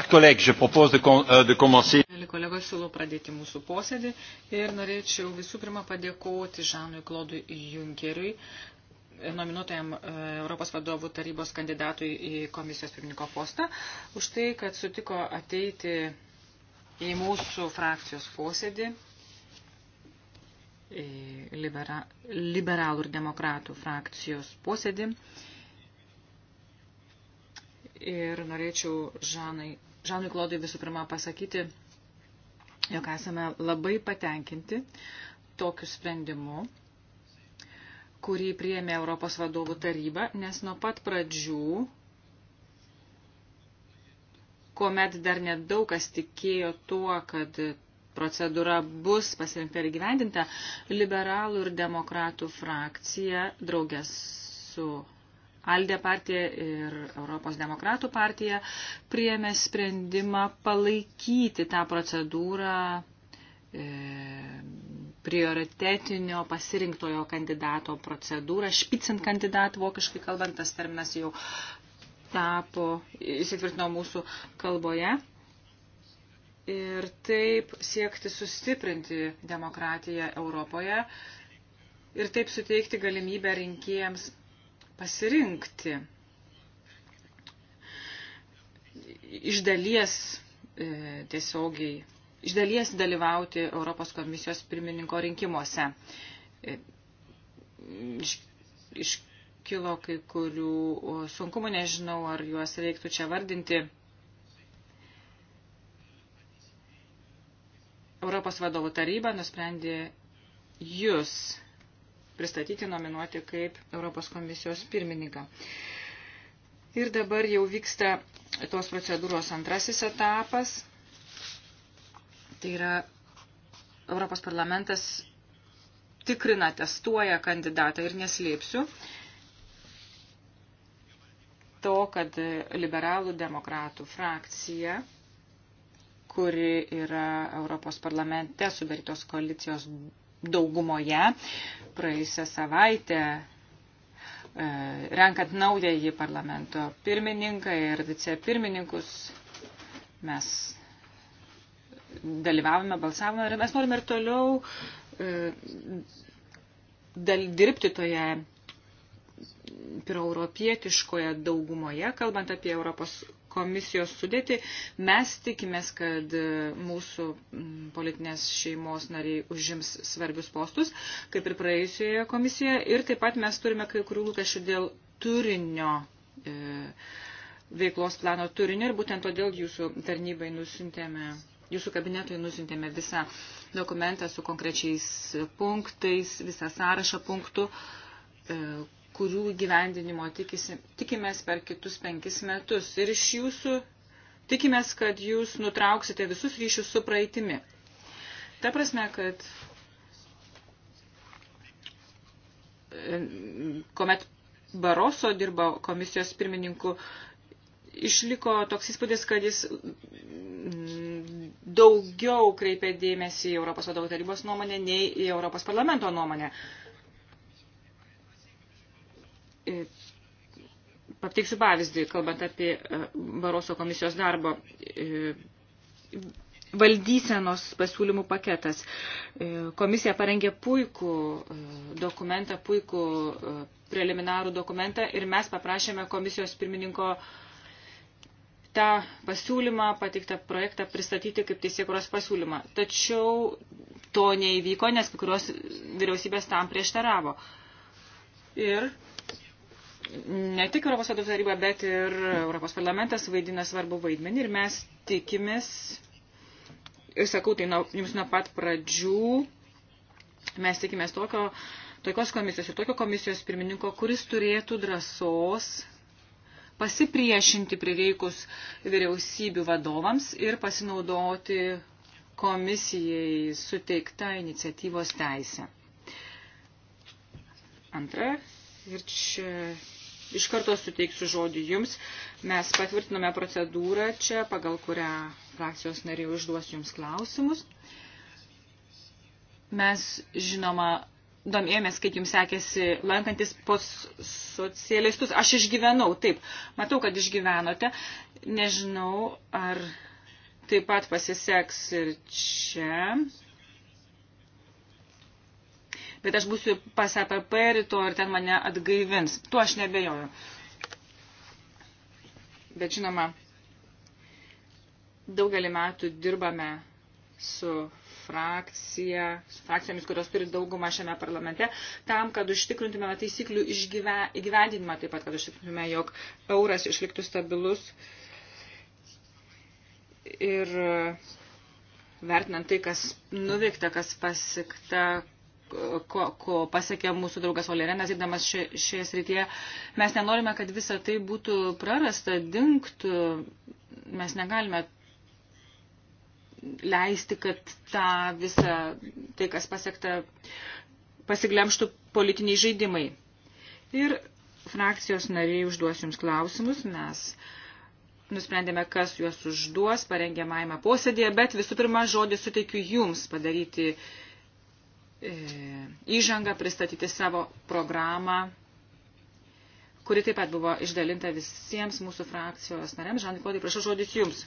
Euh, Mėly kolegos, siūlau pradėti mūsų posėdį ir norėčiau visų pirma padėkoti Žanui Klodui Junkeriui, nominuotojam e, Europos vadovų tarybos kandidatui į komisijos pirmininko postą, už tai, kad sutiko ateiti į mūsų frakcijos posėdį libera, liberalų ir demokratų frakcijos posėdį. Ir norėčiau Žanai Žanui Klodui visų pirma pasakyti, jog esame labai patenkinti tokiu sprendimu, kurį priėmė Europos vadovų taryba, nes nuo pat pradžių, kuomet dar nedaug kas tikėjo tuo, kad procedūra bus pasirinkta ir gyvendinta, liberalų ir demokratų frakcija draugės su Aldė partija ir Europos demokratų partija priėmė sprendimą palaikyti tą procedūrą e, prioritetinio pasirinktojo kandidato procedūrą, špicint kandidatą, vokiškai kalbant, tas terminas jau tapo, įsitvirtino mūsų kalboje. Ir taip siekti sustiprinti demokratiją Europoje ir taip suteikti galimybę rinkėjams pasirinkti. Iš dalies e, tiesiogiai, iš dalies dalyvauti Europos komisijos pirmininko rinkimuose. E, iš, iškilo kai kurių sunkumų, nežinau, ar juos reiktų čia vardinti. Europos vadovų taryba nusprendė jūs pristatyti, nominuoti kaip Europos komisijos pirmininką. Ir dabar jau vyksta tos procedūros antrasis etapas. Tai yra Europos parlamentas tikrina, testuoja kandidatą ir neslėpsiu to, kad liberalų demokratų frakcija, kuri yra Europos parlamente sudarytos koalicijos daugumoje. Praėjusią savaitę e, renkant naująjį parlamento pirmininką ir vicepirmininkus mes dalyvavome, balsavome ir mes norime ir toliau e, dal, dirbti toje pirauropietiškoje daugumoje, kalbant apie Europos komisijos sudėti, mes tikimės, kad e, mūsų politinės šeimos nariai užims svarbius postus, kaip ir praėjusioje komisijoje. Ir taip pat mes turime kai kurių lūkesčių dėl turinio. E, veiklos plano turinio ir būtent todėl jūsų tarnybai nusintėme jūsų kabinetui nusintėme visą dokumentą su konkrečiais punktais, visą sąrašą punktų, e, kurių gyvendinimo tikisi, tikimės per kitus penkis metus. Ir iš jūsų tikimės, kad jūs nutrauksite visus ryšius su praeitimi. Ta prasme, kad kuomet Baroso dirba komisijos pirmininku, išliko toks įspūdis, kad jis daugiau kreipė dėmesį į Europos vadovų tarybos nuomonę nei į Europos parlamento nuomonę. E, Pateiksiu pavyzdį, kalbant apie e, Baroso komisijos darbo e, valdysenos pasiūlymų paketas. Komisija parengė puikų dokumentą, puikų preliminarų dokumentą ir mes paprašėme komisijos pirmininko tą pasiūlymą, pateiktą projektą pristatyti kaip teisėkuros pasiūlymą. Tačiau to neįvyko, nes kai kurios vyriausybės tam prieštaravo. Ir ne tik Europos vadovų taryba, bet ir Europos parlamentas vaidina svarbu vaidmenį ir mes tikimės, ir sakau tai nuo, jums nuo pat pradžių, mes tikimės tokio, tokios komisijos ir tokio komisijos pirmininko, kuris turėtų drąsos pasipriešinti prireikus vyriausybių vadovams ir pasinaudoti komisijai suteikta iniciatyvos teisė. Antra, ir čia iš karto suteiksiu žodį jums. Mes patvirtinome procedūrą čia, pagal kurią frakcijos nariai užduos jums klausimus. Mes, žinoma, domėjomės, kaip jums sekėsi lankantis pos socialistus. Aš išgyvenau, taip. Matau, kad išgyvenote. Nežinau, ar taip pat pasiseks ir čia bet aš būsiu pas APP rytoj ir ten mane atgaivins. Tuo aš nebejoju. Bet žinoma, daugelį metų dirbame su frakcija, su frakcijomis, kurios turi daugumą šiame parlamente, tam, kad užtikrintume taisyklių įgyvendinimą, taip pat, kad užtikrintume, jog euras išliktų stabilus. Ir e, vertinant tai, kas nuveikta, kas pasikta, ko, ko pasiekė mūsų draugas Olerenas, įdamas šioje srityje. Mes nenorime, kad visa tai būtų prarasta, dinktų. Mes negalime leisti, kad tą visą, tai kas pasiekta, pasiglemštų politiniai žaidimai. Ir frakcijos nariai užduos jums klausimus, mes nusprendėme, kas juos užduos parengiamajame posėdėje, bet visų pirma žodį suteikiu jums padaryti uh, E, įžangą, pristatyti savo programą, kuri taip pat buvo išdalinta visiems mūsų frakcijos nariams. Žanai Klodai, prašau žodis Jums.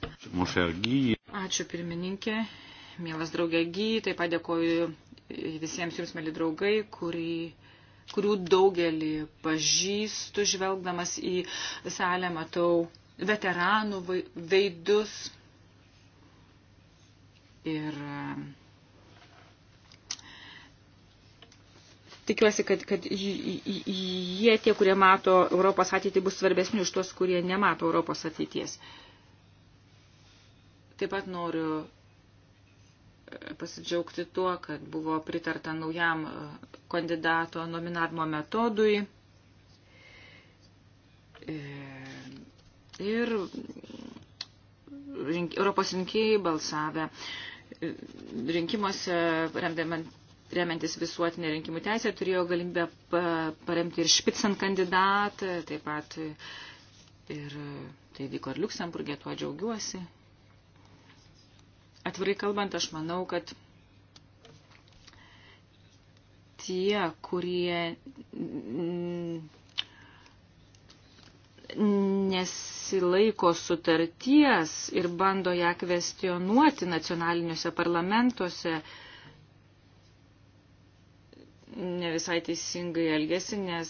Ačiū pirmininkė, mielas draugė Gy, taip pat dėkoju visiems Jums, mėly draugai, kurį kurių daugelį pažįstu, žvelgdamas į salę matau veteranų veidus ir tikiuosi, kad, kad jie, tie, kurie mato Europos ateitį, bus svarbesni už tuos, kurie nemato Europos ateities. Taip pat noriu e, pasidžiaugti tuo, kad buvo pritarta naujam e, kandidato nominavimo metodui. E, ir rink, Europos rinkėjai balsavę rinkimuose, remdamant remiantis visuotinė rinkimų teisė, turėjo galimybę paremti ir špicant kandidatą, taip pat ir tai vyko ir Luksemburgė, tuo džiaugiuosi. Atvirai kalbant, aš manau, kad tie, kurie nesilaiko sutarties ir bando ją kvestionuoti nacionaliniuose parlamentuose, ne visai teisingai elgesi, nes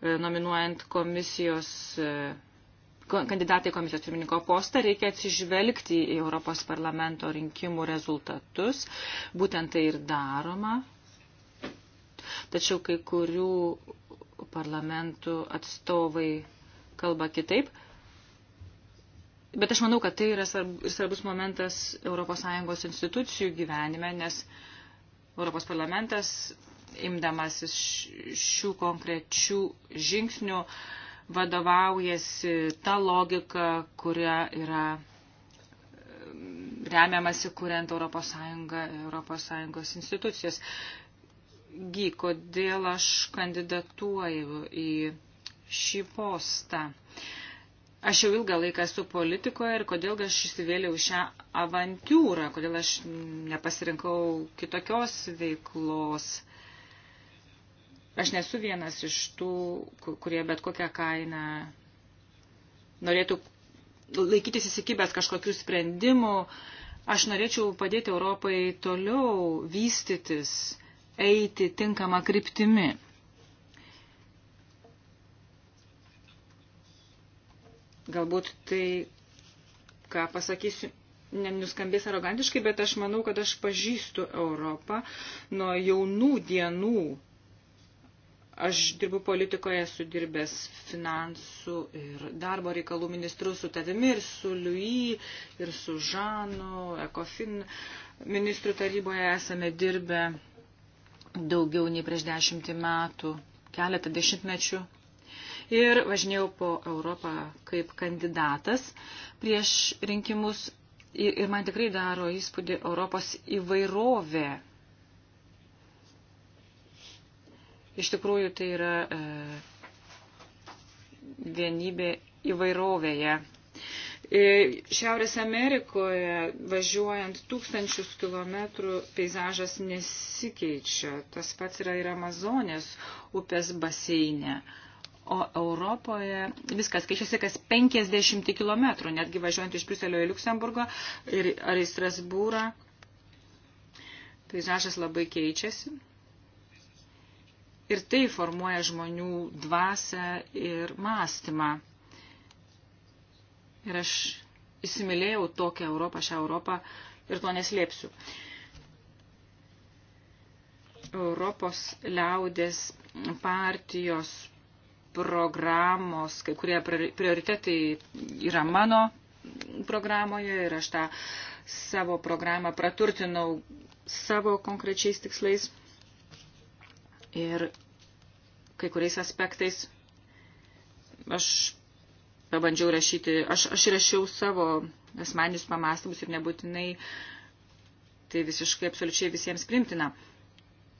e, nominuojant komisijos e, kandidatai komisijos pirmininko postą reikia atsižvelgti į Europos parlamento rinkimų rezultatus. Būtent tai ir daroma. Tačiau kai kurių parlamentų atstovai kalba kitaip. Bet aš manau, kad tai yra svarbus momentas ES institucijų gyvenime, nes Europos parlamentas imdamasis šių konkrečių žingsnių vadovaujasi ta logika, kuria yra remiamasi kuriant Europos Sąjungą, Europos Sąjungos institucijas. Gy, kodėl aš kandidatuoju į šį postą? Aš jau ilgą laiką esu politikoje ir kodėl aš įsivėliau šią avantūrą, kodėl aš nepasirinkau kitokios veiklos. Aš nesu vienas iš tų, kurie bet kokią kainą norėtų laikytis įsikibęs kažkokių sprendimų. Aš norėčiau padėti Europai toliau vystytis, eiti tinkamą kryptimi. Galbūt tai, ką pasakysiu, nenuskambės arogantiškai, bet aš manau, kad aš pažįstu Europą nuo jaunų dienų Aš dirbu politikoje, esu dirbęs finansų ir darbo reikalų ministrų su tavimi ir su Liui ir su Žanu, Ekofin ministrų taryboje esame dirbę daugiau nei prieš dešimtį metų, keletą dešimtmečių. Ir važinėjau po Europą kaip kandidatas prieš rinkimus ir man tikrai daro įspūdį Europos įvairovė Iš tikrųjų, tai yra e, vienybė įvairovėje. E, Šiaurės Amerikoje važiuojant tūkstančius kilometrų peizažas nesikeičia. Tas pats yra ir Amazonės upės baseinė. O Europoje viskas keičiasi kas 50 km, netgi važiuojant iš Briuselio į Luksemburgą ir, ar į Strasbūrą. Peizažas labai keičiasi ir tai formuoja žmonių dvasę ir mąstymą. Ir aš įsimylėjau tokią Europą, šią Europą ir to neslėpsiu. Europos liaudės partijos programos, kai kurie prioritetai yra mano programoje ir aš tą savo programą praturtinau savo konkrečiais tikslais. Ir kai kuriais aspektais aš pabandžiau rašyti, aš, aš rašiau savo asmeninius pamastymus ir nebūtinai tai visiškai absoliučiai visiems primtina.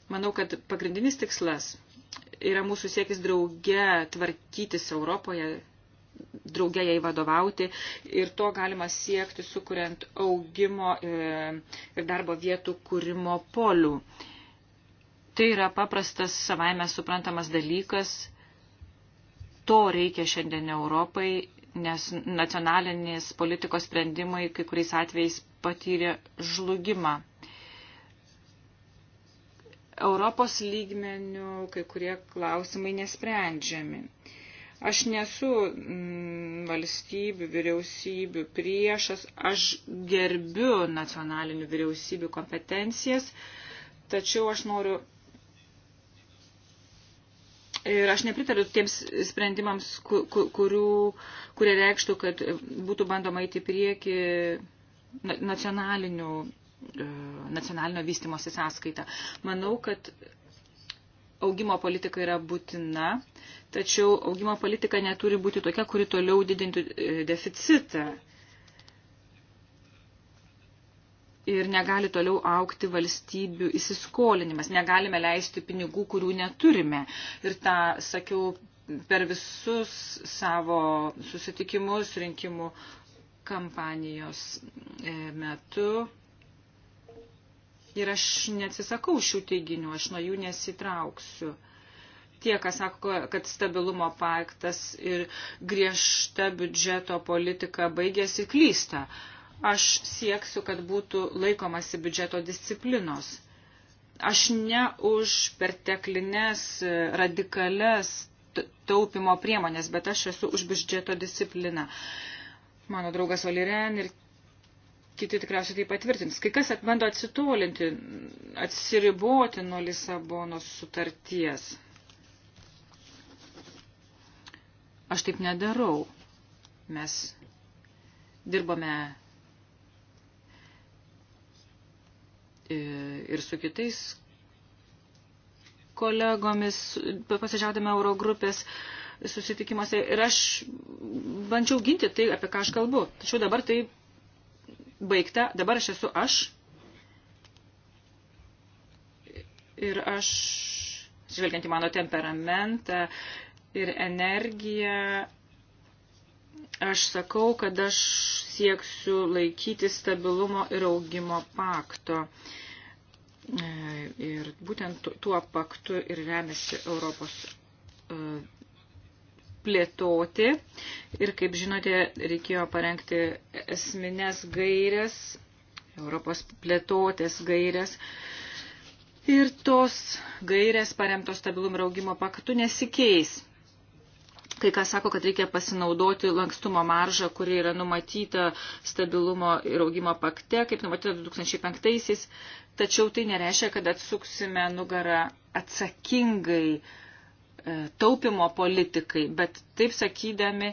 Manau, kad pagrindinis tikslas yra mūsų siekis drauge tvarkytis Europoje, drauge jai vadovauti ir to galima siekti, sukuriant augimo e, ir darbo vietų kūrimo polių. Tai yra paprastas savaime suprantamas dalykas. To reikia šiandien Europai, nes nacionalinės politikos sprendimai kai kuriais atvejais patyrė žlugimą. Europos lygmenių kai kurie klausimai nesprendžiami. Aš nesu mm, valstybių, vyriausybių priešas, aš gerbiu nacionalinių vyriausybių kompetencijas, tačiau aš noriu Ir aš nepritariu tiems sprendimams, kurių, kurie reikštų, kad būtų bandoma įti prieki nacionalinių, e, nacionalinio vystimosi sąskaitą. Manau, kad augimo politika yra būtina, tačiau augimo politika neturi būti tokia, kuri toliau didintų e, deficitą. ir negali toliau aukti valstybių įsiskolinimas. Negalime leisti pinigų, kurių neturime. Ir tą sakiau per visus savo susitikimus rinkimų kampanijos e, metu. Ir aš neatsisakau šių teiginių, aš nuo jų nesitrauksiu tie, kas sako, kad stabilumo paktas ir griežta biudžeto politika baigėsi klysta. Aš sieksiu, kad būtų laikomasi biudžeto disciplinos. Aš ne už perteklinės, radikales taupimo priemonės, bet aš esu už biudžeto discipliną. Mano draugas Oliren ir kiti tikriausiai tai patvirtins. Kai kas atbando atsitolinti, atsiriboti nuo Lisabonos sutarties. Aš taip nedarau. Mes dirbame E, ir su kitais kolegomis, pasižiaudėme Eurogrupės susitikimuose ir aš bandžiau ginti tai, apie ką aš kalbu. Tačiau dabar tai baigta, dabar aš esu aš ir aš, žvelgiant į mano temperamentą ir energiją, Aš sakau, kad aš sieksiu laikyti stabilumo ir augimo pakto. E, ir būtent tuo paktu ir remiasi Europos e, plėtoti. Ir kaip žinote, reikėjo parengti esminės gairias, Europos plėtotės gairias. Ir tos gairės paremtos stabilumo ir augimo paktu nesikeis. Kai kas sako, kad reikia pasinaudoti lankstumo maržą, kuri yra numatyta stabilumo ir augimo pakte, kaip numatyta 2005-aisiais, tačiau tai nereiškia, kad atsuksime nugarą atsakingai e, taupimo politikai, bet taip sakydami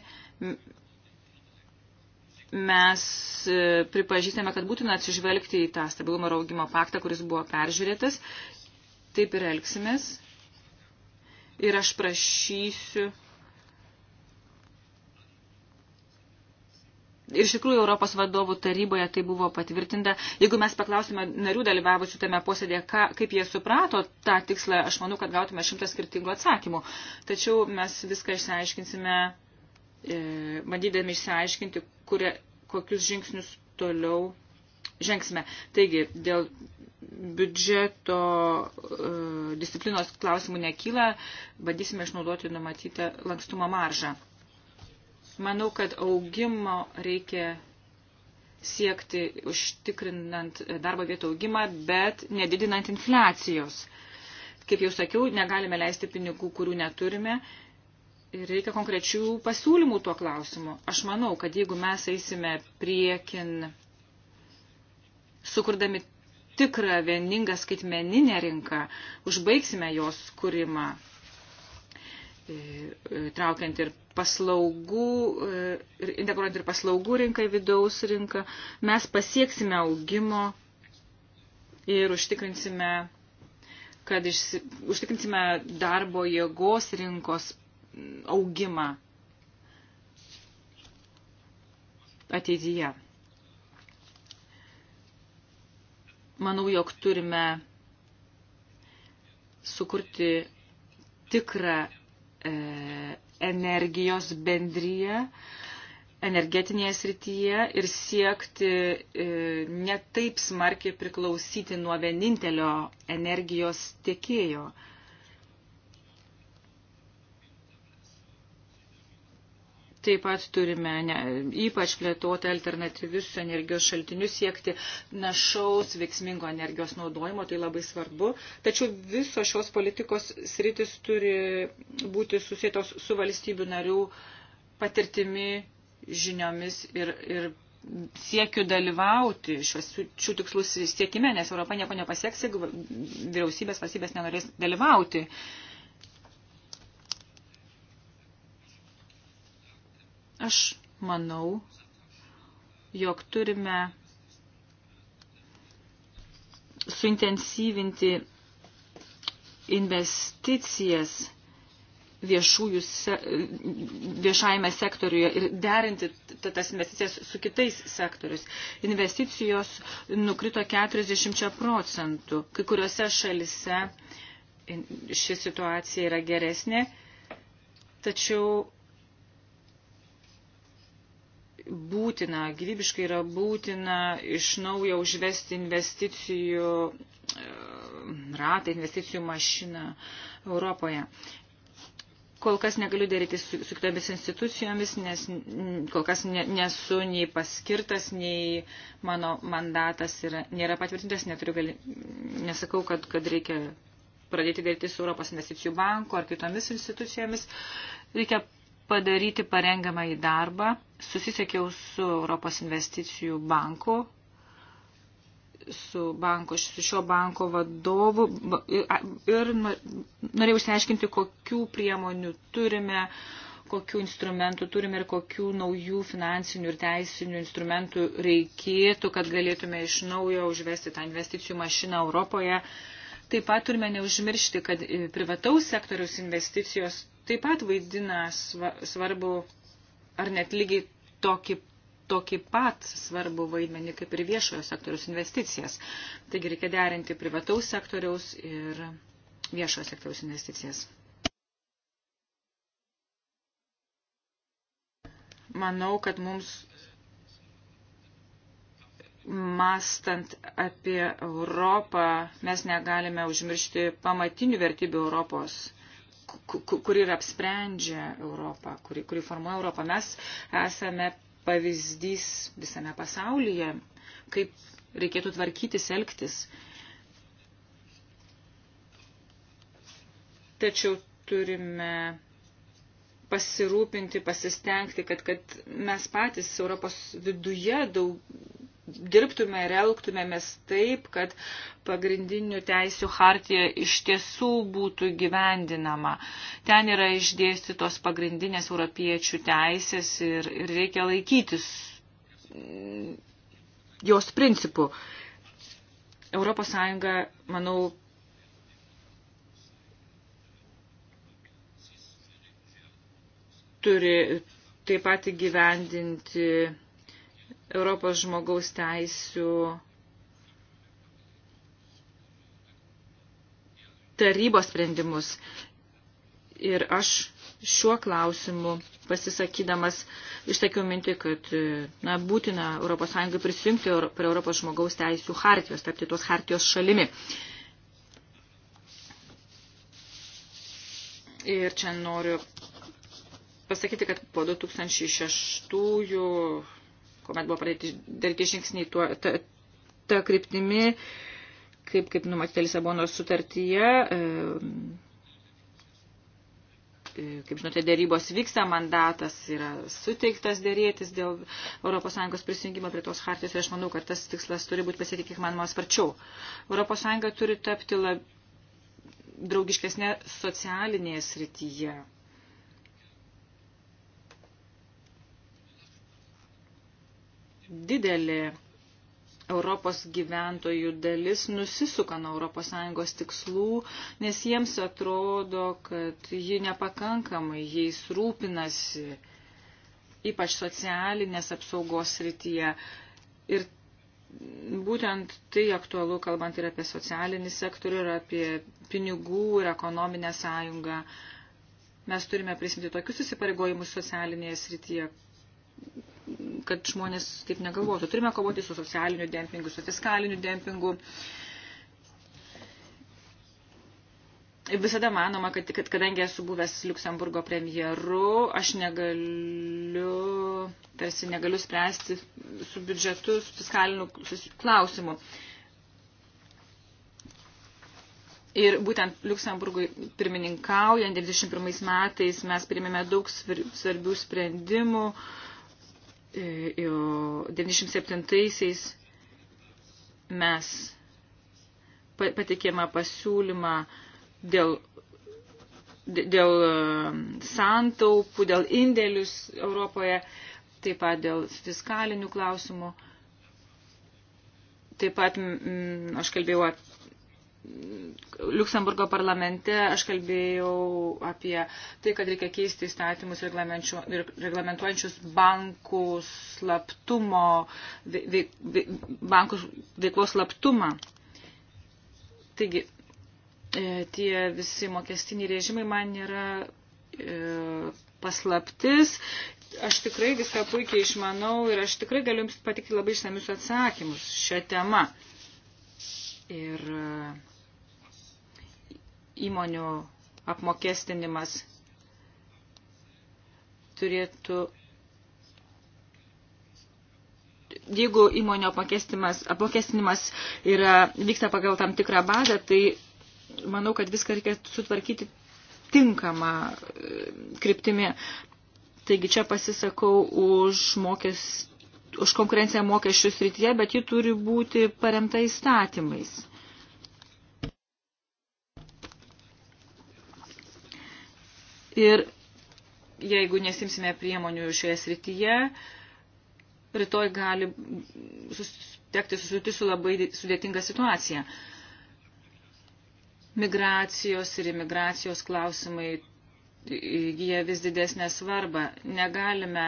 mes e, pripažįstame, kad būtina atsižvelgti į tą stabilumo ir augimo paktą, kuris buvo peržiūrėtas. Taip ir elgsimės. Ir aš prašysiu Iš tikrųjų, Europos vadovų taryboje tai buvo patvirtinta. Jeigu mes paklausime narių dalyvavusių tame posėdėje, ką, kaip jie suprato tą tikslą, aš manau, kad gautume šimtą skirtingų atsakymų. Tačiau mes viską išsiaiškinsime, e, bandydami išsiaiškinti, kurie, kokius žingsnius toliau žengsime. Taigi, dėl biudžeto e, disciplinos klausimų nekyla, bandysime išnaudoti numatytą lankstumo maržą. Manau, kad augimo reikia siekti užtikrinant darbo vietų augimą, bet nedidinant infliacijos. Kaip jau sakiau, negalime leisti pinigų, kurių neturime. Ir reikia konkrečių pasiūlymų tuo klausimu. Aš manau, kad jeigu mes eisime priekin, sukurdami tikrą vieningą skaitmeninę rinką, užbaigsime jos kūrimą E, traukiant ir paslaugų, e, ir integruojant ir paslaugų rinką į vidaus rinką, mes pasieksime augimo ir užtikrinsime, kad išsi, užtikrinsime darbo jėgos rinkos augimą ateityje. Manau, jog turime sukurti tikrą E, energijos bendryje, energetinėje srityje ir siekti e, netaip smarkiai priklausyti nuo vienintelio energijos tiekėjo. Taip pat turime ne, ypač plėtoti alternatyvius energijos šaltinius, siekti našaus, veiksmingo energijos naudojimo, tai labai svarbu. Tačiau visos šios politikos sritis turi būti susėtos su valstybių narių patirtimi, žiniomis ir, ir siekiu dalyvauti šios, šių tikslų siekime, nes Europa nieko nepasieks, jeigu vyriausybės, valstybės nenorės dalyvauti. Uh, Aš manau, jog turime suintensyvinti investicijas viešųjų, se, viešajame sektoriuje ir derinti tas investicijas su kitais sektorius. Investicijos nukrito 40 procentų. Kai kuriuose šalise ši situacija yra geresnė, tačiau būtina, gyvybiškai yra būtina iš naujo užvesti investicijų e, ratą, investicijų mašiną Europoje. Kol kas negaliu daryti su, su kitomis institucijomis, nes kol kas ne, nesu nei paskirtas, nei mano mandatas yra, nėra patvirtintas, neturiu gali, nesakau, kad, kad reikia pradėti daryti su Europos investicijų banku ar kitomis institucijomis. Reikia padaryti parengiamą į darbą. Susisiekiau su Europos investicijų banku, su, banko, su šio banko vadovu ir norėjau išsiaiškinti, kokių priemonių turime, kokių instrumentų turime ir kokių naujų finansinių ir teisinių instrumentų reikėtų, kad galėtume iš naujo užvesti tą investicijų mašiną Europoje. Taip pat turime neužmiršti, kad privataus sektoriaus investicijos taip pat vaidina svarbu, ar net lygiai tokį, tokį pat svarbu vaidmenį kaip ir viešojo sektoriaus investicijas. Taigi reikia derinti privataus sektoriaus ir viešojo sektoriaus investicijas. Manau, kad mums mastant apie Europą, mes negalime užmiršti pamatinių vertybių Europos kuri ir apsprendžia Europą, kuri, kuri formuoja Europą. Mes esame pavyzdys visame pasaulyje, kaip reikėtų tvarkytis, elgtis. Tačiau turime pasirūpinti, pasistengti, kad, kad mes patys Europos viduje daug dirbtume ir elgtumėmės taip, kad pagrindinių teisių hartija iš tiesų būtų gyvendinama. Ten yra išdėstytos pagrindinės europiečių teisės ir, ir reikia laikytis jos principų. Europos Sąjunga, manau, turi taip pat įgyvendinti Europos žmogaus teisų tarybos sprendimus. Ir aš šiuo klausimu pasisakydamas išsakiau mintį, kad na, būtina ES prisijungti prie Europos žmogaus teisų hartijos, tapti tos hartijos šalimi. Ir čia noriu pasakyti, kad po 2006 kuomet buvo pradėti daryti žingsniai tuo, ta, ta kryptimi, kaip, kaip numatyta Lisabonos sutartyje. E, e, kaip žinote, dėrybos vyksta, mandatas yra suteiktas dėrėtis dėl ES prisijungimo prie tos hartijos ir aš manau, kad tas tikslas turi būti pasiekti kiek manoma sparčiau. ES turi tapti lab... draugiškesnė socialinėje srityje didelė Europos gyventojų dalis nusisuka nuo ES tikslų, nes jiems atrodo, kad ji nepakankamai jais rūpinasi, ypač socialinės apsaugos srityje. Ir būtent tai aktualu, kalbant ir apie socialinį sektorių, ir apie pinigų ir ekonominę sąjungą. Mes turime prisimti tokius įsipareigojimus socialinėje srityje, kad žmonės taip negalvotų. Turime kovoti su socialiniu dempingu, su fiskaliniu dempingu. Visada manoma, kad, kad kadangi esu buvęs Luksemburgo premjeru, aš negaliu, tarsi negaliu spręsti su biudžetu, su fiskaliniu klausimu. Ir būtent Luksemburgui pirmininkaujant 91 metais mes priėmėme daug svarbių sprendimų, uh, 97-aisiais e, mes patikėme pasiūlymą dėl, dėl e, santaupų, dėl indėlius Europoje, taip pat dėl fiskalinių klausimų. Taip pat m, aš kalbėjau apie Liuksemburgo parlamente aš kalbėjau apie tai, kad reikia keisti įstatymus reglamentuojančius bankų slaptumo, veik, veik, bankų veiklos slaptumą. Taigi, e, tie visi mokestiniai režimai man yra e, paslaptis. Aš tikrai viską puikiai išmanau ir aš tikrai galiu jums patikti labai išsamius atsakymus šią temą. Ir uh, įmonių apmokestinimas turėtų. Jeigu įmonių apmokestinimas, apmokestinimas yra, vyksta pagal tam tikrą bazę, tai manau, kad viską reikia sutvarkyti tinkamą e, kryptimį. Taigi čia pasisakau už, mokes, už konkurenciją mokesčių srityje, bet ji turi būti paremta įstatymais. Ir jeigu nesimsime priemonių šioje srityje, rytoj gali tekti susitikti su labai sudėtinga situacija. Migracijos ir imigracijos klausimai įgyja vis didesnę svarbą. Negalime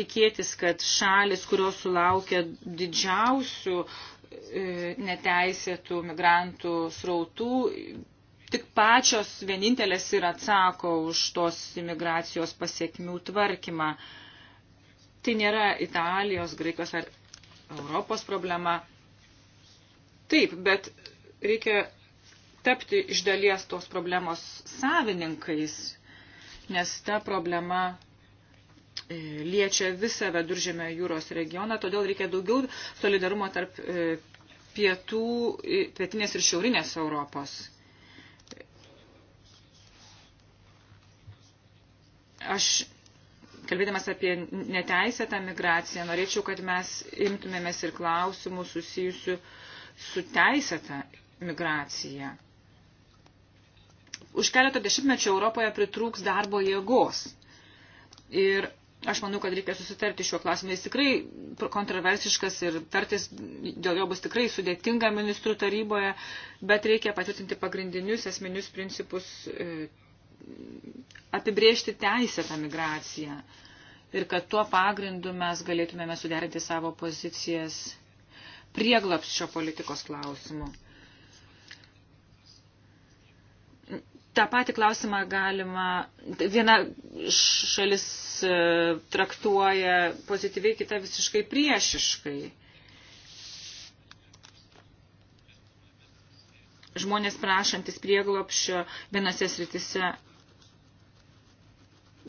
tikėtis, kad šalis, kurios sulaukia didžiausių e, neteisėtų migrantų srautų, tik pačios vienintelės ir atsako už tos imigracijos pasiekmių tvarkymą. Tai nėra Italijos, Graikijos ar Europos problema. Taip, bet reikia tapti iš dalies tos problemos savininkais, nes ta problema e, liečia visą viduržėmio jūros regioną, todėl reikia daugiau solidarumo tarp e, pietų, pietinės ir šiaurinės Europos. Aš, kalbėdamas apie neteisėtą migraciją, norėčiau, kad mes imtumėmės ir klausimų susijusių su teisėta migracija. Už keletą dešimtmečių Europoje pritrūks darbo jėgos. Ir aš manau, kad reikia susitarti šiuo klausimu. Jis tikrai kontroversiškas ir tartis dėl jo bus tikrai sudėtinga ministrų taryboje, bet reikia patvirtinti pagrindinius esminius principus e, apibriežti teisę tą migraciją ir kad tuo pagrindu mes galėtumėme suderinti savo pozicijas prieglapščio politikos klausimu. Ta patį klausimą galima, viena šalis e, traktuoja pozityviai, kita visiškai priešiškai. Žmonės prašantis prieglopščio vienose sritise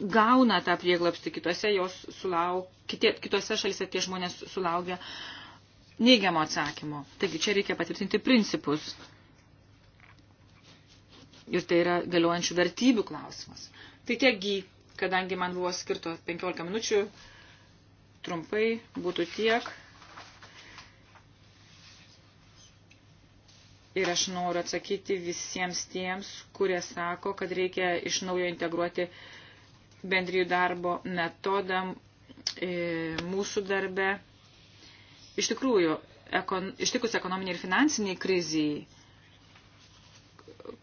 gauna tą prieglapstį, kitose, jos sulauk, kitie, kitose šalise tie žmonės sulaukia neigiamo atsakymo. Taigi čia reikia patvirtinti principus. Ir tai yra galiojančių vertybių klausimas. Tai tiekgi, kadangi man buvo skirto 15 minučių, trumpai būtų tiek. Ir aš noriu atsakyti visiems tiems, kurie sako, kad reikia iš naujo integruoti uh, bendrijų darbo metodą e, mūsų darbe. Iš tikrųjų, ekon, ištikus ekonominiai ir finansiniai kriziai,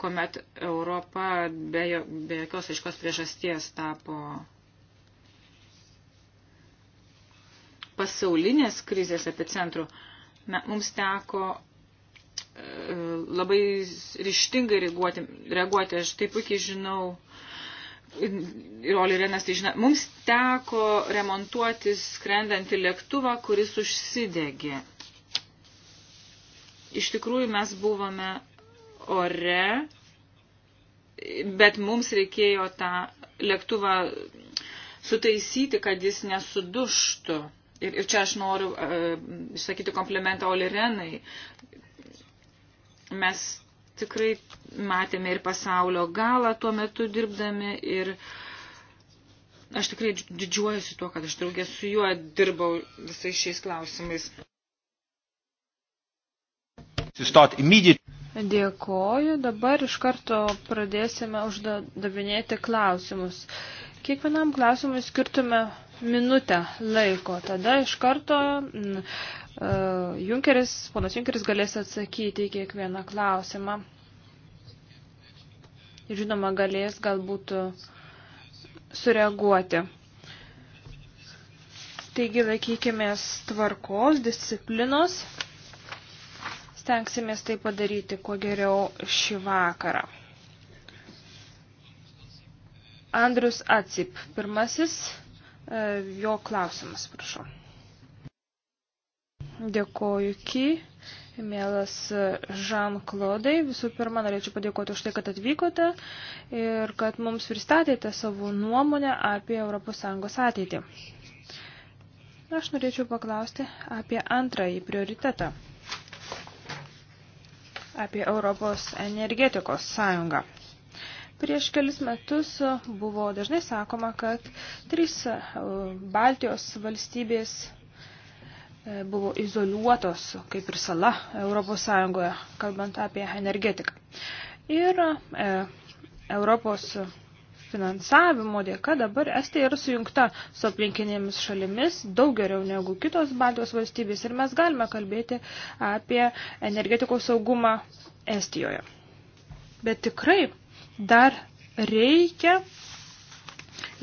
kuomet Europa be, be jokios aiškos priežasties tapo pasaulinės krizės epicentrų, mums teko e, labai ryštingai reaguoti. reaguoti. Aš taip puikiai žinau Roli Renas, tai žinai, mums teko remontuoti skrendantį lėktuvą, kuris užsidegė. Iš tikrųjų mes buvome ore, bet mums reikėjo tą lėktuvą sutaisyti, kad jis nesuduštų. Ir, ir čia aš noriu uh, išsakyti komplementą Olirenai. Mes tikrai matėme ir pasaulio galą tuo metu dirbdami ir aš tikrai didžiuojuosi tuo, kad aš draugė su juo dirbau visais šiais klausimais. Dėkoju, dabar iš karto pradėsime uždavinėti klausimus. Kiekvienam klausimui skirtume minutę laiko. Tada iš karto mm, e, Junkeris, ponas Junkeris galės atsakyti į kiekvieną klausimą. Ir žinoma, galės galbūt sureaguoti. Taigi laikykimės tvarkos, disciplinos. Stengsimės tai padaryti kuo geriau šį vakarą. Andrius Acip, pirmasis E, jo klausimas, prašau. Dėkoju, Ky, mielas e, Žan-Klodai. Visų pirma, norėčiau padėkoti už tai, kad atvykote ir kad mums pristatėte savo nuomonę apie ES ateitį. Aš norėčiau paklausti apie antrąjį prioritetą, apie Europos energetikos sąjungą. Prieš kelis metus buvo dažnai sakoma, kad trys e, Baltijos valstybės e, buvo izoliuotos kaip ir sala Europos Sąjungoje, kalbant apie energetiką. Ir e, Europos finansavimo dėka dabar Estija yra sujungta su aplinkinėmis šalimis daug geriau negu kitos Baltijos valstybės ir mes galime kalbėti apie energetikos saugumą Estijoje. Bet tikrai dar reikia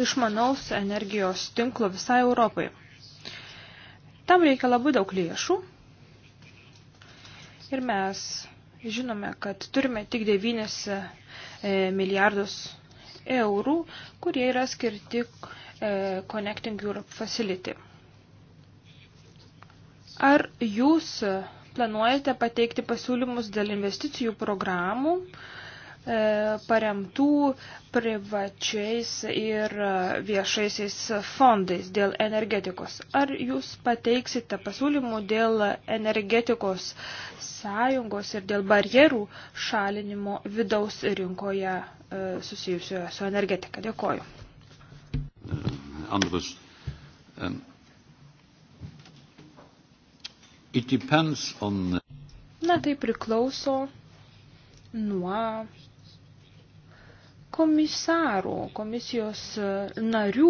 išmanaus energijos tinklo visai Europai. Tam reikia labai daug lėšų ir mes žinome, kad turime tik 9 e, milijardus eurų, kurie yra skirti e, Connecting Europe Facility. Ar jūs planuojate pateikti pasiūlymus dėl investicijų programų, E, paremtų privačiais ir viešaisiais fondais dėl energetikos. Ar jūs pateiksite pasiūlymų dėl energetikos sąjungos ir dėl barjerų šalinimo vidaus rinkoje e, susijusioje su energetika? Dėkoju. Uh, Andrus. Um, it depends on... Na tai priklauso nuo komisarų, komisijos e, narių.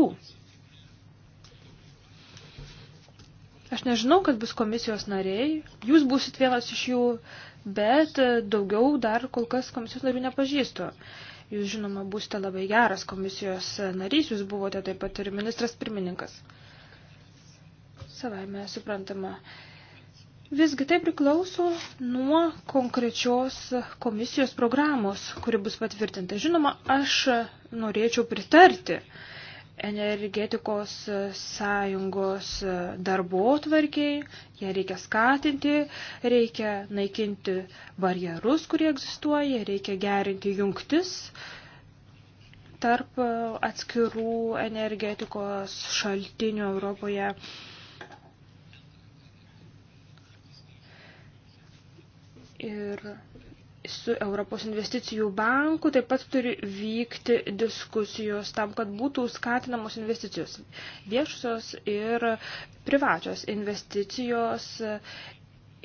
Aš nežinau, kad bus komisijos nariai, jūs būsit vienas iš jų, bet e, daugiau dar kol kas komisijos narių nepažįstu. Jūs, žinoma, būsite labai geras komisijos narys, jūs buvote taip pat ir ministras pirmininkas. Savaime suprantama. Uh, Visgi tai priklauso nuo konkrečios komisijos programos, kuri bus patvirtinta. Žinoma, aš norėčiau pritarti energetikos sąjungos darbo tvarkiai, ją reikia skatinti, reikia naikinti barjerus, kurie egzistuoja, reikia gerinti jungtis tarp atskirų energetikos šaltinių Europoje. Ir su Europos investicijų banku taip pat turi vykti diskusijos tam, kad būtų skatinamos investicijos viešusios ir privačios investicijos.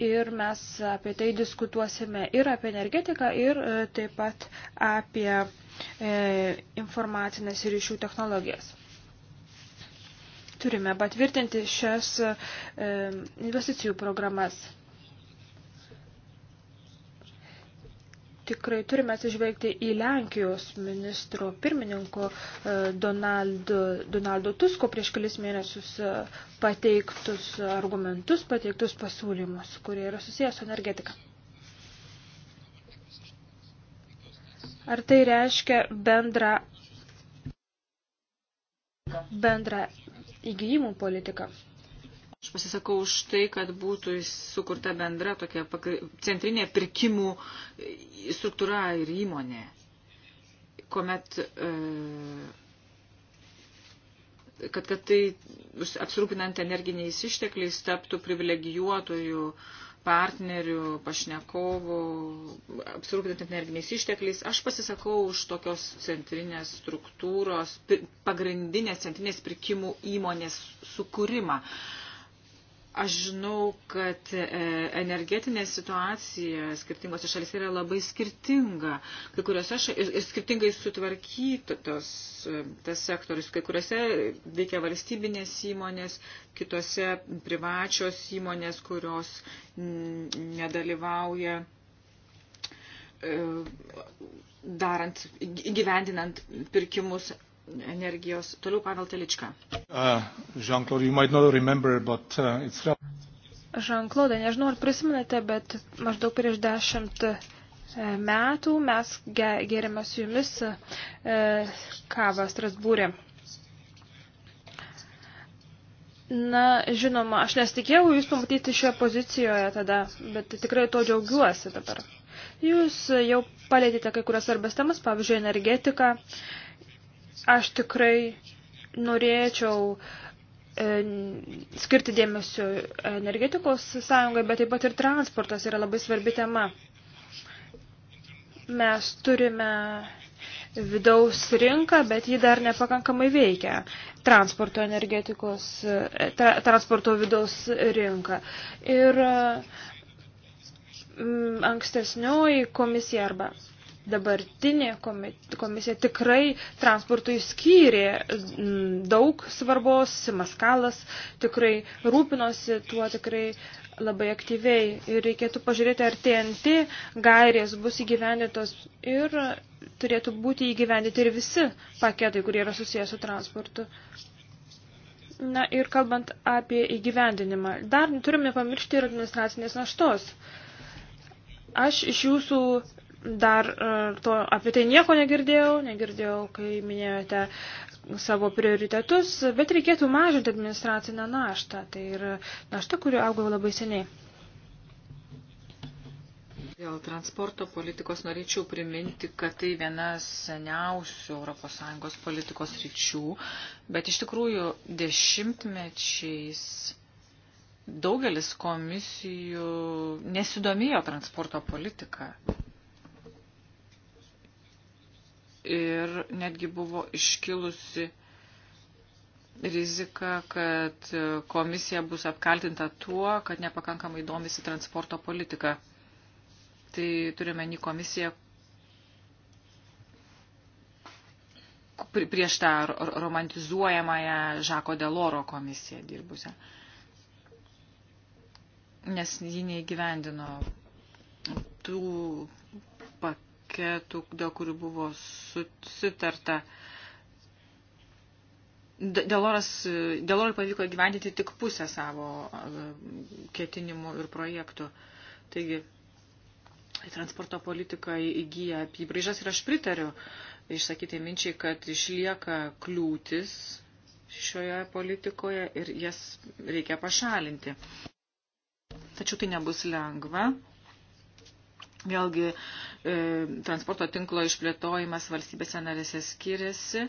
Ir mes apie tai diskutuosime ir apie energetiką, ir e, taip pat apie e, informacinės ryšių technologijas. Turime patvirtinti šias e, investicijų programas. tikrai turime atsižvelgti į Lenkijos ministro pirmininko e, Donaldo, Donaldo Tusko prieš kelis mėnesius e, pateiktus argumentus, pateiktus pasiūlymus, kurie yra susijęs su energetika. Ar tai reiškia bendrą, bendrą įgyjimų politiką? Aš pasisakau už tai, kad būtų sukurta bendra tokia centrinė pirkimų struktūra ir įmonė, kuomet, e, kad, kad tai apsirūpinant energiniais ištekliais taptų privilegijuotojų partnerių, pašnekovų, apsirūpinant energiniais ištekliais. Aš pasisakau už tokios centrinės struktūros, pagrindinės centrinės pirkimų įmonės sukūrimą. Uh, Aš žinau, kad e, energetinė situacija skirtingose šalise yra labai skirtinga. Kai kuriuose šalise ir skirtingai sutvarkytos e, tas sektorius. Kai kuriuose veikia valstybinės įmonės, kitose privačios įmonės, kurios nedalyvauja e, darant, gyvendinant pirkimus energijos. Toliau Pavel Teličką. Uh, Jean-Claude, you might not remember, but uh, it's... Žanklodai, nežinau, ar prisimenate, bet maždaug prieš dešimt uh, metų mes gerėme su jumis uh, kavą Strasbūrė. Na, žinoma, aš nesitikėjau jūs pamatyti šioje pozicijoje tada, bet tikrai to džiaugiuosi dabar. Jūs jau palėtėte kai kurias svarbės temas, pavyzdžiui, energetiką, Aš tikrai norėčiau e, skirti dėmesio energetikos sąjungai, bet taip pat ir transportas yra labai svarbi tema. Mes turime vidaus rinką, bet ji dar nepakankamai veikia transporto energetikos, e, tra, transporto vidaus rinką. Ir mm, ankstesnioji komisija arba dabartinė komisija tikrai transportui skyrė daug svarbos, Maskalas tikrai rūpinosi tuo tikrai labai aktyviai ir reikėtų pažiūrėti, ar TNT gairės bus įgyvendintos ir turėtų būti įgyvendinti ir visi paketai, kurie yra susijęs su transportu. Na ir kalbant apie įgyvendinimą, dar turime pamiršti ir administracinės naštos. Aš iš jūsų dar e, to, apie tai nieko negirdėjau, negirdėjau, kai minėjote savo prioritetus, bet reikėtų mažinti administracinę naštą. Tai yra našta, kuri augo labai seniai. Dėl transporto politikos norėčiau priminti, kad tai viena seniausių ES politikos ryčių, bet iš tikrųjų dešimtmečiais daugelis komisijų nesidomėjo transporto politiką ir netgi buvo iškilusi rizika, kad komisija bus apkaltinta tuo, kad nepakankamai domisi transporto politika. Tai turime į komisiją prieš tą romantizuojamąją Žako Deloro komisiją dirbusią, nes ji neįgyvendino tų pat paketų, dėl kurių buvo sutarta. Delorui pavyko gyvendyti tik pusę savo e, ketinimų ir projektų. Taigi, transporto politika įgyja apibraižas ir aš pritariu išsakyti minčiai, kad išlieka kliūtis šioje politikoje ir jas reikia pašalinti. Tačiau tai nebus lengva. Vėlgi, e, transporto tinklo išplėtojimas valstybėse narėse skiriasi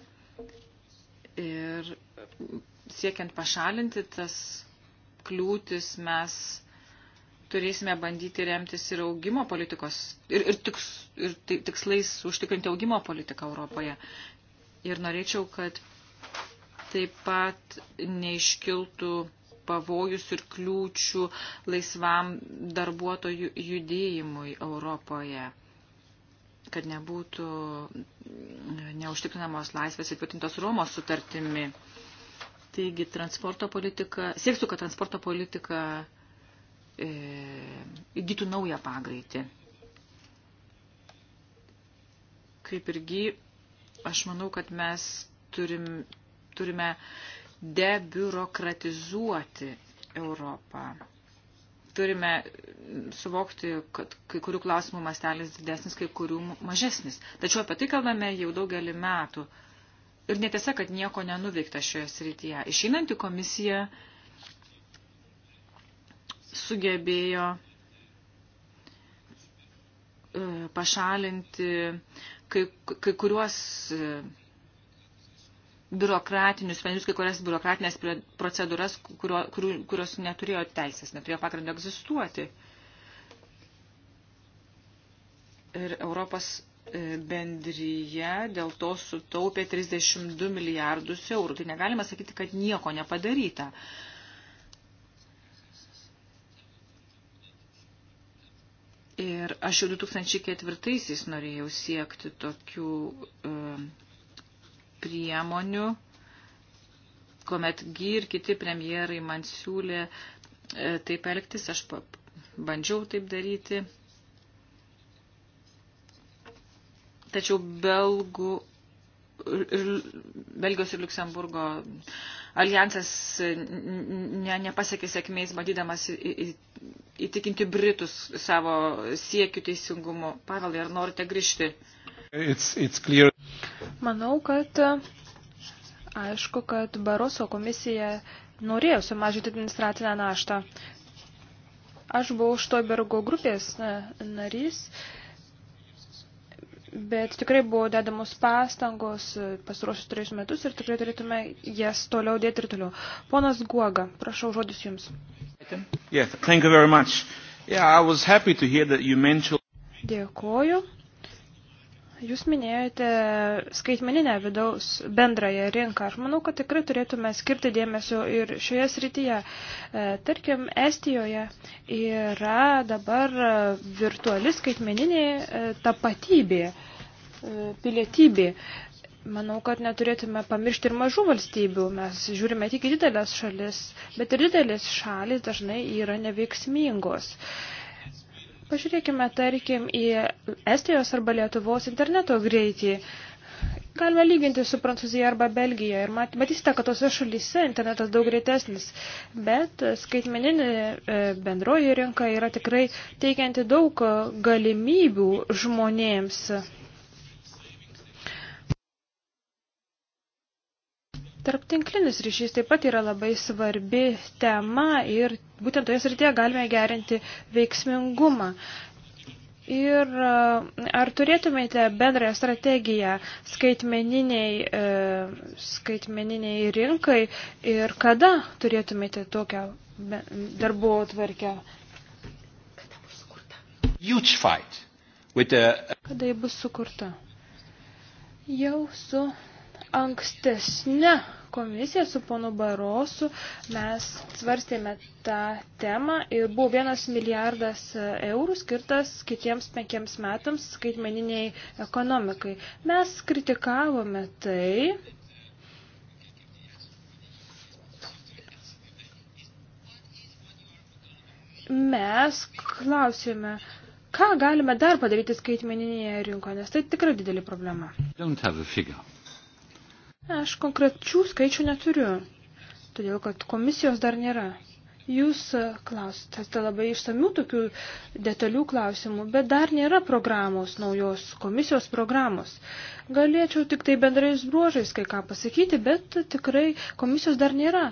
ir siekiant pašalinti tas kliūtis mes turėsime bandyti remtis ir augimo politikos, ir, ir, tiks, ir tikslais užtikrinti augimo politiką Europoje. Ir norėčiau, kad taip pat neiškiltų pavojus ir kliūčių laisvam darbuotojų judėjimui Europoje kad nebūtų neužtikrinamos laisvės įtvirtintos Romos sutartimi. Taigi transporto politika, sieksiu, kad transporto politika e, įgytų naują pagreitį. Kaip irgi, aš manau, kad mes turim, turime debiurokratizuoti Europą. Turime suvokti, kad kai kurių klausimų mastelis didesnis, kai kurių mažesnis. Tačiau apie tai kalbame jau daugelį metų. Ir netiesa, kad nieko nenuveikta šioje srityje. Išeinanti komisija sugebėjo e, pašalinti kai, kai kuriuos e, biurokratinius sprendimus, kai kurias biurokratinės procedūras, kurio, kurių, kurios neturėjo teisės, neturėjo pagrindo egzistuoti. Ir Europos e, bendryje dėl to sutaupė 32 milijardus eurų. Tai negalima sakyti, kad nieko nepadaryta. Ir aš jau 2004-aisiais norėjau siekti tokių e, priemonių, kuomet Gy ir kiti premjerai man siūlė e, taip elgtis, aš bandžiau taip daryti. Tačiau belgų, Belgijos ir Luksemburgo alijansas ne, nepasiekė sėkmės, bandydamas įtikinti Britus savo siekių teisingumu. Pavelai, ar norite grįžti? It's, it's clear. Manau, kad aišku, kad Baroso komisija norėjo sumažinti administracinę naštą. Aš buvau Štoibergo grupės narys, bet tikrai buvo dedamos pastangos pasiruošus trejus metus ir tikrai turėtume jas toliau dėti ir toliau. Ponas Guoga, prašau žodis Jums. Yeah, thank you very much. Yeah, I was happy to hear that you mentioned... Dėkoju. Jūs minėjote skaitmeninę vidaus bendrąją rinką. Aš manau, kad tikrai turėtume skirti dėmesio ir šioje srityje. E, tarkim, Estijoje yra dabar virtuali skaitmeninė e, tapatybė, e, pilietybė. Manau, kad neturėtume pamiršti ir mažų valstybių. Mes žiūrime tik į didelės šalis, bet ir didelės šalis dažnai yra neveiksmingos. Uh, Pažiūrėkime, tarkim, į Estijos arba Lietuvos interneto greitį. Galime lyginti su Prancūzija arba Belgija ir matysite, kad tose šalyse internetas daug greitesnis, bet skaitmeninė e, bendroji rinka yra tikrai teikianti daug e, galimybių žmonėms Tarptinklinis ryšys taip pat yra labai svarbi tema ir būtent toje srityje galime gerinti veiksmingumą. Ir e, ar turėtumėte bendrąją strategiją skaitmeniniai, e, skaitmeniniai rinkai ir kada turėtumėte tokią darbo tvarkę? Kada ji bus sukurta? Jau su ankstesne komisija su ponu Barosu mes svarstėme tą temą ir buvo vienas milijardas eurų skirtas kitiems penkiems metams skaitmeniniai ekonomikai. Mes kritikavome tai. Mes klausėme, ką galime dar padaryti skaitmeninėje rinkoje, nes tai tikrai didelė problema. Don't have a figure. Aš konkrečių skaičių neturiu, todėl kad komisijos dar nėra. Jūs e, klausite labai išsamių tokių detalių klausimų, bet dar nėra programos, naujos komisijos programos. Galėčiau tik tai bendrais bruožais kai ką pasakyti, bet tikrai komisijos dar nėra.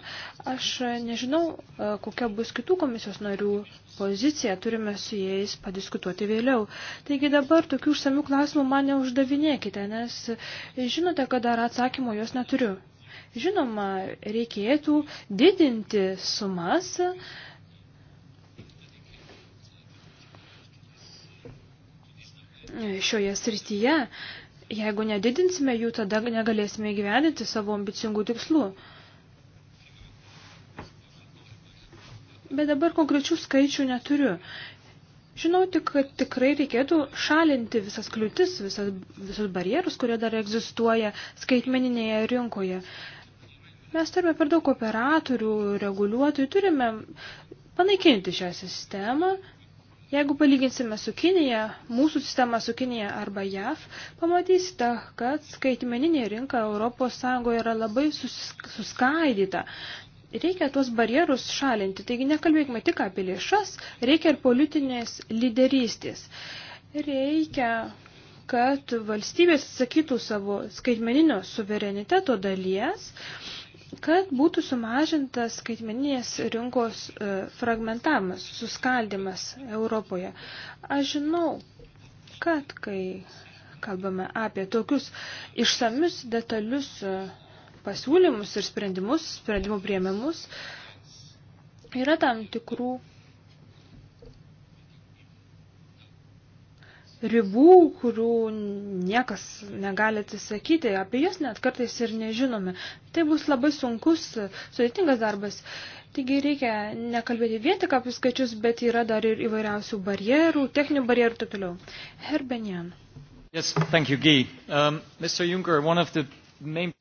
Aš e, nežinau, e, kokia bus kitų komisijos narių poziciją, turime su jais padiskutuoti vėliau. Taigi dabar tokių užsamių klausimų man neuždavinėkite, nes žinote, kad dar atsakymo jos neturiu. Žinoma, reikėtų didinti sumas. Šioje srityje, jeigu nedidinsime jų, tada negalėsime įgyvendinti savo ambicingų tikslų. Bet dabar konkrečių skaičių neturiu. Žinau tik, kad tikrai reikėtų šalinti visas kliūtis, visas, visus barjerus, kurie dar egzistuoja skaitmeninėje rinkoje. Mes turime per daug operatorių, reguliuotojų, turime panaikinti šią sistemą. Jeigu palyginsime su Kinija, mūsų sistemą su Kinija arba JAV, pamatysite, kad skaitmeninė rinka ES yra labai suskaidyta. Reikia tuos barjerus šalinti, taigi nekalbėkime tik apie lėšas, reikia ir politinės lyderystės. Reikia kad valstybės atsisakytų savo skaitmeninio suvereniteto dalies, uh, kad būtų sumažintas skaitmeninės rinkos e, fragmentavimas, suskaldimas Europoje. Aš žinau, kad kai kalbame apie tokius išsamius detalius e, pasiūlymus ir sprendimus, sprendimų prieimimus, yra tam tikrų ribų, kurių niekas negali atsisakyti, apie jas net kartais ir nežinome. Tai bus labai sunkus, sudėtingas darbas. Taigi reikia nekalbėti vien tik apie skaičius, bet yra dar ir įvairiausių barjerų, techninių barjerų ir taip toliau. Herbenian. Yes, thank you, Guy. Um, Mr. Juncker, one of the main...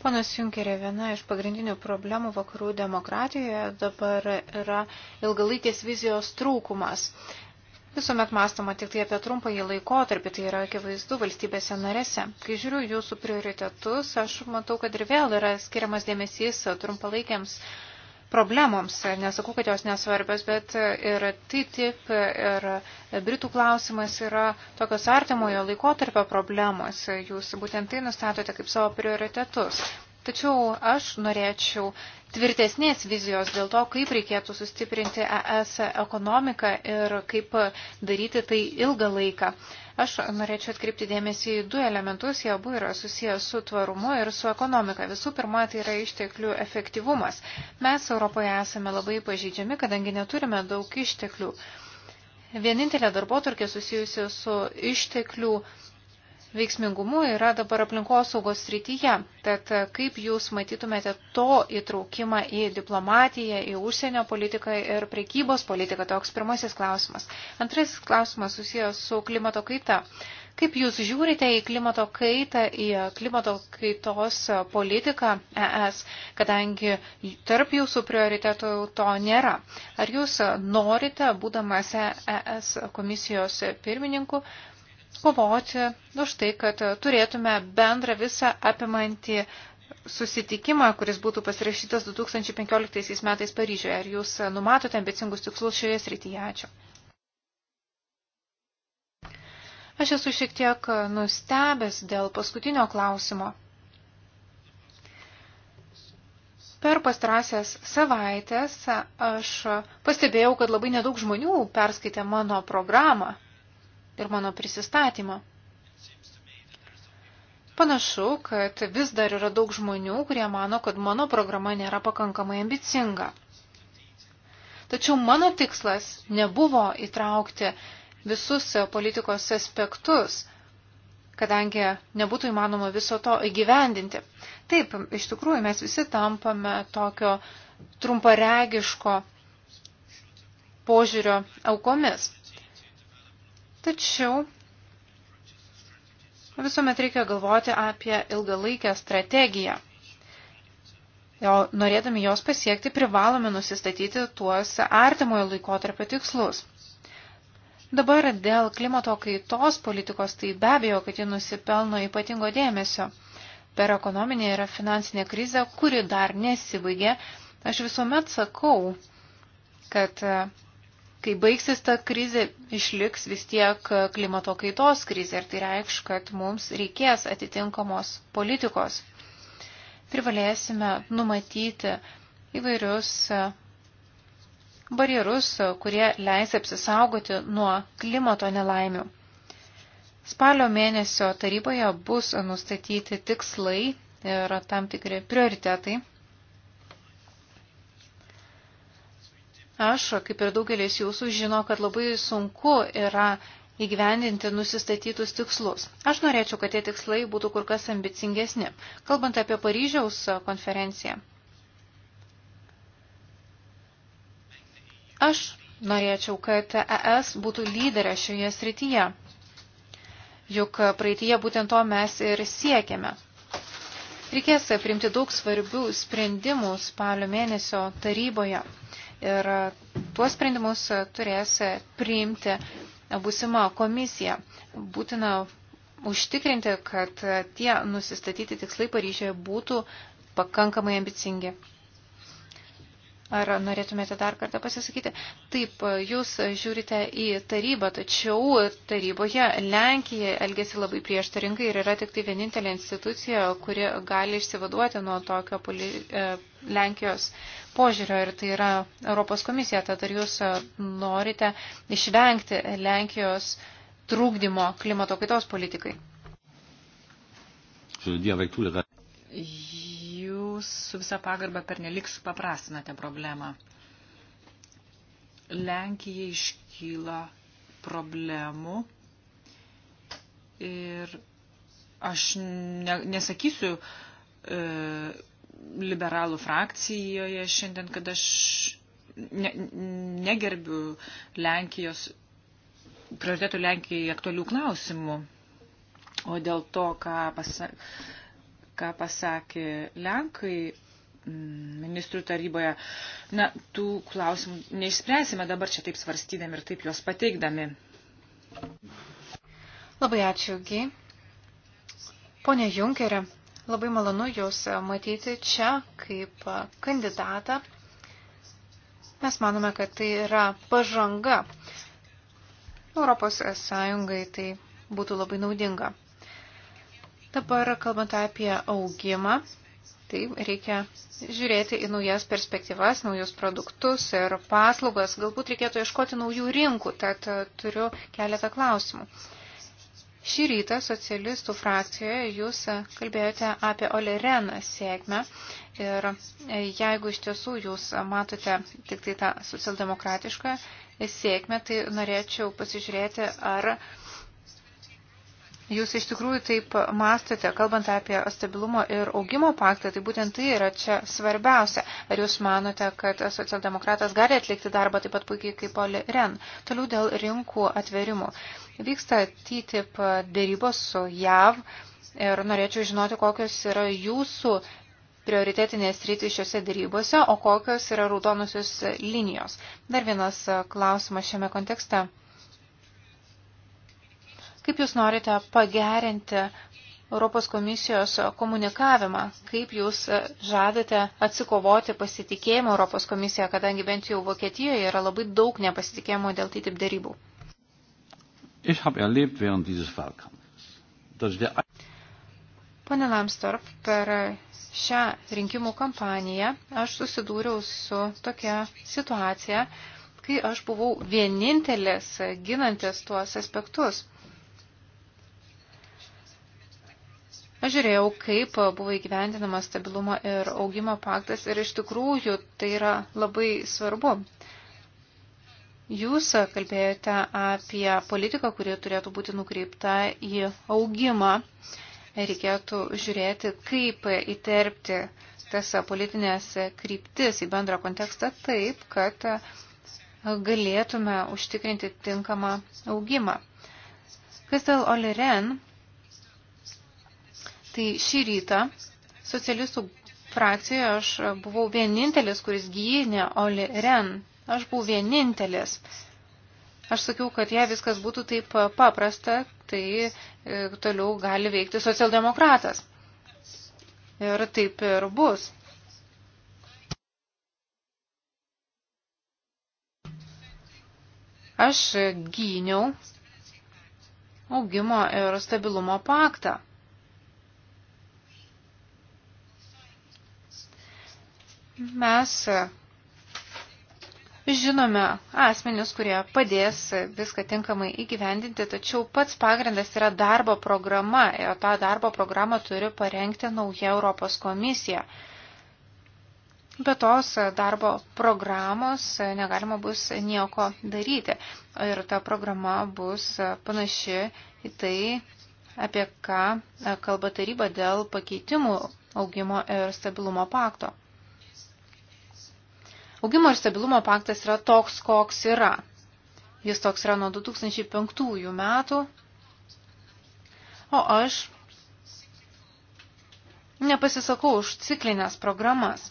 Ponas Junkerė, viena iš pagrindinių problemų vakarų demokratijoje dabar yra ilgalaikės vizijos trūkumas. Visuomet mąstoma tik tai apie trumpąjį laikotarpį, tai yra akivaizdu valstybėse narėse. Kai žiūriu jūsų prioritetus, aš matau, kad ir vėl yra skiriamas dėmesys trumpalaikiams problemoms. Nesakau, kad jos nesvarbios, bet ir TTIP, ir Britų klausimas yra tokios artimojo laikotarpio problemos. Jūs būtent tai nustatote kaip savo prioritetus. Tačiau aš norėčiau tvirtesnės vizijos dėl to, kaip reikėtų sustiprinti ES ekonomiką ir kaip daryti tai ilgą laiką. Aš norėčiau atkreipti dėmesį į du elementus, jie abu yra susijęs su tvarumu ir su ekonomika. Visų pirma, tai yra išteklių efektyvumas. Mes Europoje esame labai pažydžiami, kadangi neturime daug išteklių. Vienintelė darbotvarkė susijusi su išteklių veiksmingumu yra dabar aplinkosaugos srityje. Tad e, kaip jūs matytumėte to įtraukimą į diplomatiją, į užsienio politiką ir prekybos politiką? Toks pirmasis klausimas. Antrasis klausimas susijęs su klimato kaita. Kaip jūs žiūrite į klimato kaitą, į klimato kaitos politiką ES, kadangi tarp jūsų prioritetų to nėra? Ar jūs norite, būdamas ES komisijos pirmininku, kovoti už tai, kad turėtume bendrą visą apimantį susitikimą, kuris būtų pasirašytas 2015 metais Paryžioje. Ar jūs numatote ambicingus tikslus šioje srityje? Ačiū. Aš esu šiek tiek nustebęs dėl paskutinio klausimo. Per pastarąsias savaitės aš pastebėjau, kad labai nedaug žmonių perskaitė mano programą ir mano prisistatymą. Panašu, kad vis dar yra daug žmonių, kurie mano, kad mano programa nėra pakankamai ambicinga. Tačiau mano tikslas nebuvo įtraukti visus politikos aspektus, kadangi nebūtų įmanoma viso to įgyvendinti. Taip, iš tikrųjų, mes visi tampame tokio trumparegiško požiūrio aukomis. Tačiau visuomet reikia galvoti apie ilgalaikę strategiją. O norėdami jos pasiekti, privalome nusistatyti tuos artimojo laikotarpio tikslus. Dabar dėl klimato kaitos politikos tai be abejo, kad ji nusipelno ypatingo dėmesio. Per ekonominę ir finansinę krizę, kuri dar nesibaigė, aš visuomet sakau, kad kai baigsis ta krizė, išliks vis tiek e, klimato kaitos krizė ir tai reikš, kad mums reikės atitinkamos politikos. Privalėsime numatyti įvairius e, barjerus, e, kurie leis apsisaugoti nuo klimato nelaimių. Spalio mėnesio taryboje bus nustatyti tikslai ir tam tikri prioritetai. Aš, kaip ir daugelis jūsų, žino, kad labai sunku yra įgyvendinti nusistatytus tikslus. Aš norėčiau, kad tie tikslai būtų kur kas ambicingesni. Kalbant apie Paryžiaus konferenciją, aš norėčiau, kad ES būtų lyderė šioje srityje. Juk praeitie būtent to mes ir siekiame. Reikės priimti daug svarbių sprendimų spalio mėnesio taryboje. Ir tuos sprendimus turės priimti būsima komisija. Būtina užtikrinti, kad tie nusistatyti tikslai Paryžioje būtų pakankamai ambicingi. Ar norėtumėte dar kartą pasisakyti? Taip, jūs žiūrite į tarybą, tačiau taryboje Lenkija elgesi labai prieštaringai ir yra tik tai vienintelė institucija, kuri gali išsivaduoti nuo tokio poli... E, Lenkijos požiūrio ir tai yra Europos komisija. Tad ar jūs norite išvengti Lenkijos trūkdymo klimato kaitos politikai? Je le dis avec tous les jūs su visa pagarba pernelik supaprastinate problemą. Lenkija iškyla problemų ir aš ne, nesakysiu e, liberalų frakcijoje šiandien, kad aš ne, negerbiu Lenkijos, prioritetų Lenkijai aktualių klausimų. O dėl to, ką pasa, ką pasakė Lenkai mm, ministrų taryboje. Na, tų klausimų neišspręsime dabar čia taip svarstydami ir taip juos pateikdami. Labai ačiū, Gy. Pone Junkerė, labai malonu Jūs matyti čia kaip kandidatą. Mes manome, kad tai yra pažanga. Europos Sąjungai tai būtų labai naudinga. Dabar, kalbant apie augimą, tai reikia žiūrėti į naujas perspektyvas, naujus produktus ir paslaugas. Galbūt reikėtų ieškoti naujų rinkų, tad e, turiu keletą klausimų. Šį rytą socialistų frakcijoje jūs e, kalbėjote apie Olereną sėkmę ir e, jeigu iš tiesų jūs matote tik tai tą socialdemokratišką sėkmę, tai norėčiau pasižiūrėti, ar Jūs iš tikrųjų taip mastote, kalbant apie stabilumo ir augimo paktą, tai būtent tai yra čia svarbiausia. Ar jūs manote, kad socialdemokratas gali atlikti darbą taip pat puikiai kaip Oli Ren? Toliau dėl rinkų atverimų. Vyksta TTIP dėrybos su JAV ir norėčiau žinoti, kokios yra jūsų prioritetinės rytis šiuose dėrybose, o kokios yra raudonusios linijos. Dar vienas klausimas šiame kontekste. Kaip Jūs norite pagerinti Europos komisijos komunikavimą? Kaip Jūs žadate atsikovoti pasitikėjimą Europos komisiją, kadangi bent jau Vokietijoje yra labai daug nepasitikėjimo dėl TTIP darybų? Ich habe erlebt während dieses Wahlkampfes, dass der Pane Lamstorf, per šią rinkimų kampaniją aš susidūriau su tokia situacija, kai aš buvau vienintelis ginantis tuos aspektus. Aš žiūrėjau, kaip buvo įgyvendinamas stabilumo ir augimo paktas ir iš tikrųjų tai yra labai svarbu. Jūs kalbėjote apie politiką, kuri turėtų būti nukreipta į augimą. Reikėtų žiūrėti, kaip įterpti tas politinės kryptis į bendrą kontekstą taip, kad galėtume užtikrinti tinkamą augimą. Kas dėl Oliren, Tai šį rytą socialistų frakcijoje aš buvau vienintelis, kuris gynė Oli Ren. Aš buvau vienintelis. Aš sakiau, kad jei viskas būtų taip paprasta, tai e, toliau gali veikti socialdemokratas. Ir taip ir bus. Aš gyniau augimo ir stabilumo paktą. Mes e, žinome asmenius, kurie padės viską tinkamai įgyvendinti, tačiau pats pagrindas yra darbo programa, o tą darbo programą turi parengti nauja Europos komisija. Be tos darbo programos e, negalima bus nieko daryti ir ta programa bus e, panaši į tai, apie ką kalba taryba dėl pakeitimų augimo ir stabilumo pakto. Augimo ir stabilumo paktas yra toks, koks yra. Jis toks yra nuo 2005 metų. O aš nepasisakau už ciklinės programas.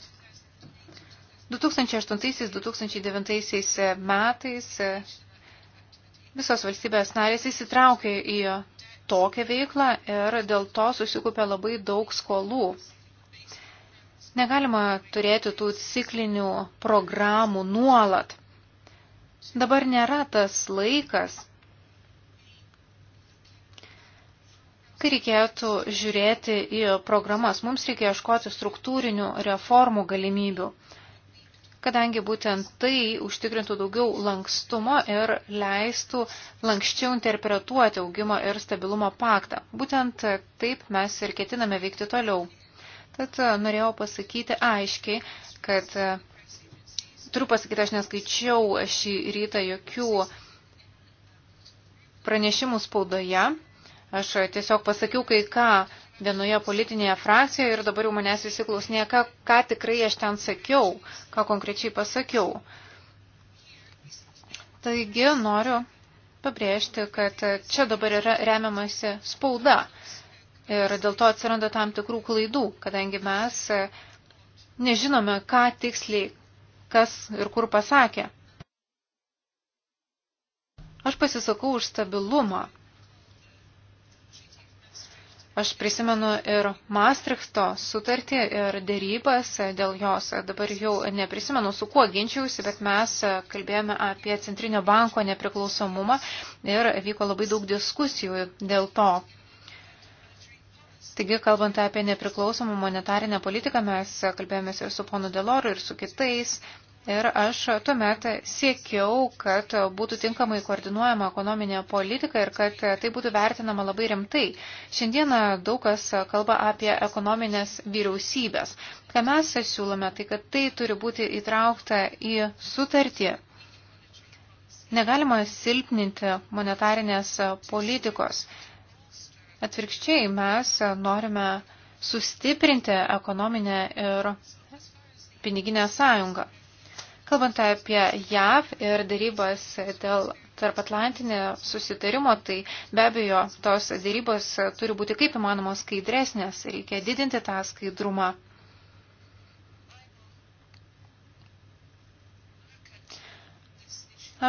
2008-2009 metais visos valstybės narės įsitraukė į tokią veiklą ir dėl to susikupė labai daug skolų. Negalima turėti tų ciklinių programų nuolat. Dabar nėra tas laikas, kai reikėtų žiūrėti į programas. Mums reikia ieškoti struktūrinių reformų galimybių, kadangi būtent tai užtikrintų daugiau lankstumo ir leistų lankščiau interpretuoti augimo ir stabilumo paktą. Būtent taip mes ir ketiname veikti toliau. Tad e, norėjau pasakyti aiškiai, kad e, turiu pasakyti, aš neskaičiau šį rytą jokių pranešimų spaudoje. Aš e, tiesiog pasakiau kai ką vienoje politinėje frakcijoje ir dabar jau manęs visi klausinėja, ką, ką tikrai aš ten sakiau, ką konkrečiai pasakiau. Taigi noriu pabrėžti, kad čia dabar yra remiamasi spauda. Ir dėl to atsiranda tam tikrų klaidų, kadangi mes e, nežinome, ką tiksliai, kas ir kur pasakė. Aš pasisakau už stabilumą. Aš prisimenu ir Maastrichto sutartį ir dėrybas e, dėl jos. E, dabar jau neprisimenu, su kuo ginčiausi, bet mes kalbėjome apie Centrinio banko nepriklausomumą ir vyko labai daug diskusijų dėl to, Taigi, kalbant apie nepriklausomą monetarinę politiką, mes kalbėjomės ir su ponu Deloru, ir su kitais. Ir aš tuomet siekiau, kad būtų tinkamai koordinuojama ekonominė politika ir kad tai būtų vertinama labai rimtai. Šiandieną daug kas kalba apie ekonominės vyriausybės. Ką mes siūlome, tai kad tai turi būti įtraukta į sutartį. Negalima silpninti monetarinės politikos. Atvirkščiai mes norime sustiprinti ekonominę ir piniginę sąjungą. Kalbant apie JAV ir darybas dėl tarp Atlantinio susitarimo, tai be abejo, tos darybos turi būti kaip įmanoma skaidresnės, reikia didinti tą skaidrumą.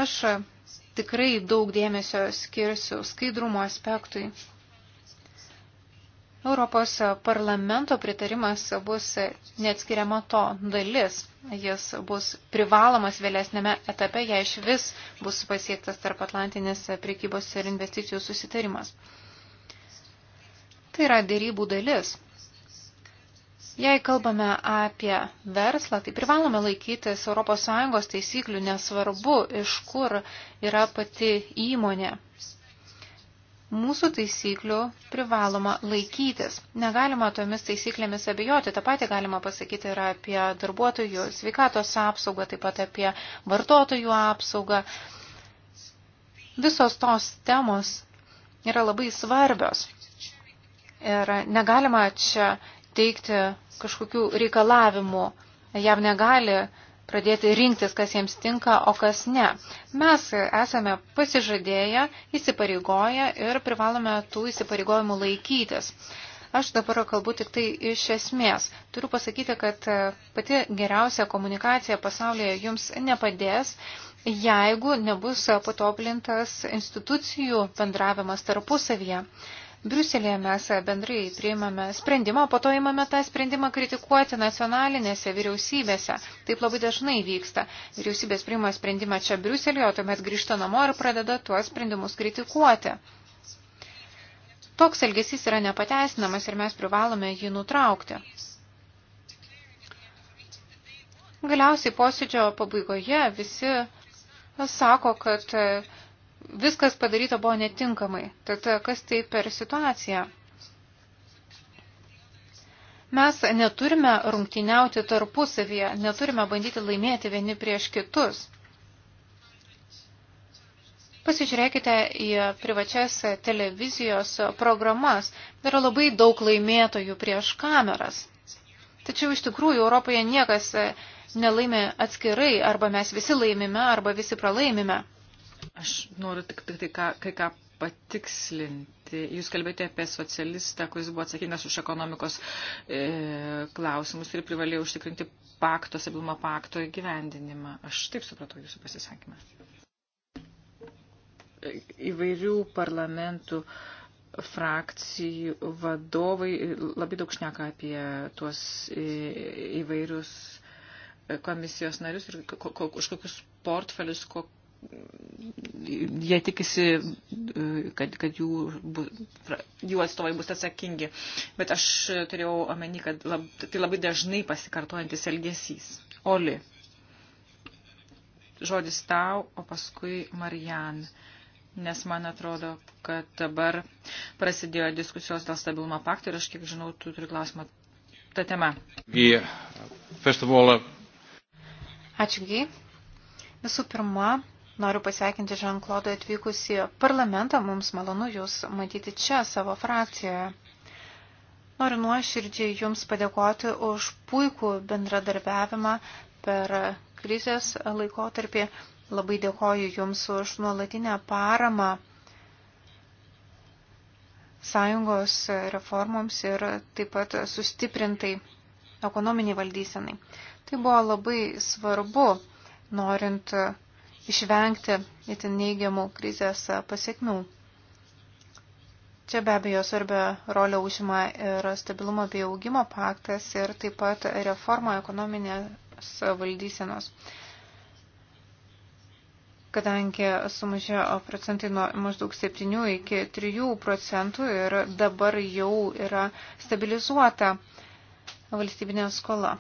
Aš tikrai daug dėmesio skirsiu skaidrumo aspektui. Europos parlamento pritarimas bus neatskiriama to dalis. Jis bus privalomas vėlesnėme etape, jei iš vis bus pasiektas tarp Atlantinės prekybos ir investicijų susitarimas. Tai yra dėrybų dalis. Jei kalbame apie verslą, tai privalome laikytis ES taisyklių, nesvarbu, iš kur yra pati įmonė. Mūsų taisyklių privaloma laikytis. Negalima tomis taisyklėmis abejoti. Ta pati galima pasakyti ir apie darbuotojų sveikatos apsaugą, taip pat apie vartotojų apsaugą. Visos tos temos yra labai svarbios. Ir negalima čia teikti kažkokių reikalavimų. Jav negali uh, pradėti rinktis, kas jiems tinka, o kas ne. Mes esame pasižadėję, įsipareigoję ir privalome tų įsipareigojimų laikytis. Aš dabar kalbu tik tai iš esmės. Turiu pasakyti, kad pati geriausia komunikacija pasaulyje jums nepadės, jeigu nebus patobulintas institucijų bendravimas tarpusavyje. Briuselėje mes bendrai priimame sprendimą, po to imame tą sprendimą kritikuoti nacionalinėse vyriausybėse. Taip labai dažnai vyksta. Vyriausybės priima sprendimą čia Briuselėje, o tuomet grįžta namo ir pradeda tuos sprendimus kritikuoti. Toks elgesys yra nepateisinamas ir mes privalome jį nutraukti. Galiausiai posėdžio pabaigoje visi sako, kad viskas padaryta buvo netinkamai. Tad e, kas tai per situaciją? Mes neturime rungtyniauti tarpusavyje, neturime bandyti laimėti vieni prieš kitus. Pasižiūrėkite į privačias televizijos programas. Yra labai daug laimėtojų prieš kameras. Tačiau iš tikrųjų Europoje niekas nelaimė atskirai, arba mes visi laimime, arba visi pralaimime. Aš noriu tik, tik tai ką, kai ką patikslinti. Jūs kalbėjote apie socialistą, kuris buvo atsakingas už ekonomikos e, klausimus ir privalėjo užtikrinti pakto, stabilumo pakto įgyvendinimą. Aš taip supratau jūsų pasisakymą. Įvairių parlamentų frakcijų vadovai labai daug šneka apie tuos e, įvairius komisijos narius ir už kokius portfelius, jie tikisi, kad, kad jų, jų atstovai bus atsakingi. Bet aš turėjau omeny, kad lab, tai labai dažnai pasikartojantis elgesys. Oli. Žodis tau, o paskui Marijan. Nes man atrodo, kad dabar prasidėjo diskusijos dėl stabilumo pakto ir aš kiek žinau, tu turi klausimą tą temą. Uh, Ačiū, Gai. Visų pirma, Noriu pasveikinti Žanklodą atvykus į parlamentą. Mums malonu Jūs matyti čia savo frakcijoje. Noriu nuoširdžiai Jums padėkoti už puikų bendradarbiavimą per krizės laikotarpį. Labai dėkoju Jums už nuolatinę paramą sąjungos reformoms ir taip pat sustiprintai ekonominiai valdysenai. Tai buvo labai svarbu, norint išvengti itin neigiamų krizės pasiekmių. Čia be abejo svarbia rolė užima ir stabilumo bei augimo paktas ir taip pat reforma ekonominės valdysenos kadangi sumažėjo procentai nuo maždaug 7 iki 3 procentų ir dabar jau yra stabilizuota valstybinė skola.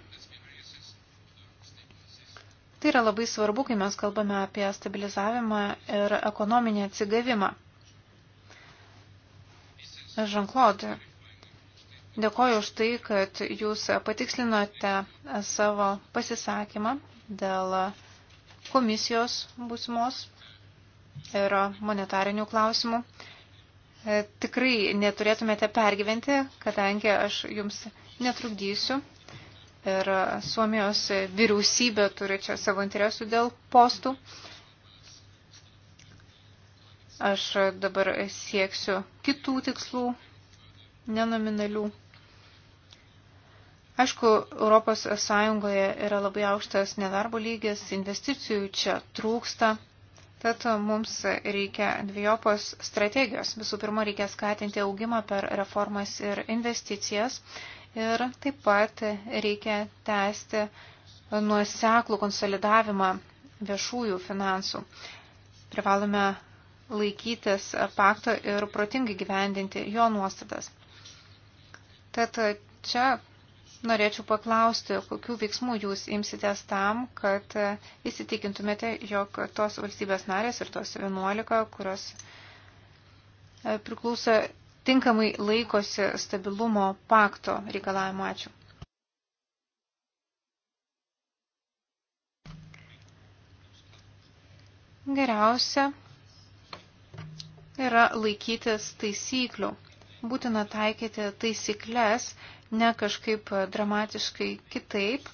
Tai yra labai svarbu, kai mes kalbame apie stabilizavimą ir ekonominį atsigavimą. Žanklodai, dėkoju už tai, kad jūs patikslinote savo pasisakymą dėl komisijos būsimos ir monetarinių klausimų. Tikrai neturėtumėte pergyventi, kadangi aš jums netrukdysiu ir Suomijos vyriausybė turi čia savo interesų dėl postų. Aš dabar sieksiu kitų tikslų, nenominalių. Aišku, Europos Sąjungoje yra labai aukštas nedarbo lygis, investicijų čia trūksta, tad mums reikia dviejopos strategijos. Visų pirma, reikia skatinti augimą per reformas ir investicijas ir taip pat reikia tęsti nuoseklų konsolidavimą viešųjų finansų. Privalome laikytis pakto ir protingai gyvendinti jo nuostatas. Tad čia norėčiau paklausti, kokių veiksmų jūs imsitės tam, kad įsitikintumėte, jog tos valstybės narės ir tos 11, kurios priklauso tinkamai laikosi stabilumo pakto reikalavimo. Ačiū. Geriausia yra laikytis taisyklių. Būtina taikyti taisyklės, ne kažkaip dramatiškai kitaip,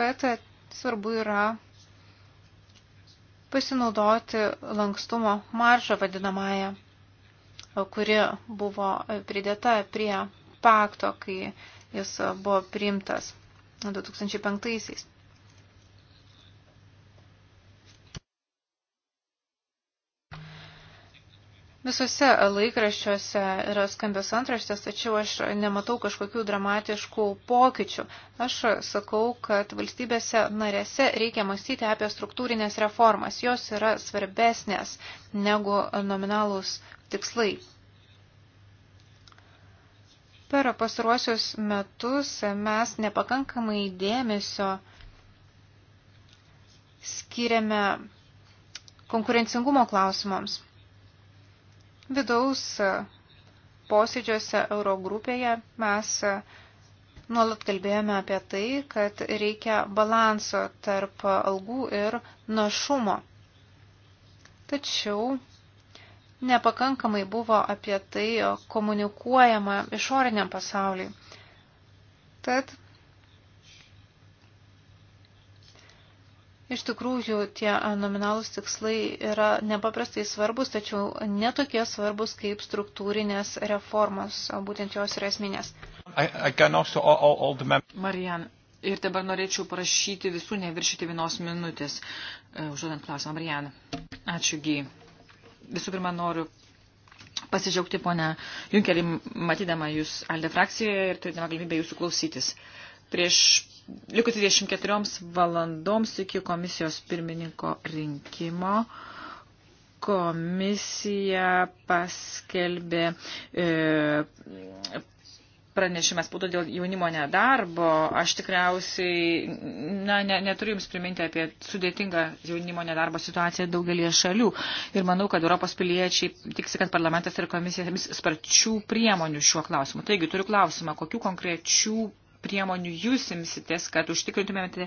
bet svarbu yra pasinaudoti lankstumo maržą vadinamąją kuri buvo pridėta prie pakto, kai jis buvo priimtas 2005. -aisiais. Visose laikraščiuose yra skambios antraštės, tačiau aš nematau kažkokių dramatiškų pokyčių. Aš sakau, kad valstybėse narėse reikia mąstyti apie struktūrinės reformas. Jos yra svarbesnės negu nominalūs tikslai. Per pasiruosius metus mes nepakankamai dėmesio skiriame konkurencingumo klausimams. Vidaus posėdžiuose Eurogrupėje mes nuolat kalbėjome apie tai, kad reikia balanso tarp algų ir našumo. Tačiau nepakankamai buvo apie tai komunikuojama išoriniam pasauliui. Tad Iš tikrųjų, tie nominalūs tikslai yra nepaprastai svarbus, tačiau netokie svarbus kaip struktūrinės reformos, būtent jos yra esminės. Marian, ir dabar norėčiau prašyti visų neviršyti vienos minutės, e, užduodant klausimą. Marian, ačiū gy. Visų pirma, noriu pasidžiaugti, ponia Junkerį, matydama jūs Alde frakcijoje ir turėdama galimybę jūsų klausytis. Prieš likus 24 valandoms iki komisijos pirmininko rinkimo komisija paskelbė e, pranešimą spaudą dėl jaunimo nedarbo. Aš tikriausiai na, ne, neturiu Jums priminti apie sudėtingą jaunimo nedarbo situaciją daugelie šalių. Ir manau, kad Europos piliečiai tiksi, kad parlamentas ir komisija sparčių priemonių šiuo klausimu. Taigi, turiu klausimą, kokių konkrečių priemonių jūs imsitės, kad užtikrintumėte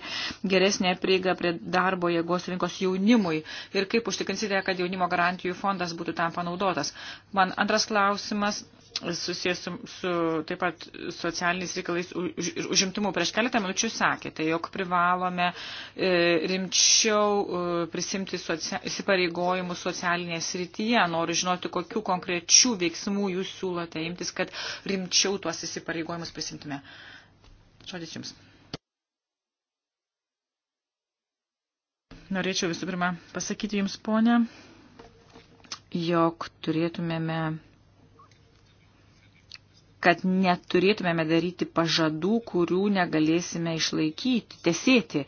geresnę prieigą prie darbo jėgos rinkos jaunimui ir kaip užtikrinsite, kad jaunimo garantijų fondas būtų tam panaudotas. Man antras klausimas susijęs su, su taip pat socialiniais reikalais ir užimtimu. Prieš keletą minučių sakėte, jog privalome e, rimčiau e, prisimti socia įsipareigojimus socialinėje srityje. Noriu žinoti, kokiu konkrečių veiksmų jūs siūlote imtis, kad rimčiau tuos įsipareigojimus prisimtume. Uh, Žodis jums. Norėčiau visų pirma pasakyti jums, ponė, jog turėtumėme kad neturėtumėme daryti pažadų, kurių negalėsime išlaikyti, tesėti.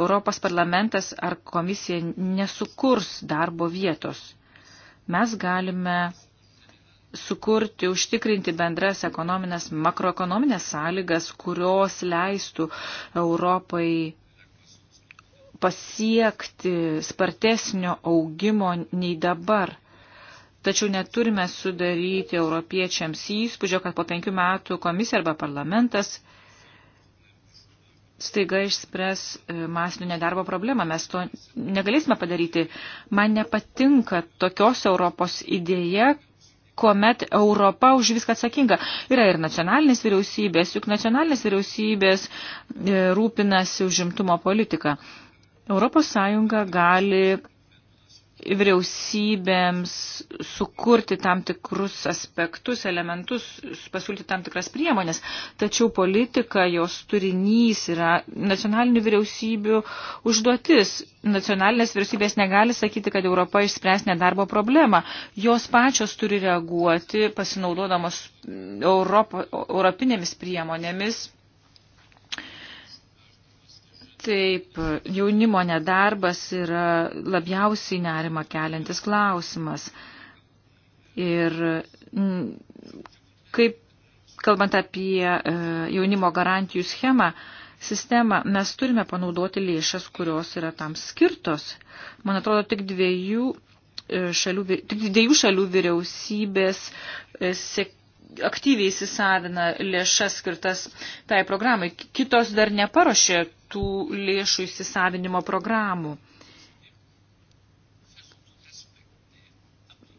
Europos parlamentas ar komisija nesukurs darbo vietos. Mes galime sukurti, užtikrinti bendras ekonominės, makroekonominės sąlygas, kurios leistų Europai pasiekti spartesnio augimo nei dabar. Tačiau neturime sudaryti europiečiams įspūdžio, kad po penkių metų komisija arba parlamentas staiga išspręs e, masinio nedarbo problemą. Mes to negalėsime padaryti. Man nepatinka tokios Europos idėja, kuomet Europa už viską atsakinga. Yra ir nacionalinės vyriausybės, juk nacionalinės vyriausybės e, rūpinasi užimtumo politiką. Europos Sąjunga gali vyriausybėms sukurti tam tikrus aspektus, elementus, pasiūlyti tam tikras priemonės. Tačiau politika, jos turinys yra nacionalinių vyriausybių užduotis. Nacionalinės vyriausybės negali sakyti, kad Europa išspręs nedarbo problemą. Jos pačios turi reaguoti, pasinaudodamos Europo, europinėmis priemonėmis Taip, jaunimo nedarbas yra labiausiai nerima keliantis klausimas. Ir mm, kaip, kalbant apie e, jaunimo garantijų schemą, sistemą, mes turime panaudoti lėšas, kurios yra tam skirtos. Man atrodo, tik dviejų e, šalių, tik dviejų šalių vyriausybės e, sek aktyviai įsisavina lėšas skirtas tai programai. Kitos dar neparuošė tų lėšų įsisavinimo programų.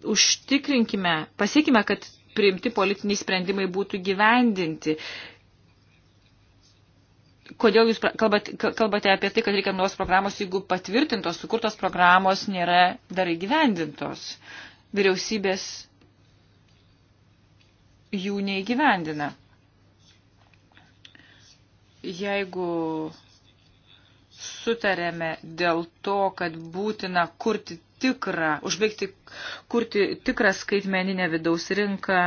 Užtikrinkime, pasiekime, kad priimti politiniai sprendimai būtų gyvendinti. Kodėl jūs kalbate, kalbate apie tai, kad reikia naujos programos, jeigu patvirtintos, sukurtos programos nėra dar įgyvendintos? Vyriausybės jų neįgyvendina. Jeigu sutarėme dėl to, kad būtina kurti tikrą, užbaigti kurti tikrą skaitmeninę vidaus rinką,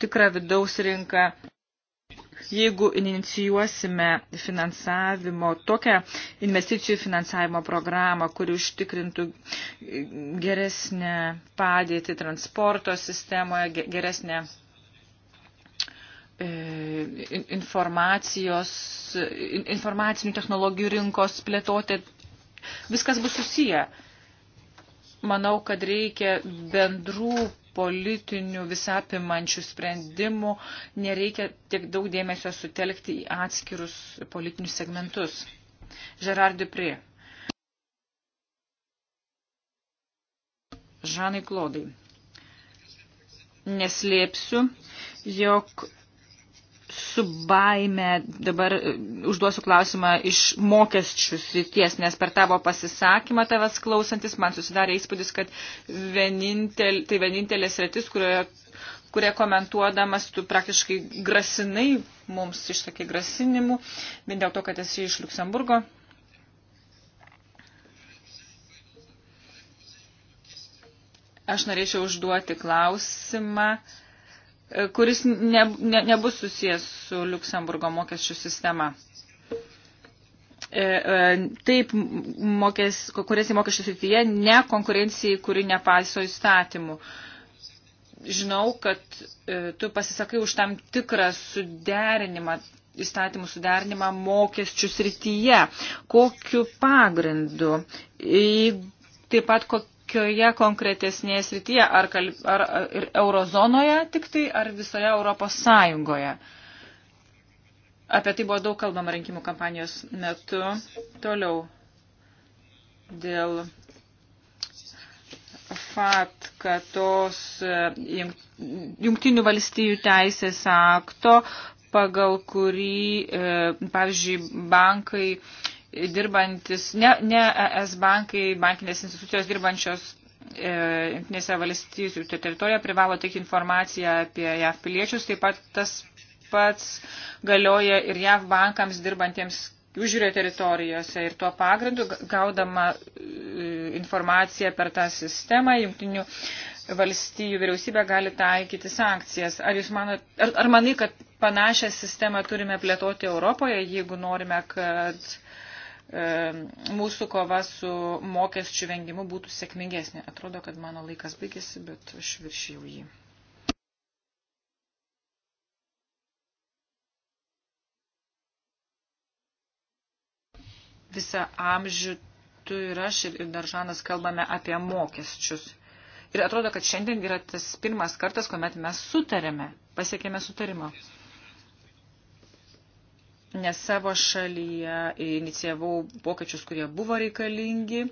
tikrą vidaus rinką, jeigu inicijuosime finansavimo, tokią investicijų finansavimo programą, kuri užtikrintų geresnę padėtį transporto sistemoje, geresnę e, informacijos, informacinių technologijų rinkos plėtoti. Viskas bus susiję. Manau, kad reikia bendrų politinių visapimančių sprendimų, nereikia tiek daug dėmesio sutelkti į atskirus politinius segmentus. Gerard Dupri. Žanai Klodai. Neslėpsiu, jog su baime dabar e, užduosiu klausimą iš mokesčių srities, nes per tavo pasisakymą tavęs klausantis man susidarė įspūdis, kad vienintel, tai vienintelė sritis, kurioje kurie komentuodamas tu praktiškai grasinai mums išsakė grasinimų, vien dėl to, kad esi iš Luksemburgo. Aš norėčiau užduoti klausimą. Uh, kuris ne, ne, nebus susijęs su Luksemburgo mokesčių sistema. E, e, taip, mokės, konkurencija mokesčių srityje, ne konkurencijai, kuri nepaiso įstatymų. Žinau, kad e, tu pasisakai už tam tikrą suderinimą, įstatymų suderinimą mokesčių srityje. Kokiu pagrindu? Taip pat, kokioje konkretesnėje srityje, ar, kalb, ar, ar ir eurozonoje tik tai, ar visoje Europos Sąjungoje. Apie tai buvo daug kalbama rinkimų kampanijos metu. Toliau dėl fat, kad tos e, jungtinių valstijų teisės akto, pagal kurį, e, pavyzdžiui, bankai dirbantis, ne, ne ES bankai, bankinės institucijos dirbančios e, Junktinėse valstybių tai teritorijoje privalo tik informaciją apie JAV piliečius, taip pat tas pats galioja ir JAV bankams dirbantiems užžiūrio teritorijose ir tuo pagrindu gaudama e, informaciją per tą sistemą jungtinių valstybių vyriausybė gali taikyti sankcijas. Ar, jūs manot, ar, ar manai, kad panašią sistemą turime plėtoti Europoje, jeigu norime, kad E, mūsų kova su mokesčių vengimu būtų sėkmingesnė. Atrodo, kad mano laikas baigėsi, bet aš viršijau jį. Visą amžių tu ir aš ir, ir dar Žanas kalbame apie mokesčius. Ir atrodo, kad šiandien yra tas pirmas kartas, kuomet mes sutarėme, pasiekėme sutarimą nes savo šalyje inicijavau pokyčius, kurie buvo reikalingi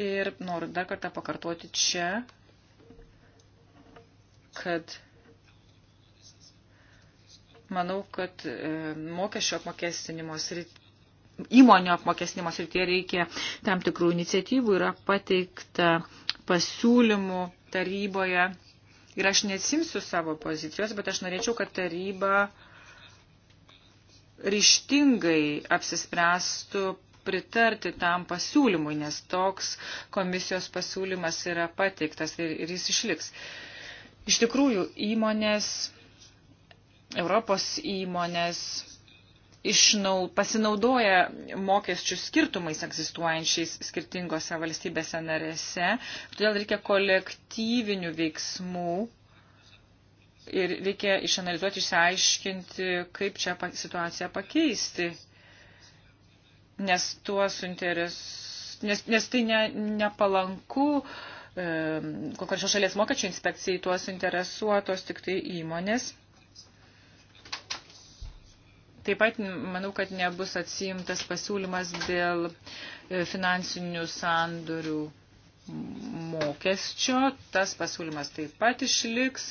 ir noriu dar kartą pakartoti čia, kad manau, kad e, mokesčio apmokestinimo srityje įmonių apmokestinimo srityje reikia tam tikrų iniciatyvų, yra pateikta pasiūlymų taryboje. Ir aš neatsimsiu savo pozicijos, bet aš norėčiau, kad taryba uh, ryštingai apsispręstų pritarti tam pasiūlymui, nes toks komisijos pasiūlymas yra pateiktas ir, ir jis išliks. Iš tikrųjų, įmonės, Europos įmonės išnau, pasinaudoja mokesčių skirtumais egzistuojančiais skirtingose valstybėse narėse, todėl reikia kolektyvinių veiksmų Ir reikia išanalizuoti, išsiaiškinti, kaip čia situaciją pakeisti. Nes tuo suinteres... Nes, nes tai ne, nepalanku e, konkrečios šalies mokesčių inspekcijai, tuo suinteresuotos tik tai įmonės. Taip pat manau, kad nebus atsiimtas pasiūlymas dėl e, finansinių sandorių mokesčio. Tas pasiūlymas taip pat išliks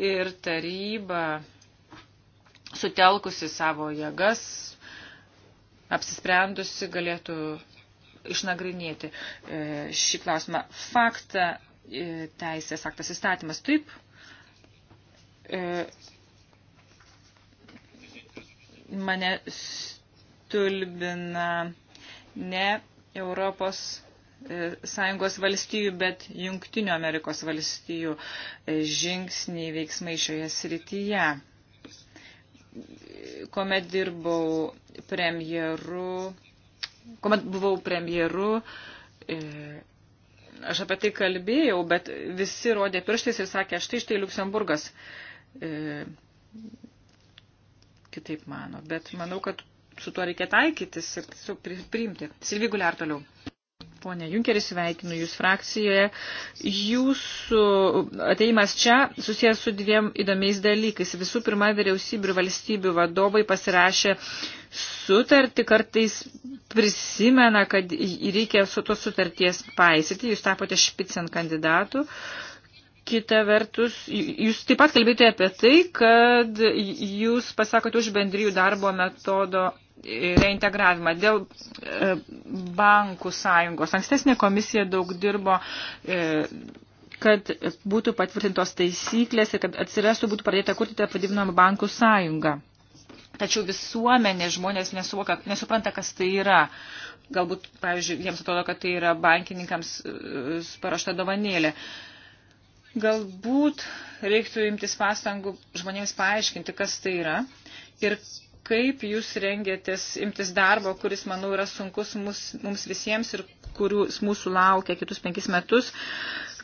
ir taryba sutelkusi savo jėgas, apsisprendusi galėtų išnagrinėti e, šį klausimą. Faktą e, teisės aktas įstatymas taip. E, mane stulbina ne Europos E, Sąjungos valstijų, bet Junktinio Amerikos valstijų e, žingsniai veiksmai šioje srityje. Komet dirbau premjeru, kuomet buvau premjeru, e, aš apie tai kalbėjau, bet visi rodė pirštais ir sakė, štai štai Luksemburgas kitaip mano, bet manau, kad su tuo reikia taikytis ir priimti. Silvi Guliar toliau. Pone Junkeris, sveikinu Jūs frakcijoje. Jūsų ateimas čia susijęs su dviem įdomiais dalykais. Visų pirma, vyriausybių ir valstybių vadovai pasirašė sutartį, kartais prisimena, kad reikia su to sutarties paisyti. Jūs tapote špicen kandidatų. Kita vertus, jūs taip pat kalbėjote apie tai, kad jūs pasakote už bendrijų darbo metodo reintegravimą. Dėl e, bankų sąjungos. Ankstesnė komisija daug dirbo e, kad būtų patvirtintos taisyklės ir kad atsirastų būtų pradėta kurti tą padidinamą bankų sąjungą. Tačiau visuomenė žmonės nesuvoka, nesupranta, kas tai yra. Galbūt, pavyzdžiui, jiems atrodo, kad tai yra bankininkams e, paruošta dovanėlė. Galbūt reiktų imtis pastangų žmonėms paaiškinti, kas tai yra ir kaip jūs rengėtės imtis darbo, kuris, manau, yra sunkus mus, mums visiems ir kurius mūsų laukia kitus penkis metus,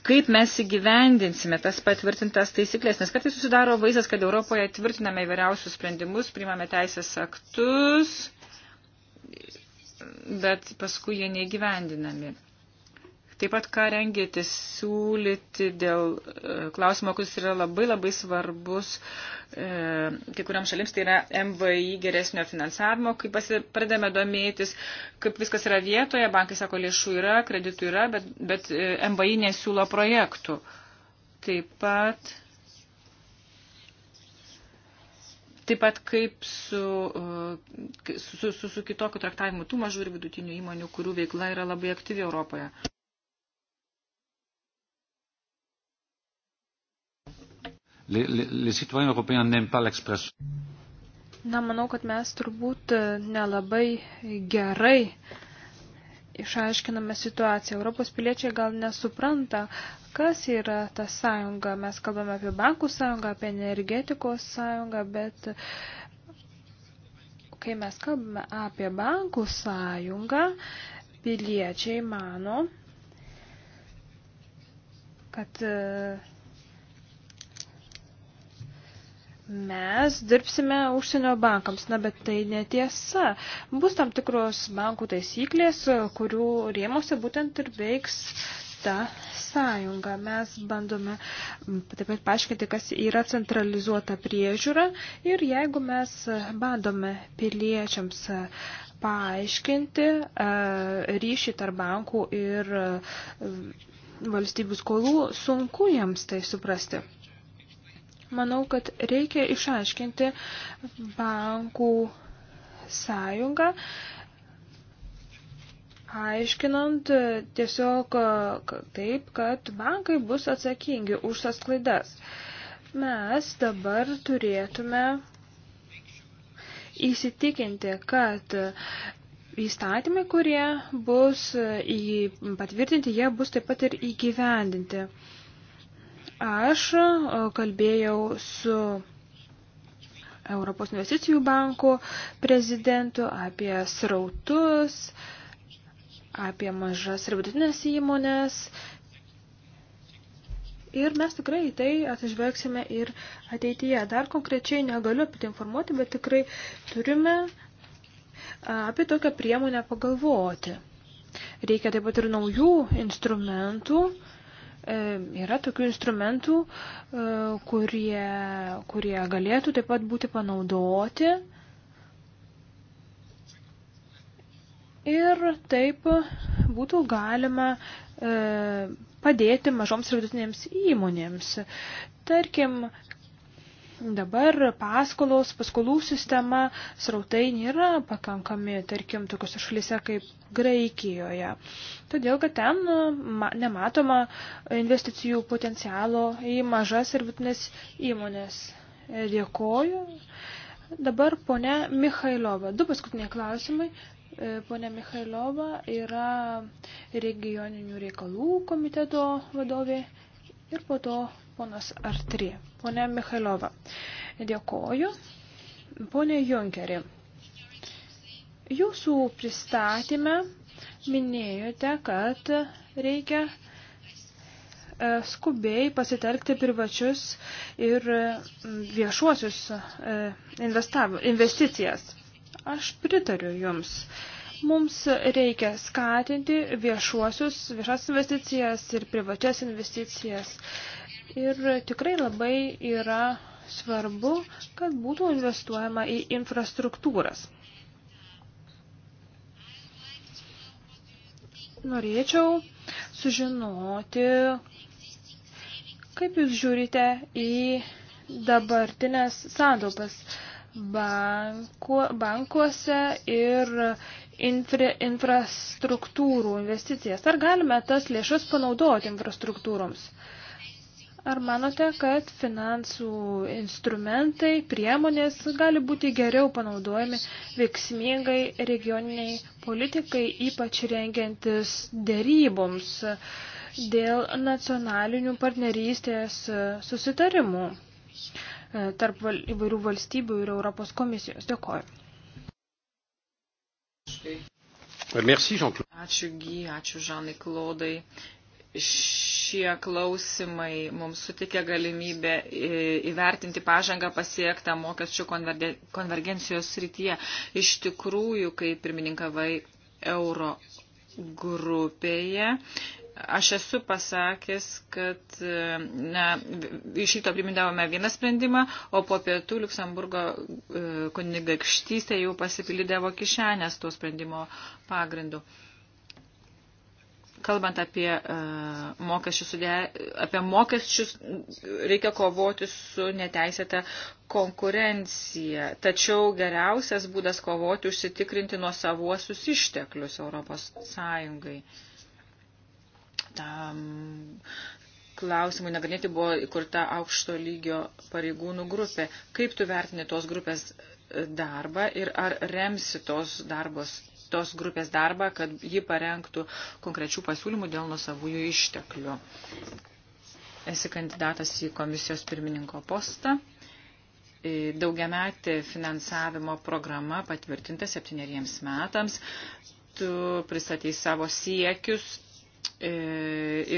kaip mes įgyvendinsime tas patvirtintas taisyklės, nes kartais susidaro vaizdas, kad Europoje tvirtiname įvairiausius sprendimus, priimame teisės aktus, bet paskui jie neįgyvendinami. Taip pat, ką rengėte siūlyti dėl e, klausimo, kuris yra labai labai svarbus e, kai kuriam šalims, tai yra MVI geresnio finansavimo, kai pradėme domėtis, kaip viskas yra vietoje, bankai sako, lėšų yra, kreditų yra, bet, bet e, MVI nesiūlo projektų. Taip pat. Taip pat kaip e, su, su, su, su kitokiu traktavimu tų mažų ir vidutinių įmonių, kurių veikla yra labai aktyvi Europoje. les, les, les citoyens européens n'aiment pas l'expression. Na, manau, kad mes turbūt e, nelabai gerai išaiškiname situaciją. Europos piliečiai gal nesupranta, kas yra ta sąjunga. Mes kalbame apie bankų sąjungą, apie energetikos sąjungą, bet kai mes kalbame apie bankų sąjungą, piliečiai mano, kad e, mes dirbsime užsienio bankams. Na, bet tai netiesa. Bus tam tikros bankų taisyklės, kurių rėmose būtent ir veiks ta sąjunga. Mes bandome taip pat paaiškinti, kas yra centralizuota priežiūra ir jeigu mes bandome piliečiams paaiškinti e, ryšį tarp bankų ir e, valstybių skolų, sunku jiems tai suprasti manau, kad reikia išaiškinti bankų sąjungą, aiškinant tiesiog taip, kad bankai bus atsakingi už tas klaidas. Mes dabar turėtume įsitikinti, kad įstatymai, kurie bus patvirtinti, jie bus taip pat ir įgyvendinti. Aš e, kalbėjau su Europos investicijų banko prezidentu apie srautus, apie mažas ir vidutinės įmonės. Ir mes tikrai tai atsižvelgsime ir ateityje. Dar konkrečiai negaliu apie tai informuoti, bet tikrai turime apie tokią priemonę pagalvoti. Reikia taip pat ir naujų instrumentų, E, yra tokių instrumentų, e, kurie, kurie galėtų taip pat būti panaudoti. Ir taip būtų galima e, padėti mažoms ir vidutinėms įmonėms. Tarkim, Dabar paskolos, paskolų sistema, srautai nėra pakankami, tarkim, tokiuose šalyse kaip Graikijoje. Todėl, kad ten nematoma investicijų potencialo į mažas ir vidutinės įmonės. Dėkoju. Dabar ponia Mikhailova. Du paskutiniai klausimai. E, Pone Mikhailova yra regioninių reikalų komiteto vadovė ir po to ponas Artri. Pone Michailova, dėkoju. Pone Junkeri, jūsų pristatymę minėjote, kad reikia e, skubiai pasitelkti privačius ir viešuosius e, investicijas. Aš pritariu Jums. Mums reikia skatinti viešuosius, viešas investicijas ir privačias investicijas Ir tikrai labai yra svarbu, kad būtų investuojama į infrastruktūras. Norėčiau sužinoti, kaip jūs žiūrite į dabartinės santaupas banku, bankuose ir infra, infrastruktūrų investicijas. Ar galime tas lėšas panaudoti infrastruktūroms? Uh, Ar manote, kad finansų instrumentai, priemonės gali būti geriau panaudojami veiksmingai regioniniai politikai, ypač rengiantis dėryboms dėl nacionalinių partnerystės susitarimų tarp val, įvairių valstybių ir Europos komisijos? Dėkoju. Merci, Ačiū, Gy, ačiū Žanai Klodai šie klausimai mums sutikė galimybę e, įvertinti pažangą pasiektą mokesčių konvergencijos srityje. Iš tikrųjų, kai pirmininkavai euro grupėje, aš esu pasakęs, kad e, na, iš ryto primindavome vieną sprendimą, o po pietų Luksemburgo e, kunigaikštystė jau pasipilydavo kišenės to sprendimo pagrindu. Uh, kalbant apie, uh, mokesčius, apie mokesčius, reikia kovoti su neteisėta konkurencija. Tačiau geriausias būdas kovoti užsitikrinti nuo savuosius išteklius Europos Sąjungai. Tam klausimui nagrinėti buvo įkurta aukšto lygio pareigūnų grupė. Kaip tu vertini tos grupės darbą ir ar remsi tos darbos tos grupės darbą, kad ji parengtų konkrečių pasiūlymų dėl nusavųjų išteklių. Esi kandidatas į komisijos pirmininko postą. E, daugiametė finansavimo programa patvirtinta septyneriems metams. Tu pristatei savo siekius, e,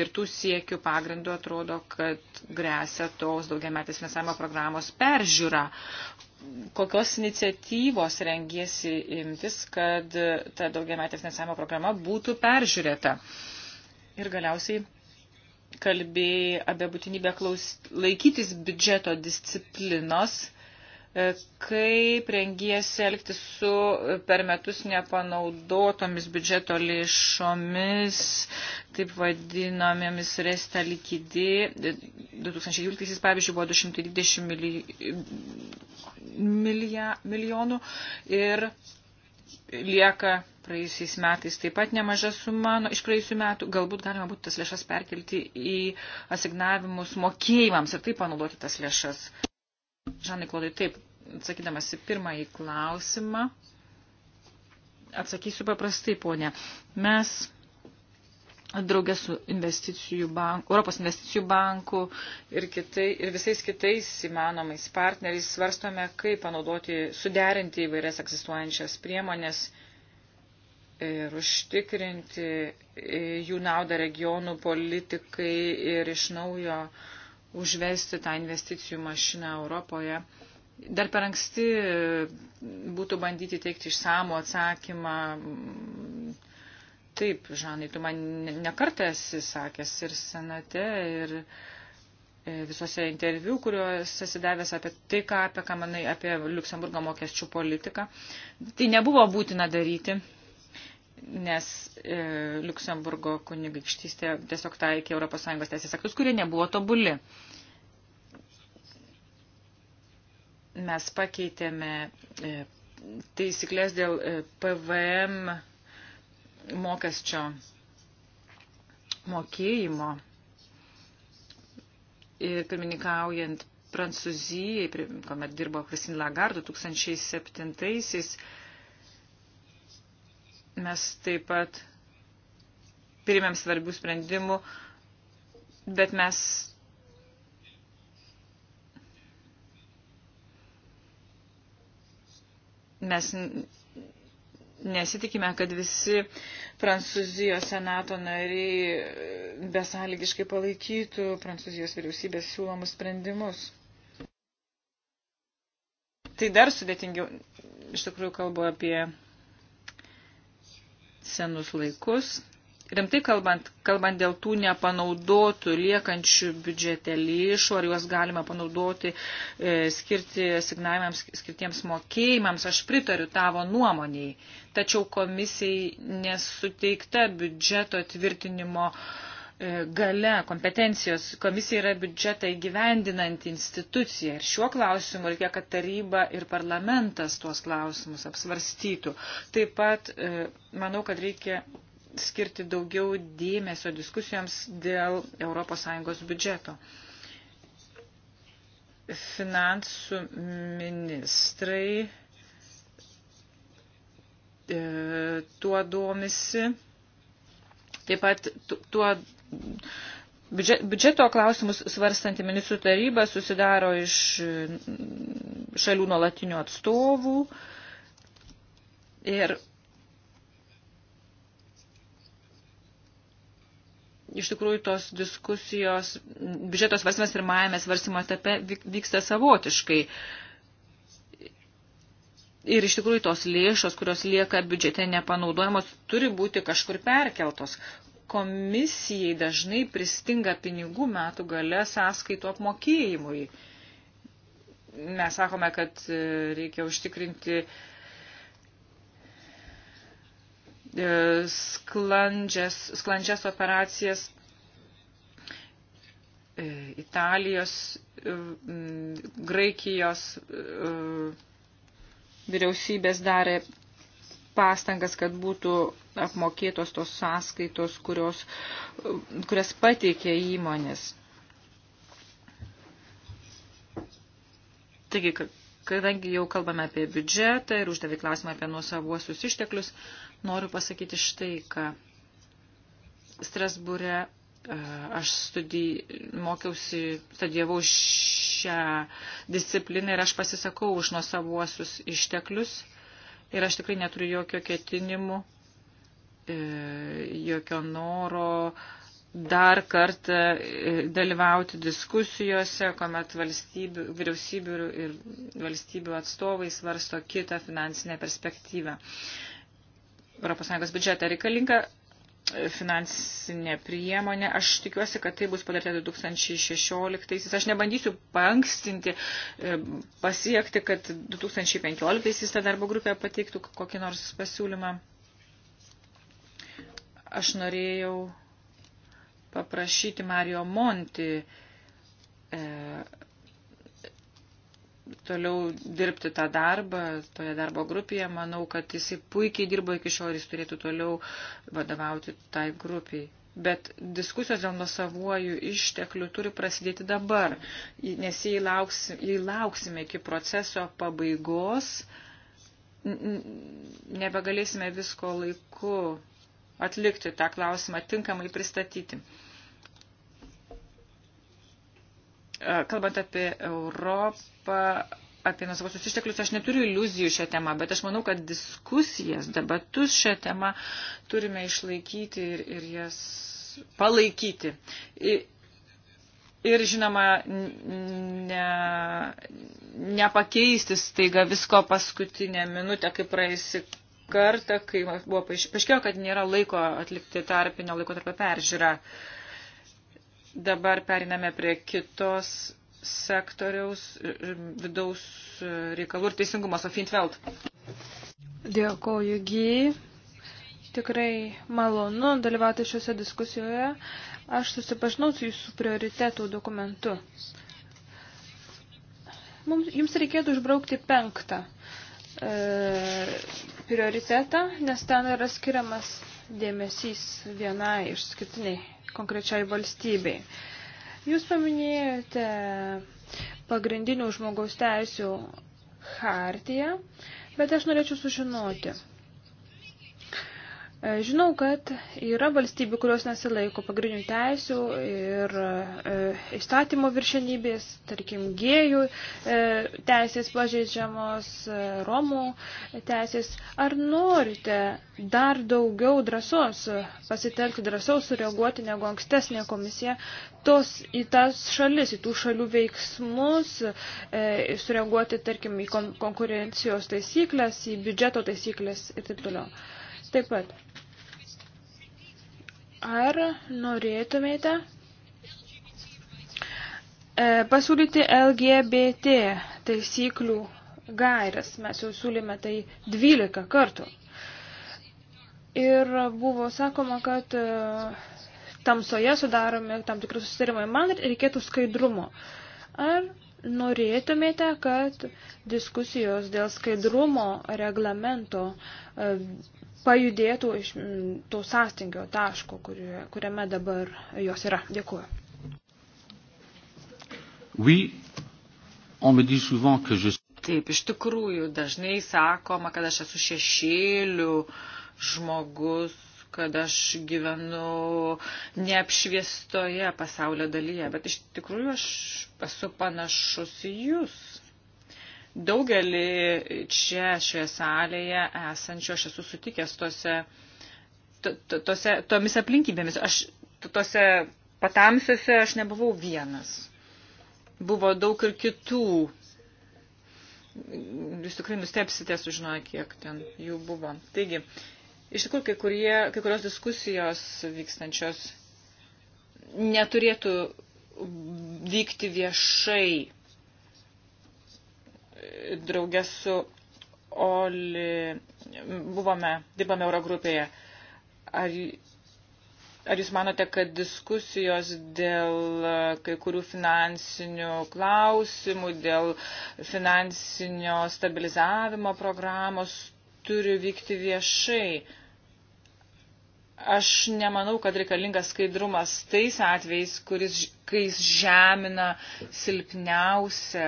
ir tų siekių pagrindų atrodo, kad grėsia tos daugiametės finansavimo programos peržiūra kokios iniciatyvos rengiesi imtis, kad ta daugiametė finansavimo programa būtų peržiūrėta. Ir galiausiai kalbėjai apie būtinybę klaus, laikytis biudžeto disciplinos E, kaip rengiesi elgti su e, per metus nepanaudotomis biudžeto lėšomis, taip vadinamėmis resta likidi. 2012 e, pavyzdžiui buvo 220 mili, milija, milijonų ir lieka praėjusiais metais taip pat nemaža suma nu, iš praėjusių metų. Galbūt galima būtų tas lėšas perkelti į asignavimus mokėjimams ir taip panaudoti tas lėšas. Žanai Klodai, taip, atsakydamas į pirmąjį klausimą, atsakysiu paprastai, ponė. Mes draugė su investicijų banku, Europos investicijų banku ir, kitai, ir visais kitais įmanomais partneriais svarstome, kaip panaudoti, suderinti įvairias egzistuojančias priemonės ir užtikrinti jų naudą regionų politikai ir iš naujo uh, užvesti tą investicijų mašiną Europoje. Dar per anksti e, būtų bandyti teikti išsamų atsakymą. Taip, Žanai, tu man nekartą esi sakęs ir senate, ir e, visose interviu, kuriuos esi davęs apie tai, ką, apie ką manai, apie Luksemburgo mokesčių politiką. Tai nebuvo būtina daryti nes e, Luksemburgo kunigaikštystė tiesiog taikė ES teisės aktus, kurie nebuvo tobuli. Mes pakeitėme e, taisyklės dėl e, PVM mokesčio mokėjimo ir pirmininkaujant Prancūzijai, kuomet dirbo Christine Lagarde 2007-aisiais, Mes taip pat priimėm svarbių sprendimų, bet mes mes nesitikime, kad visi Prancūzijos senato nariai e, besąlygiškai palaikytų Prancūzijos vyriausybės siūlomus sprendimus. Tai dar sudėtingiau, iš tikrųjų kalbu apie senus laikus. Rimtai kalbant, kalbant dėl tų nepanaudotų liekančių biudžete lėšų, ar juos galima panaudoti e, skirti signavimams, skirtiems mokėjimams, aš pritariu tavo nuomoniai. Tačiau komisijai nesuteikta biudžeto tvirtinimo e, E, gale kompetencijos komisija yra biudžetą įgyvendinanti institucija ir šiuo klausimu reikia, kad taryba ir parlamentas tuos klausimus apsvarstytų. Taip pat e, manau, kad reikia skirti daugiau dėmesio diskusijoms dėl ES biudžeto. Finansų ministrai e, tuo domisi. Taip pat tuo Biudžeto klausimus svarstanti ministrų taryba susidaro iš mm, šalių nuolatinių atstovų ir iš tikrųjų tos diskusijos, biudžeto svarstymas pirmajame svarstymo etape vyksta savotiškai. Ir iš tikrųjų tos lėšos, kurios lieka biudžete nepanaudojamos, turi būti kažkur perkeltos komisijai dažnai pristinga pinigų metų gale sąskaitų apmokėjimui. Mes sakome, kad e, reikia užtikrinti e, sklandžias, sklandžias operacijas e, Italijos, Graikijos vyriausybės darė pastangas, kad būtų apmokėtos tos sąskaitos, kurios, kurias pateikė įmonės. Taigi, kadangi jau kalbame apie biudžetą ir uždavė klausimą apie nuosavuosius išteklius, noriu pasakyti štai, ką Strasbūre e, aš studij, mokiausi, studijavau šią discipliną ir aš pasisakau už nuosavuosius išteklius Ir aš tikrai neturiu jokio ketinimų, e, jokio noro dar kartą e, dalyvauti diskusijose, kuomet valstybių, vyriausybių ir valstybių atstovai svarsto kitą finansinę perspektyvą. ES biudžetą reikalinga finansinė priemonė. Aš tikiuosi, kad tai bus padaryta 2016. Aš nebandysiu pankstinti, e, pasiekti, kad 2015 ta darbo grupė pateiktų kokį nors pasiūlymą. Aš norėjau paprašyti Mario Monti e, toliau dirbti tą darbą, toje darbo grupėje. Manau, kad jisai puikiai dirbo iki šiol ir jis turėtų toliau vadovauti tai grupiai. Bet diskusijos dėl nusavuojų išteklių turi prasidėti dabar, nes jei lauksime, jei lauksime iki proceso pabaigos, nebegalėsime visko laiku atlikti tą klausimą tinkamai pristatyti. E, kalbant apie Europą, apie nusavusius išteklius, aš neturiu iliuzijų šią temą, bet aš manau, kad diskusijas, debatus šią temą turime išlaikyti ir, ir jas palaikyti. Ir, ir žinoma, ne, nepakeisti staiga visko paskutinę minutę, kai praeisi kartą, kai buvo paaiškėjo, kad nėra laiko atlikti tarpinio laiko tarp peržiūrą. Uh, Dabar periname prie kitos sektoriaus vidaus reikalų ir teisingumo. Sofintveld. Dėkoju, Gy. Tikrai malonu dalyvauti šiuose diskusijoje. Aš susipažinau su jūsų prioritetų dokumentu. Mums, jums reikėtų išbraukti penktą e, prioritetą, nes ten yra skiriamas dėmesys vienai išskirtiniai konkrečiai valstybei. Jūs paminėjote pagrindinių žmogaus teisių hartiją, bet aš norėčiau sužinoti, E, žinau, kad yra valstybių, kurios nesilaiko pagrindinių teisių ir e, įstatymo viršenybės, tarkim, gėjų e, teisės pažeidžiamos, e, romų teisės. Ar norite dar daugiau drąsos, pasitelkti drąsiau sureaguoti negu ankstesnė komisija, tos į tas šalis, į tų šalių veiksmus, e, sureaguoti, tarkim, į konkurencijos taisyklės, į biudžeto taisyklės ir taip toliau. Taip pat. Ar norėtumėte e, pasiūlyti LGBT taisyklių gairias? Mes jau siūlėme tai 12 kartų. Ir buvo sakoma, kad e, tamsoje sudaromi tam tikri susitarimai. Man reikėtų skaidrumo. Ar norėtumėte, kad diskusijos dėl skaidrumo reglamento e, pajudėtų iš to sąstingio taško, kuriame dabar jos yra. Dėkuoju. Oui, on me dit souvent que je... Taip, iš tikrųjų, dažnai sakoma, kad aš esu šešėlių žmogus, kad aš gyvenu neapšviestoje pasaulio dalyje, bet iš tikrųjų aš esu panašus į jūs. Daugelį čia šioje salėje esančių aš esu sutikęs tose, to, tose, tomis aplinkybėmis. Aš tose patamsiuose aš nebuvau vienas. Buvo daug ir kitų. Jūs tikrai nustepsite sužinoję, kiek ten jų buvo. Taigi, Iš tikrųjų, kai, kurie, kai kurios diskusijos vykstančios neturėtų vykti viešai draugės su Oli, buvome, dirbame Eurogrupėje. Ar, ar jūs manote, kad diskusijos dėl kai kurių finansinių klausimų, dėl finansinio stabilizavimo programos turi vykti viešai? Aš nemanau, kad reikalingas skaidrumas tais atvejais, kuris, kai jis žemina silpniausią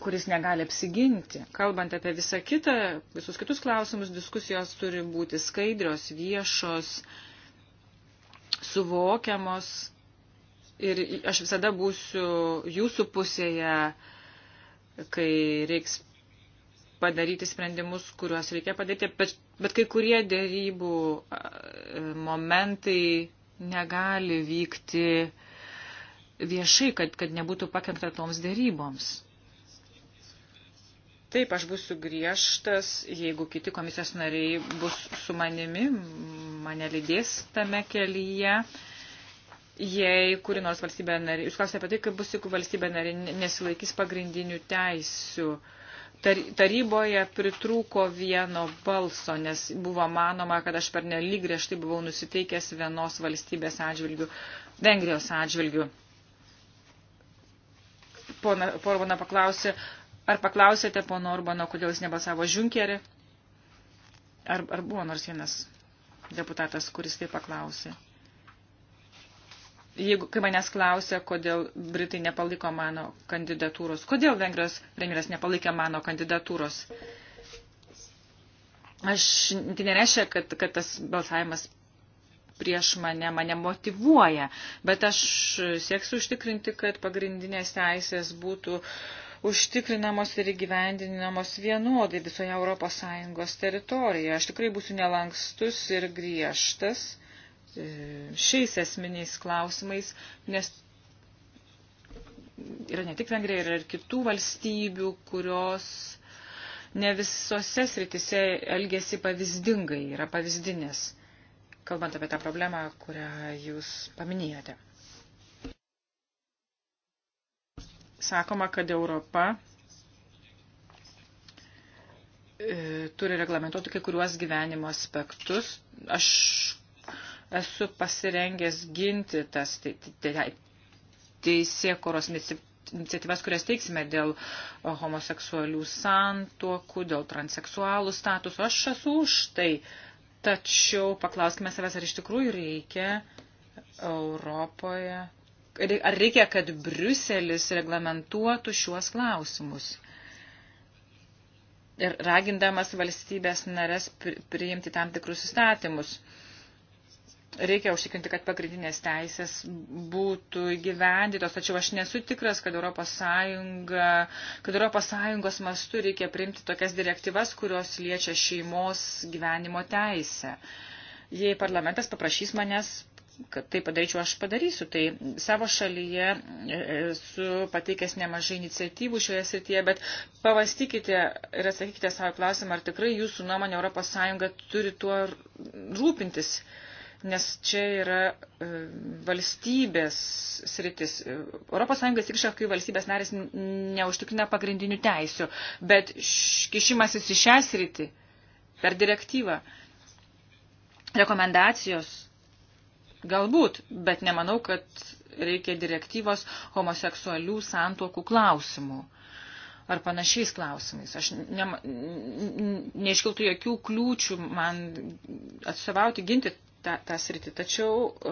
kuris negali apsiginti. Kalbant apie visą kitą, visus kitus klausimus, diskusijos turi būti skaidrios, viešos, suvokiamos. Ir aš visada būsiu jūsų pusėje, kai reiks padaryti sprendimus, kuriuos reikia padaryti, bet, bet kai kurie dėrybų momentai negali vykti viešai, kad, kad nebūtų pakengta toms dėryboms. Taip, aš būsiu griežtas, jeigu kiti komisijos nariai bus su manimi, mane lydės tame kelyje. Jei kuri nors valstybė nariai, jūs klausite apie tai, kaip bus, jeigu valstybė nariai nesilaikys pagrindinių teisių. Uh, taryboje pritrūko vieno balso, nes buvo manoma, kad aš per nelyg griežtai buvau nusiteikęs vienos valstybės atžvilgių, Vengrijos atžvilgių. Porbana paklausė, ar paklausėte pono Orbano, kodėl jis nebalsavo Žunkerį? Ar, ar buvo nors vienas deputatas, kuris tai paklausė? jeigu, kai manęs klausia, kodėl Britai nepalaiko mano kandidatūros, kodėl Vengrijos premjeras nepalaikė mano kandidatūros, aš, tai nereiškia, kad, kad tas balsavimas prieš mane, mane motivuoja, bet aš sieksiu užtikrinti, kad pagrindinės teisės būtų užtikrinamos ir įgyvendinamos vienodai visoje Europos Sąjungos teritorijoje. Aš tikrai būsiu nelankstus ir griežtas E, šiais esminiais klausimais, nes yra ne tik Vengrija, yra ir kitų valstybių, kurios ne visose sritise elgesi pavyzdingai, yra pavyzdinės, kalbant apie tą problemą, kurią jūs paminėjote. Sakoma, kad Europa e, turi reglamentuoti kai kuriuos gyvenimo aspektus. Aš esu pasirengęs ginti tas teisėkoros iniciatyvas, kurias teiksime dėl homoseksualių santuokų, dėl transseksualų statusų. Aš esu už tai. Tačiau paklauskime savęs, ar iš tikrųjų reikia Europoje, ar reikia, kad Briuselis reglamentuotų šiuos klausimus. Ir ragindamas valstybės narės priimti tam tikrus įstatymus. Uh, reikia užtikrinti, kad pagrindinės teisės būtų gyvendytos, tačiau aš nesu tikras, kad Europos, Sąjunga, kad Europos Sąjungos mastu reikia priimti tokias direktyvas, kurios liečia šeimos gyvenimo teisę. Jei parlamentas paprašys manęs kad tai padaryčiau, aš padarysiu. Tai savo šalyje e, e, esu pateikęs nemažai iniciatyvų šioje srityje, bet pavastykite ir atsakykite savo klausimą, ar tikrai jūsų nuomonė ES turi tuo rūpintis. Uh, nes čia yra valstybės sritis. ES įsikiša, kai valstybės narės neužtikrina pagrindinių teisių, bet kišimasis į šią sritį per direktyvą, rekomendacijos, galbūt, bet nemanau, kad reikia direktyvos homoseksualių santuokų klausimų ar panašiais klausimais. Aš ne, neiškiltų jokių kliūčių man atstovauti, ginti tą, tą sritį. Tačiau e,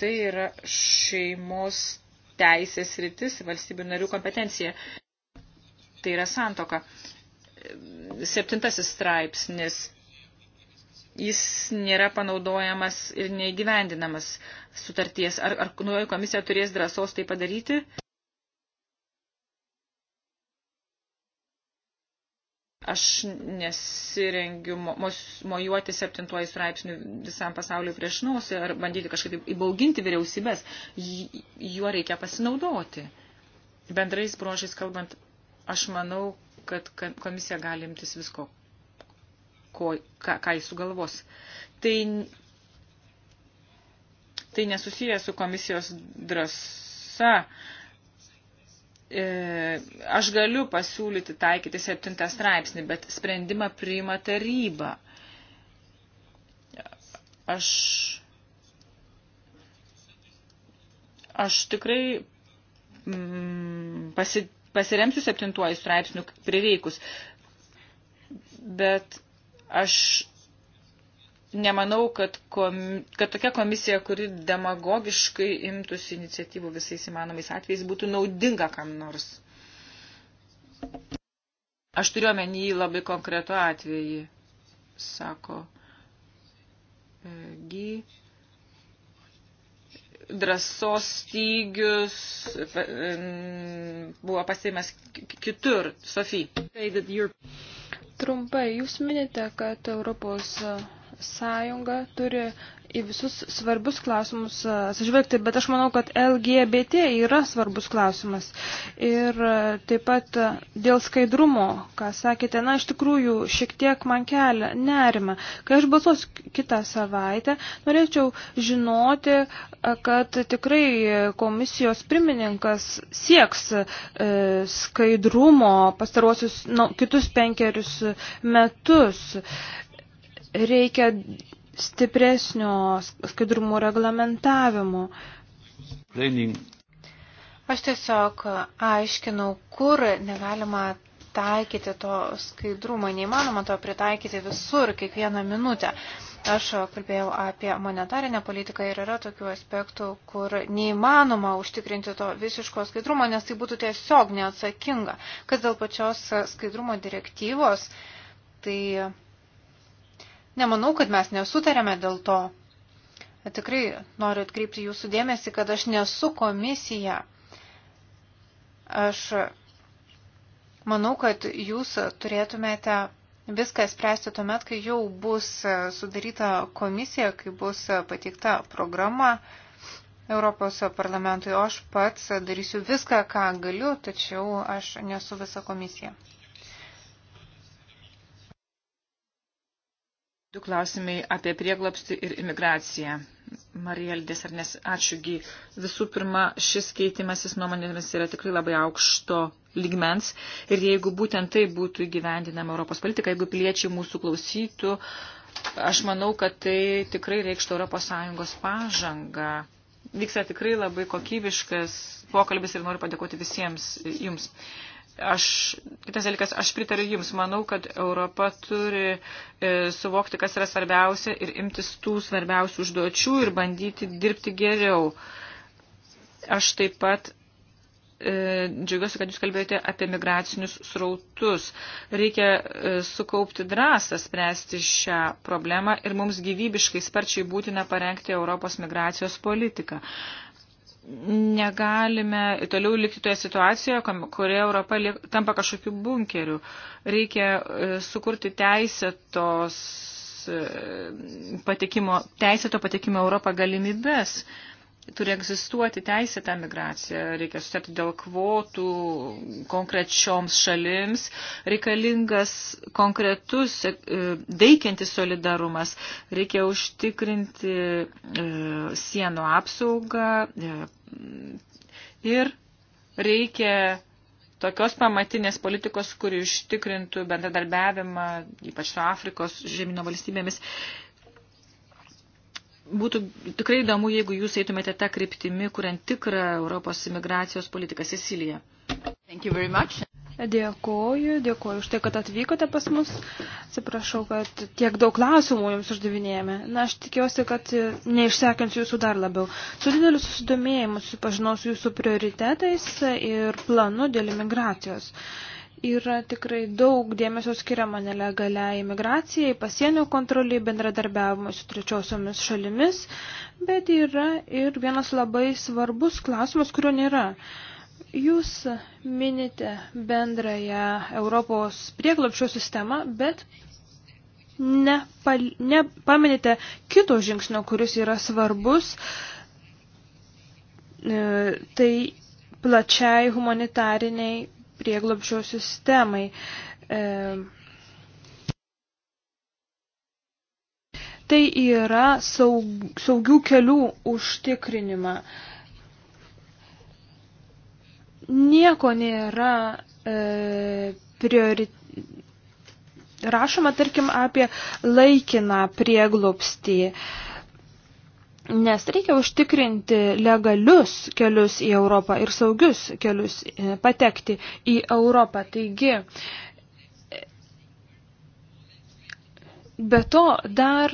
tai yra šeimos teisės sritis, valstybių narių kompetencija. Tai yra santoka. Septintasis straipsnis. Jis nėra panaudojamas ir neįgyvendinamas sutarties. Ar, ar nuojo komisija turės drąsos tai padaryti? Aš nesirengiu mojuoti septintuoju straipsniu visam pasauliu prieš nosį ar bandyti kažkaip įbauginti vyriausybės. Juo reikia pasinaudoti. Bendrais bruožais kalbant, aš manau, kad komisija gali imtis visko, ko, ką, ką jis sugalvos. Tai, tai nesusiję su komisijos drąsa E, aš galiu pasiūlyti taikyti septintą straipsnį, bet sprendimą priima taryba. Aš, aš tikrai mm, pasi, pasiremsiu septintuoju straipsniu prireikus, bet aš nemanau, kad, kom, kad tokia komisija, kuri demagogiškai imtųsi iniciatyvų visais įmanomais atvejais, būtų naudinga kam nors. Aš turiu omeny labai konkretų atvejį, sako e, Gy. Drąsos stygius e, e, buvo pasiėmęs kitur, Sofija. Trumpai, jūs minite, kad Europos sąjunga turi į visus svarbius klausimus e, atsižvelgti, bet aš manau, kad LGBT yra svarbus klausimas. Ir e, taip pat e, dėl skaidrumo, ką sakėte, na, iš tikrųjų, šiek tiek man kelia nerima. Kai aš balsuosiu kitą savaitę, norėčiau žinoti, kad tikrai komisijos pirmininkas sieks e, skaidrumo pastaruosius nu, kitus penkerius metus. Reikia stipresnio skaidrumo reglamentavimo. Planning. Aš tiesiog aiškinau, kur negalima taikyti to skaidrumo, neįmanoma to pritaikyti visur, kiekvieną minutę. Aš kalbėjau apie monetarinę politiką ir yra tokių aspektų, kur neįmanoma užtikrinti to visiško skaidrumo, nes tai būtų tiesiog neatsakinga. Kas dėl pačios skaidrumo direktyvos, tai Nemanau, kad mes nesutarėme dėl to. Tikrai noriu atkreipti jūsų dėmesį, kad aš nesu komisija. Aš manau, kad jūs turėtumėte viską spręsti tuomet, kai jau bus sudaryta komisija, kai bus pateikta programa Europos parlamentui. O aš pats darysiu viską, ką galiu, tačiau aš nesu visa komisija. Du klausimai apie prieglapstį ir imigraciją. Marijeldės ar nes, ačiūgi. Visų pirma, šis keitimasis nuomonėmis yra tikrai labai aukšto lygmens ir jeigu būtent tai būtų įgyvendinama Europos politika, jeigu piliečiai mūsų klausytų, aš manau, kad tai tikrai reikštų ES pažangą. Vyksta tikrai labai kokybiškas pokalbis ir noriu padėkoti visiems jums. Aš, kitas dalykas, aš pritariu Jums. Manau, kad Europa turi e, suvokti, kas yra svarbiausia ir imtis tų svarbiausių užduočių ir bandyti dirbti geriau. Aš taip pat e, džiaugiuosi, kad jūs kalbėjote apie migracinius srautus. Reikia e, sukaupti drąsą spręsti šią problemą ir mums gyvybiškai sparčiai būtina parengti Europos migracijos politiką negalime toliau likti toje situacijoje, kurioje Europa liek, tampa kažkokiu bunkeriu. Reikia e, sukurti teisėtos e, patekimo, teisėto patekimo Europą galimybės turi egzistuoti teisė tą migraciją, reikia sutarti dėl kvotų konkrečioms šalims, reikalingas konkretus e, veikiantis solidarumas, reikia užtikrinti e, sienų apsaugą e, ir reikia tokios pamatinės politikos, kuri užtikrintų bendradarbiavimą, ypač su Afrikos žemino valstybėmis Būtų tikrai įdomu, jeigu jūs eitumėte tą kryptimį, kuriant tikrą Europos imigracijos politiką. Cecilija. Dėkoju, dėkoju už tai, kad atvykote pas mus. Atsiprašau, kad tiek daug klausimų jums uždavinėjame. Na, aš tikiuosi, kad neišsekinsiu jūsų dar labiau. Su dideliu susidomėjimu susipažinau su jūsų prioritetais ir planu dėl imigracijos. Uh, yra tikrai daug dėmesio skiriama nelegaliai imigracijai, pasienio kontroliai, bendradarbiavimui su trečiosiomis šalimis, bet yra ir vienas labai svarbus klausimas, kurio nėra. Jūs minite bendrąją Europos prieglapšio sistemą, bet nepaminite ne, kito žingsnio, kuris yra svarbus, e, tai plačiai humanitariniai prieglobšio sistemai. E, tai yra saug, saugių kelių užtikrinimą. Nieko nėra e, prioritetų rašoma, tarkim, apie laikiną prieglobstį. E, nes reikia užtikrinti legalius kelius į Europą ir saugius kelius e, patekti į Europą. Taigi, e, be to dar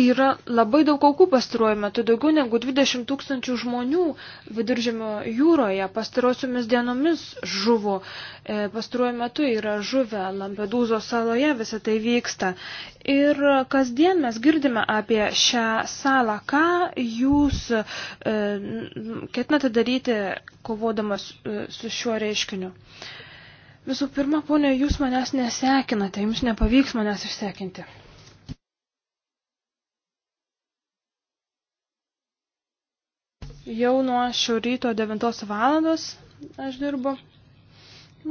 Yra labai daug aukų pastaruoju metu, daugiau negu 20 tūkstančių žmonių viduržėmio jūroje pastarosiomis dienomis žuvo. E, pastaruoju metu yra žuvę Lampedūzo saloje, visa tai vyksta. Ir kasdien mes girdime apie šią salą. Ką jūs e, ketinate daryti, kovodamas e, su šiuo reiškiniu? Visų pirma, ponė, jūs manęs nesekinate, jums nepavyks manęs išsekinti. Jau nuo šio ryto 9 valandos aš dirbu.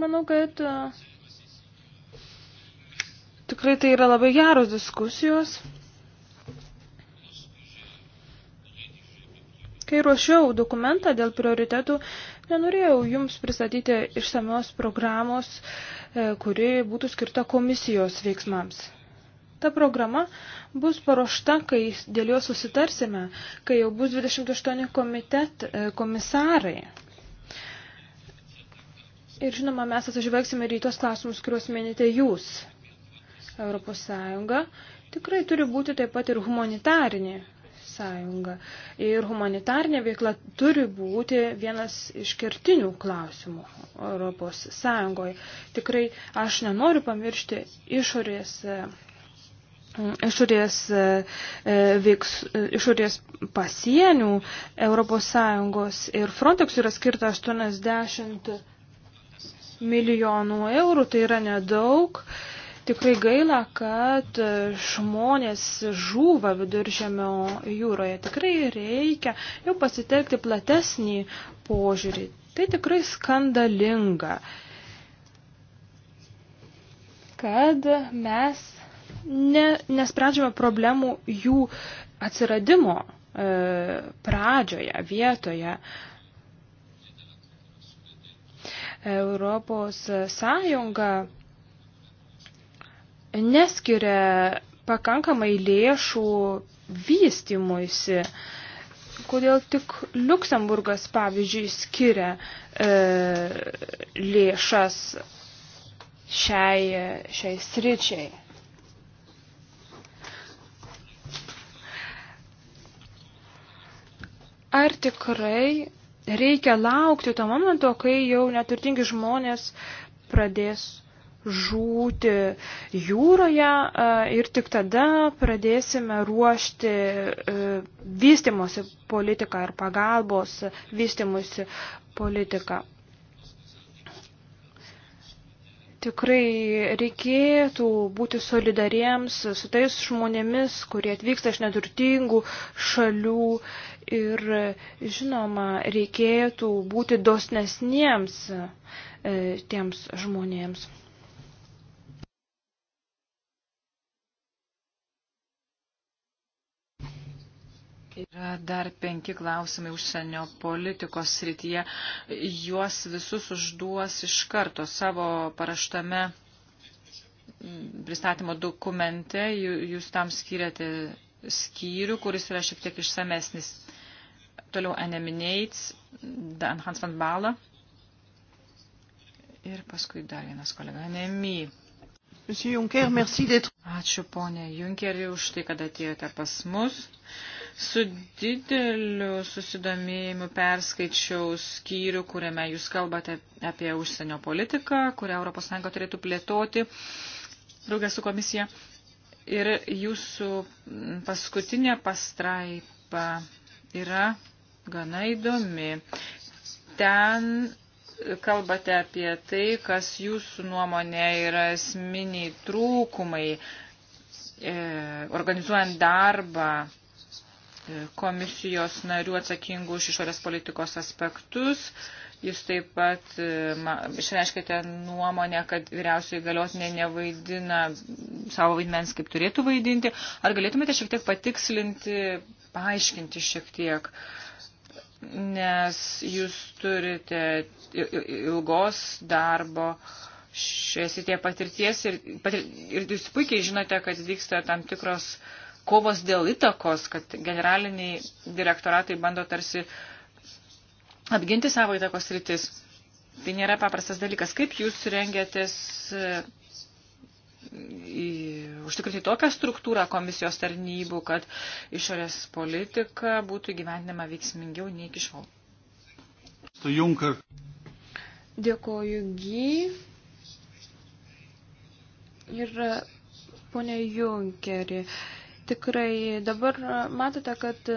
Manau, kad e, tikrai tai yra labai geros diskusijos. Kai ruošiau dokumentą dėl prioritetų, nenorėjau jums pristatyti išsamios programos, e, kuri būtų skirta komisijos veiksmams. Ta programa bus paruošta, kai dėl jo susitarsime, kai jau bus 28 komitet, e, komisarai. Ir žinoma, mes atsižvelgsime ir į tuos klausimus, kuriuos minite jūs. Europos Sąjunga tikrai turi būti taip pat ir humanitarinė sąjunga. Ir humanitarinė veikla turi būti vienas iš kertinių klausimų Europos Sąjungoje. Tikrai aš nenoriu pamiršti išorės e, išorės, e, veiks, išorės pasienių ES ir Frontex yra skirta 80 milijonų eurų, tai yra nedaug. Tikrai gaila, kad žmonės žūva viduržėmio jūroje. Tikrai reikia jau pasitelkti platesnį požiūrį. Tai tikrai skandalinga, kad mes ne, nesprendžiame problemų jų atsiradimo e, pradžioje, vietoje. Europos Sąjunga neskiria pakankamai lėšų vystimuisi. Kodėl tik Luksemburgas, pavyzdžiui, skiria e, lėšas šiai, šiai sričiai? ar tikrai reikia laukti to momento, kai jau neturtingi žmonės pradės žūti jūroje e, ir tik tada pradėsime ruošti e, vystimosi politiką ir pagalbos vystimusi politiką. Tikrai reikėtų būti solidariems su tais žmonėmis, kurie atvyksta iš neturtingų šalių Ir žinoma, reikėtų būti dosnesniems e, tiems žmonėms. Yra dar penki klausimai užsienio politikos srityje. Juos visus užduos iš karto savo paraštame pristatymo dokumente. Jūs tam skiriate skyrių, kuris yra šiek tiek išsamesnis toliau Enemy Nates, Dan Hans van Bala ir paskui dar vienas kolega Enemy. Ačiū ponė Junkeri už tai, kad atėjote pas mus. Su dideliu susidomėjimu perskaičiau skyrių, kuriame jūs kalbate apie užsienio politiką, kurią ES turėtų plėtoti draugę su komisija. Ir jūsų paskutinė pastraipa yra gana įdomi. Ten kalbate apie tai, kas jūsų nuomonė yra esminiai trūkumai, e, organizuojant darbą e, komisijos narių atsakingų už išorės politikos aspektus. Jūs taip pat e, išreiškite nuomonę, kad vyriausiai galiotinė nevaidina savo vaidmens, kaip turėtų vaidinti. Ar galėtumėte šiek tiek patikslinti, paaiškinti šiek tiek? Uh, nes jūs turite ilgos darbo šioje srityje patirties ir, patir, ir jūs puikiai žinote, kad vyksta tam tikros kovos dėl įtakos, kad generaliniai direktoratai bando tarsi apginti savo įtakos rytis. Tai nėra paprastas dalykas. Kaip jūs rengiatės užtikrinti tokią struktūrą komisijos tarnybų, kad išorės politika būtų gyventinama veiksmingiau nei iki šiol. Dėkoju, Gy. Ir ponė Junkeri, tikrai dabar matote, kad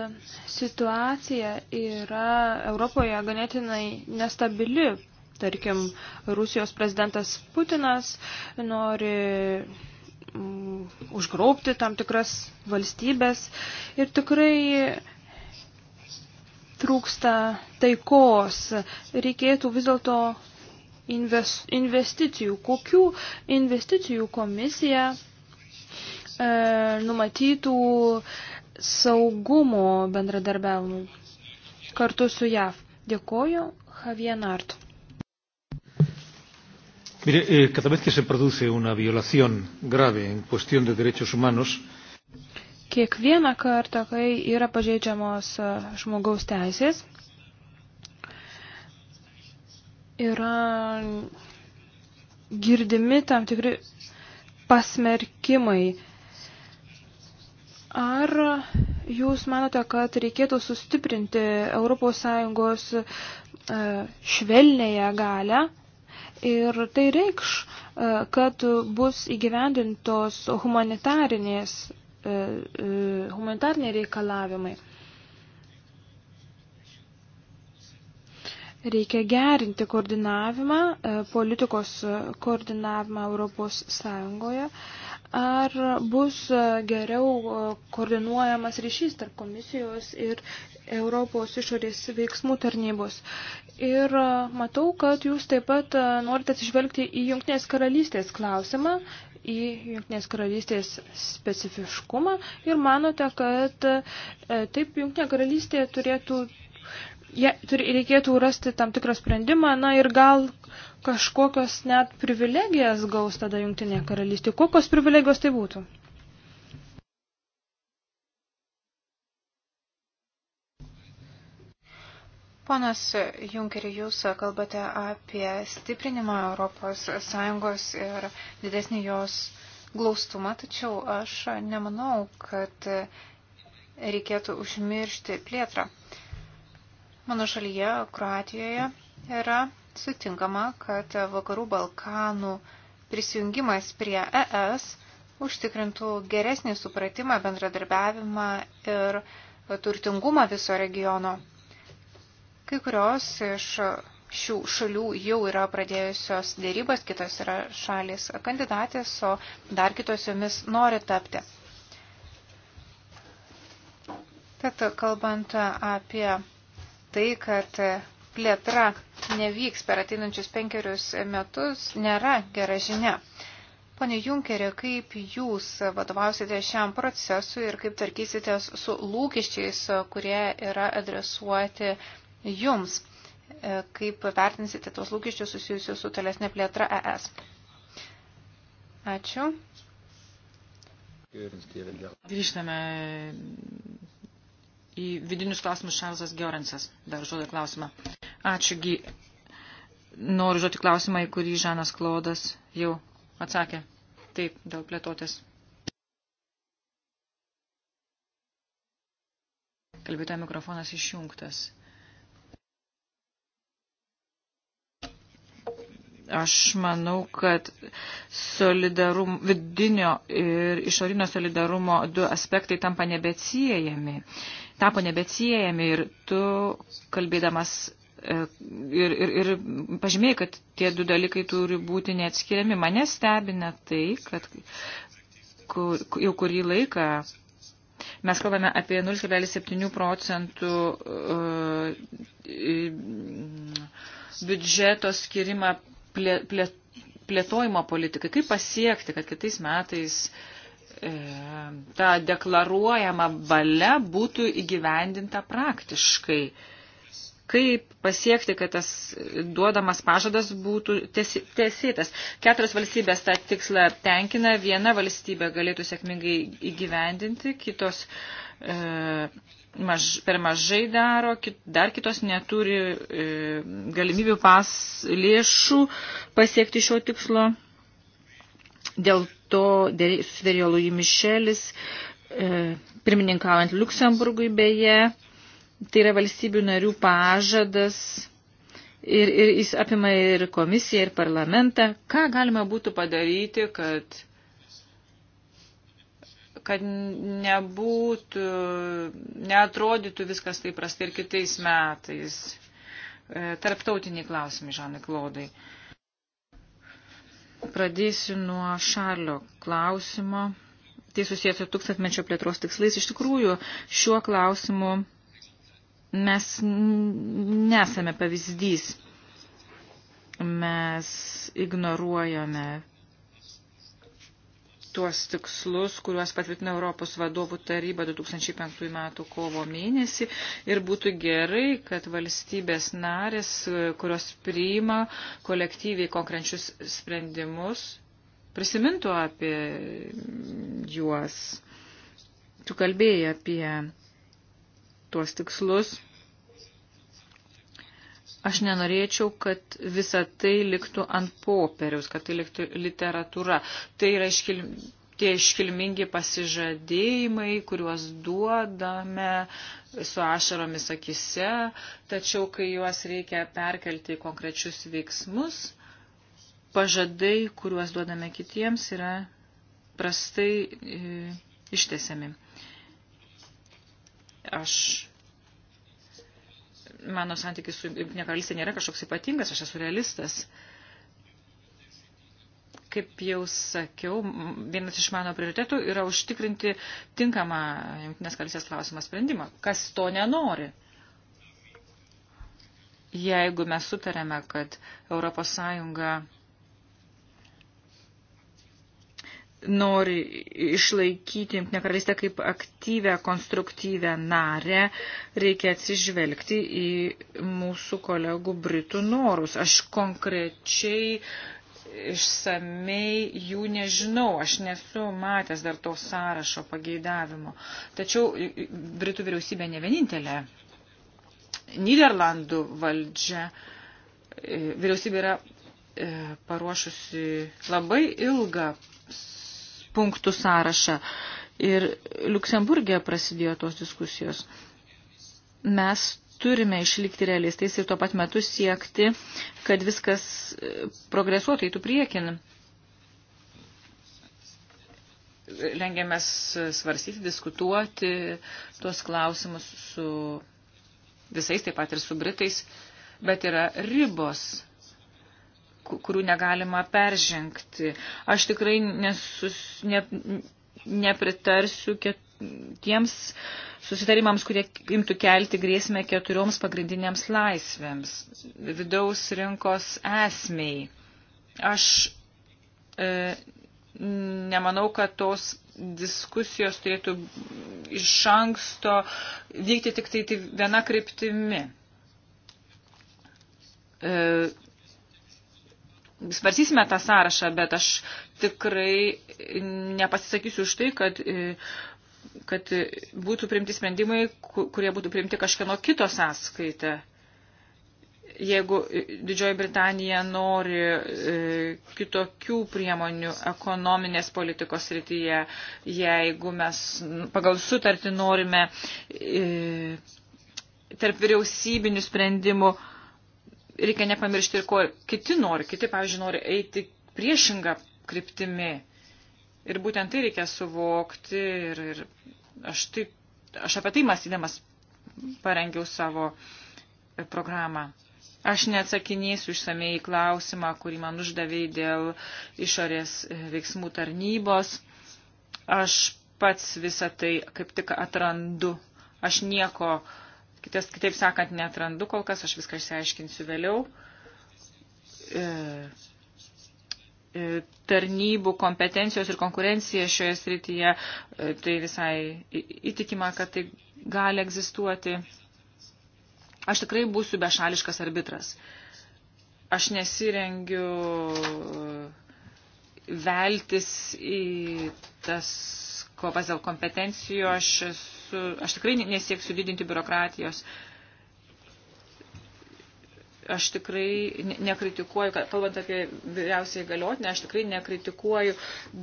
situacija yra Europoje ganėtinai nestabili Tarkim, Rusijos prezidentas Putinas nori mm, užgrobti tam tikras valstybės ir tikrai trūksta taikos. Reikėtų vis dėlto investicijų. Kokių investicijų komisija e, numatytų saugumo bendradarbiavimui kartu su JAV? Dėkoju, Javien Art. Mire, eh, cada vez que se produce una violación grave en cuestión de derechos humanos, Kiekvieną kartą, kai yra pažeidžiamos e, žmogaus teisės, yra girdimi tam tikri pasmerkimai. Ar jūs manote, kad reikėtų sustiprinti ES švelnėje galę ir tai reikš, e, kad bus įgyvendintos humanitarinės, e, e, humanitariniai reikalavimai. Reikia gerinti koordinavimą, politikos koordinavimą Europos Sąjungoje. Ar bus geriau koordinuojamas ryšys tarp komisijos ir Europos išorės veiksmų tarnybos. Ir e, matau, kad jūs taip pat e, norite atsižvelgti į Junktinės karalystės klausimą, į Junktinės karalystės specifiškumą ir manote, kad e, taip Junktinė karalystė turėtų, ja, turi, reikėtų rasti tam tikrą sprendimą, na ir gal kažkokios net privilegijas gaus tada Junktinė karalystė. Kokios privilegijos tai būtų? Ponas Junkeri, jūs kalbate apie stiprinimą ES ir didesnį jos glaustumą, tačiau aš nemanau, kad reikėtų užmiršti plėtrą. Mano šalyje, Kroatijoje, yra sutinkama, kad vakarų Balkanų prisijungimas prie ES užtikrintų geresnį supratimą, bendradarbiavimą ir turtingumą viso regiono. Kai kurios iš šių šalių jau yra pradėjusios dėrybas, kitos yra šalis kandidatės, o dar kitos jomis nori tapti. Tad kalbant apie tai, kad plėtra nevyks per ateinančius penkerius metus, nėra gera žinia. Pane Junkerė, kaip jūs vadovausite šiam procesui ir kaip tarkysitės su lūkesčiais, kurie yra adresuoti jums, e, kaip vertinsite tos lūkesčius susijusius su tolesnė plėtra ES. Ačiū. Grįžtame į vidinius klausimus Šarzas Georensas. Dar žodį klausimą. Ačiū, Gy. Noriu žodį klausimą, į kurį Žanas Klodas jau atsakė. Taip, dėl plėtotės. Kalbėtojo mikrofonas išjungtas. Aš manau, kad solidarum, vidinio ir išorinio solidarumo du aspektai tampa nebeatsiejami. Tapo nebeatsiejami ir tu, kalbėdamas e, ir, ir, ir pažymėjai, kad tie du dalykai turi būti neatskiriami. Mane stebina tai, kad kur, jau kurį laiką mes kalbame apie 0,7 procentų e, biudžeto skirimą plė, plė, plėtojimo politikai, kaip pasiekti, kad kitais metais e, ta deklaruojama valia būtų įgyvendinta praktiškai. Kaip pasiekti, kad tas duodamas pažadas būtų tiesėtas. Keturios valstybės tą tikslą tenkina, viena valstybė galėtų sėkmingai įgyvendinti, kitos e, maž, per mažai daro, kit, dar kitos neturi e, galimybių pas lėšų pasiekti šio tikslo. Dėl to susidarėjo Lui Mišelis, e, pirmininkaujant Luksemburgui beje. Tai yra valstybių narių pažadas ir, ir jis apima ir komisiją, ir parlamentą. Ką galima būtų padaryti, kad kad nebūtų, neatrodytų viskas taip prastai ir kitais metais. E, Tarptautiniai klausimai, Žanai Klaudai. Pradėsiu nuo Šarlio klausimo. Tai susijęs su tūkstantmečio plėtros tikslais. Iš tikrųjų, šiuo klausimu mes nesame pavyzdys. Mes ignoruojame tuos tikslus, kuriuos patvirtino Europos vadovų taryba 2005 metų kovo mėnesį. Ir būtų gerai, kad valstybės narės, kurios priima kolektyviai konkrečius sprendimus, prisimintų apie juos. Tu kalbėjai apie tuos tikslus Aš nenorėčiau, kad visa tai liktų ant popieriaus, kad tai liktų literatūra. Tai yra iškil, tie iškilmingi pasižadėjimai, kuriuos duodame su ašaromis akise, tačiau kai juos reikia perkelti į konkrečius veiksmus, pažadai, kuriuos duodame kitiems, yra prastai e, ištesiami. Aš mano santykis su Junktinė karalystė nėra kažkoks ypatingas, aš esu realistas. Kaip jau sakiau, vienas iš mano prioritetų yra užtikrinti tinkamą Junktinės karalystės klausimą sprendimą. Kas to nenori? Jeigu mes sutarėme, kad Europos Sąjunga nori išlaikyti Junktinę karalystę kaip aktyvę, konstruktyvę narę, reikia atsižvelgti į mūsų kolegų Britų norus. Aš konkrečiai išsamei jų nežinau, aš nesu matęs dar to sąrašo pageidavimo. Tačiau Britų vyriausybė ne vienintelė. Niderlandų valdžia e, vyriausybė yra e, paruošusi labai ilgą punktų sąrašą. Ir Luksemburgė prasidėjo tos diskusijos. Mes turime išlikti realistais ir tuo pat metu siekti, kad viskas e, progresuotų į tų priekin. Lengiamės e, svarstyti, diskutuoti tuos klausimus su visais, taip pat ir su Britais, bet yra ribos kurių negalima peržengti. Aš tikrai nesus, ne, nepritarsiu ket, tiems susitarimams, kurie imtų kelti grėsmę keturioms pagrindinėms laisvėms, vidaus rinkos esmei. Aš e, nemanau, kad tos diskusijos turėtų iš anksto vykti tik tai, tai viena kryptimi. E, svarsysime tą sąrašą, bet aš tikrai nepasisakysiu už tai, kad, e, kad būtų priimti sprendimai, kurie būtų priimti kažkieno kito sąskaitą. Jeigu e, Didžioji Britanija nori e, kitokių priemonių ekonominės politikos rytyje, jeigu mes pagal sutartį norime e, tarp vyriausybinių sprendimų e, reikia nepamiršti ir ko kiti nori. Kiti, pavyzdžiui, nori eiti priešingą kryptimį. Ir būtent tai reikia suvokti. Ir, ir aš, taip, aš apie tai mąstydamas parengiau savo programą. Aš neatsakinėsiu išsamei į klausimą, kurį man uždavėjai dėl išorės veiksmų tarnybos. Aš pats visą tai kaip tik atrandu. Aš nieko uh, Kitas, kitaip sakant, netrandu kol kas, aš viską išsiaiškinsiu vėliau. E, e tarnybų kompetencijos ir konkurencija šioje srityje, e, tai visai įtikima, kad tai gali egzistuoti. Aš tikrai būsiu bešališkas arbitras. Aš nesirengiu e, veltis į tas kovas dėl kompetencijų, aš esu su, aš tikrai nesieksiu didinti biurokratijos. Aš tikrai nekritikuoju, kalbant apie vyriausiai galiotinę, aš tikrai nekritikuoju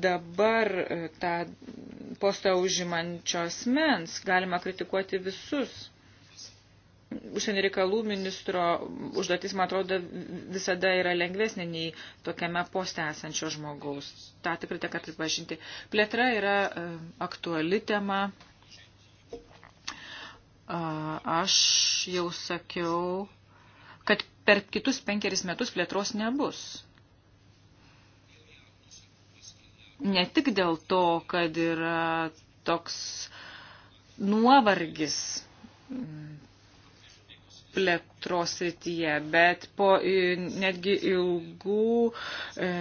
dabar e, tą postą užimančios mens. Galima kritikuoti visus užsienio reikalų ministro užduotis, man atrodo, visada yra lengvesnė nei tokiame poste esančio žmogaus. Ta tikrai teka pripažinti. Plėtra yra e, aktuali tema. Aš jau sakiau, kad per kitus penkeris metus plėtros nebus. Ne tik dėl to, kad yra toks nuovargis mm, plėtros srityje, bet po netgi ilgų e,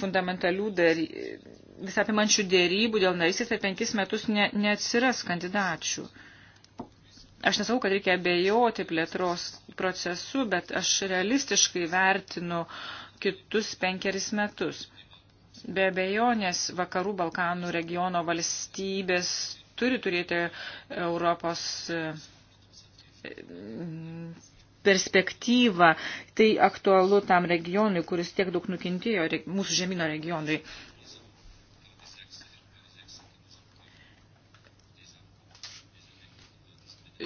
fundamentalių visapimančių dėrybų dėl narysės per penkis metus ne, neatsiras kandidačių. Aš nesakau, kad reikia abejoti plėtros procesu, bet aš realistiškai vertinu kitus penkeris metus. Be abejonės vakarų Balkanų regiono valstybės turi turėti Europos e, mm, perspektyvą. Tai aktualu tam regionui, kuris tiek daug nukentėjo mūsų žemino regionui.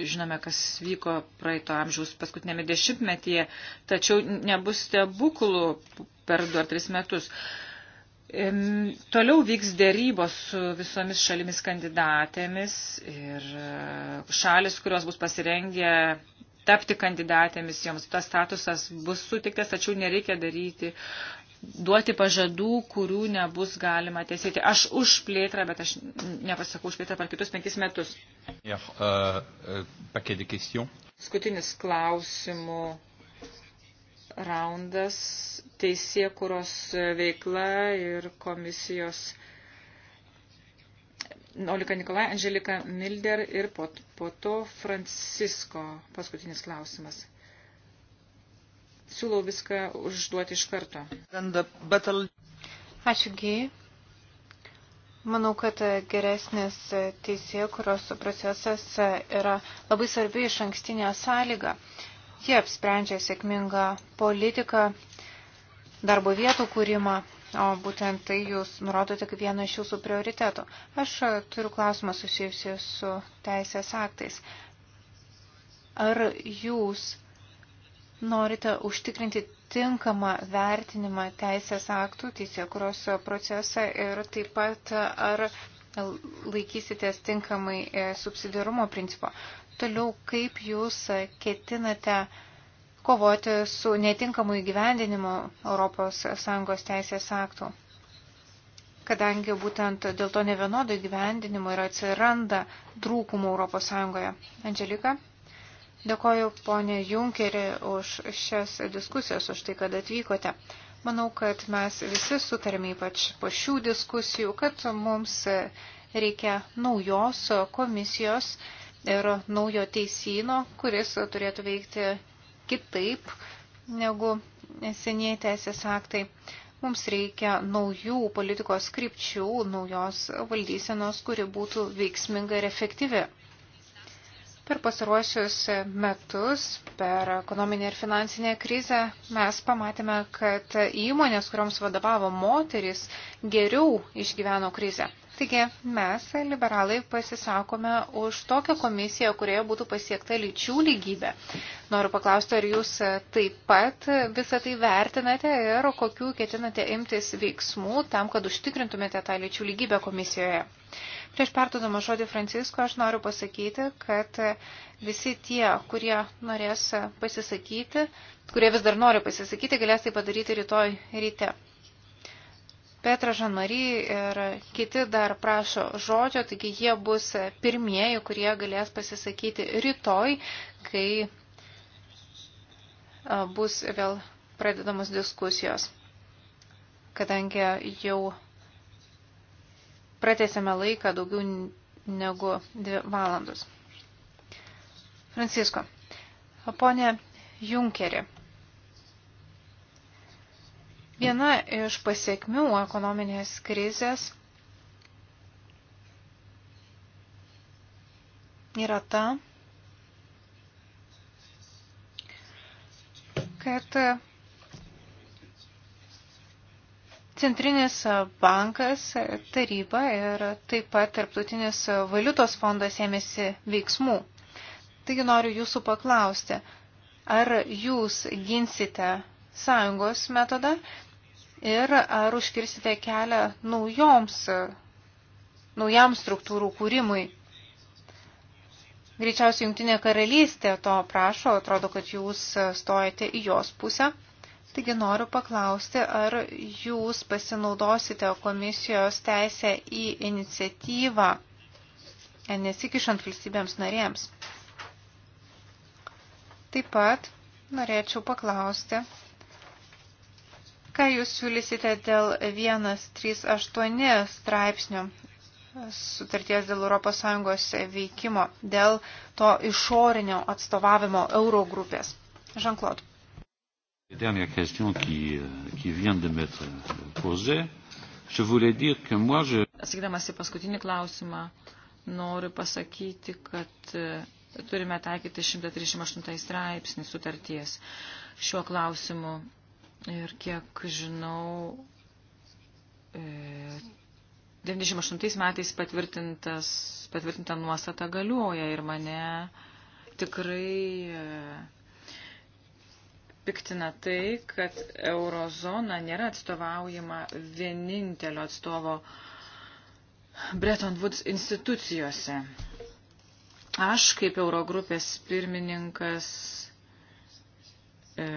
žinome, kas vyko praeito amžiaus paskutinėme dešimtmetyje, tačiau nebus stebuklų per du ar tris metus. Toliau vyks dėrybos su visomis šalimis kandidatėmis ir e, šalis, kurios bus pasirengę tapti kandidatėmis, joms tas statusas bus sutiktas, tačiau nereikia daryti duoti pažadų, kurių nebus galima tiesėti. Aš už plėtrą, bet aš nepasakau už plėtrą per kitus penkis metus. Euh, euh, paskutinis klausimų raundas teisėkuros veikla ir komisijos Olika Nikolai, Angelika Milder ir po, po to Francisko paskutinis klausimas siūlau viską užduoti iš karto. Ačiū, Gai. Manau, kad geresnis teisė, kurios procesas yra labai svarbi iš ankstinė sąlyga. Jie apsprendžia sėkmingą politiką, darbo vietų kūrimą, o būtent tai jūs nurodote kaip vieną iš jūsų prioritetų. Aš turiu klausimą susijusiu su teisės aktais. Ar jūs norite užtikrinti tinkamą vertinimą teisės aktų, teisėkuros procesą ir taip pat ar laikysitės tinkamai e, subsidiarumo principo. Toliau, kaip jūs ketinate kovoti su netinkamu įgyvendinimu ES teisės aktų, kadangi būtent dėl to nevienodo įgyvendinimo ir atsiranda trūkumų ES. Andželika? Dėkoju ponė Junkerį už šias diskusijas, už tai, kad atvykote. Manau, kad mes visi sutarėme ypač po šių diskusijų, kad mums reikia naujos komisijos ir naujo teisino, kuris turėtų veikti kitaip negu senieji teisės aktai. Mums reikia naujų politikos skripčių, naujos valdysenos, kuri būtų veiksminga ir efektyvi. Per pasiruosius metus, per ekonominę ir finansinę krizę, mes pamatėme, kad įmonės, kuriuoms vadovavo moteris, geriau išgyveno krizę. Taigi mes, liberalai, pasisakome už tokią komisiją, kurioje būtų pasiekta lyčių lygybė. Noriu paklausti, ar jūs taip pat visą tai vertinate ir kokių ketinate imtis veiksmų tam, kad užtikrintumėte tą lyčių lygybę komisijoje. Prieš perdodama žodį Francisko, aš noriu pasakyti, kad visi tie, kurie norės pasisakyti, kurie vis dar nori pasisakyti, galės tai padaryti rytoj ryte. Petra Žanmary ir kiti dar prašo žodžio, taigi jie bus pirmieji, kurie galės pasisakyti rytoj, kai bus vėl pradedamos diskusijos, kadangi jau pratėsėme laiką daugiau negu dvi valandus. Francisko, ponė Junkeri, viena iš pasiekmių ekonominės krizės yra ta, kad Centrinis bankas, taryba ir taip pat Tarptautinis valiutos fondas ėmėsi veiksmų. Taigi noriu jūsų paklausti, ar jūs ginsite sąjungos metodą ir ar užkirsite kelią naujoms, naujam struktūrų kūrimui. Greičiausiai Junktinė karalystė to prašo, atrodo, kad jūs stojate į jos pusę. Taigi noriu paklausti, ar jūs pasinaudosite komisijos teisę į iniciatyvą, e, nesikišant valstybėms narėms. Taip pat norėčiau paklausti, ką jūs siūlysite dėl 138 straipsnių sutarties dėl ES veikimo, dėl to išorinio atstovavimo Eurogrupės. Žanklot. Dernière question qui, euh, qui vient de m'être euh, posée. Je voulais dire que moi je. Atsakydamas į paskutinį klausimą, noriu pasakyti, kad e, turime taikyti 138 straipsnį sutarties šiuo klausimu. Ir kiek žinau, 98 e, metais patvirtintas, patvirtinta nuostata galioja ir mane tikrai e, piktina tai, kad eurozona nėra atstovaujama vienintelio atstovo Bretton Woods institucijose. Aš kaip Eurogrupės pirmininkas e,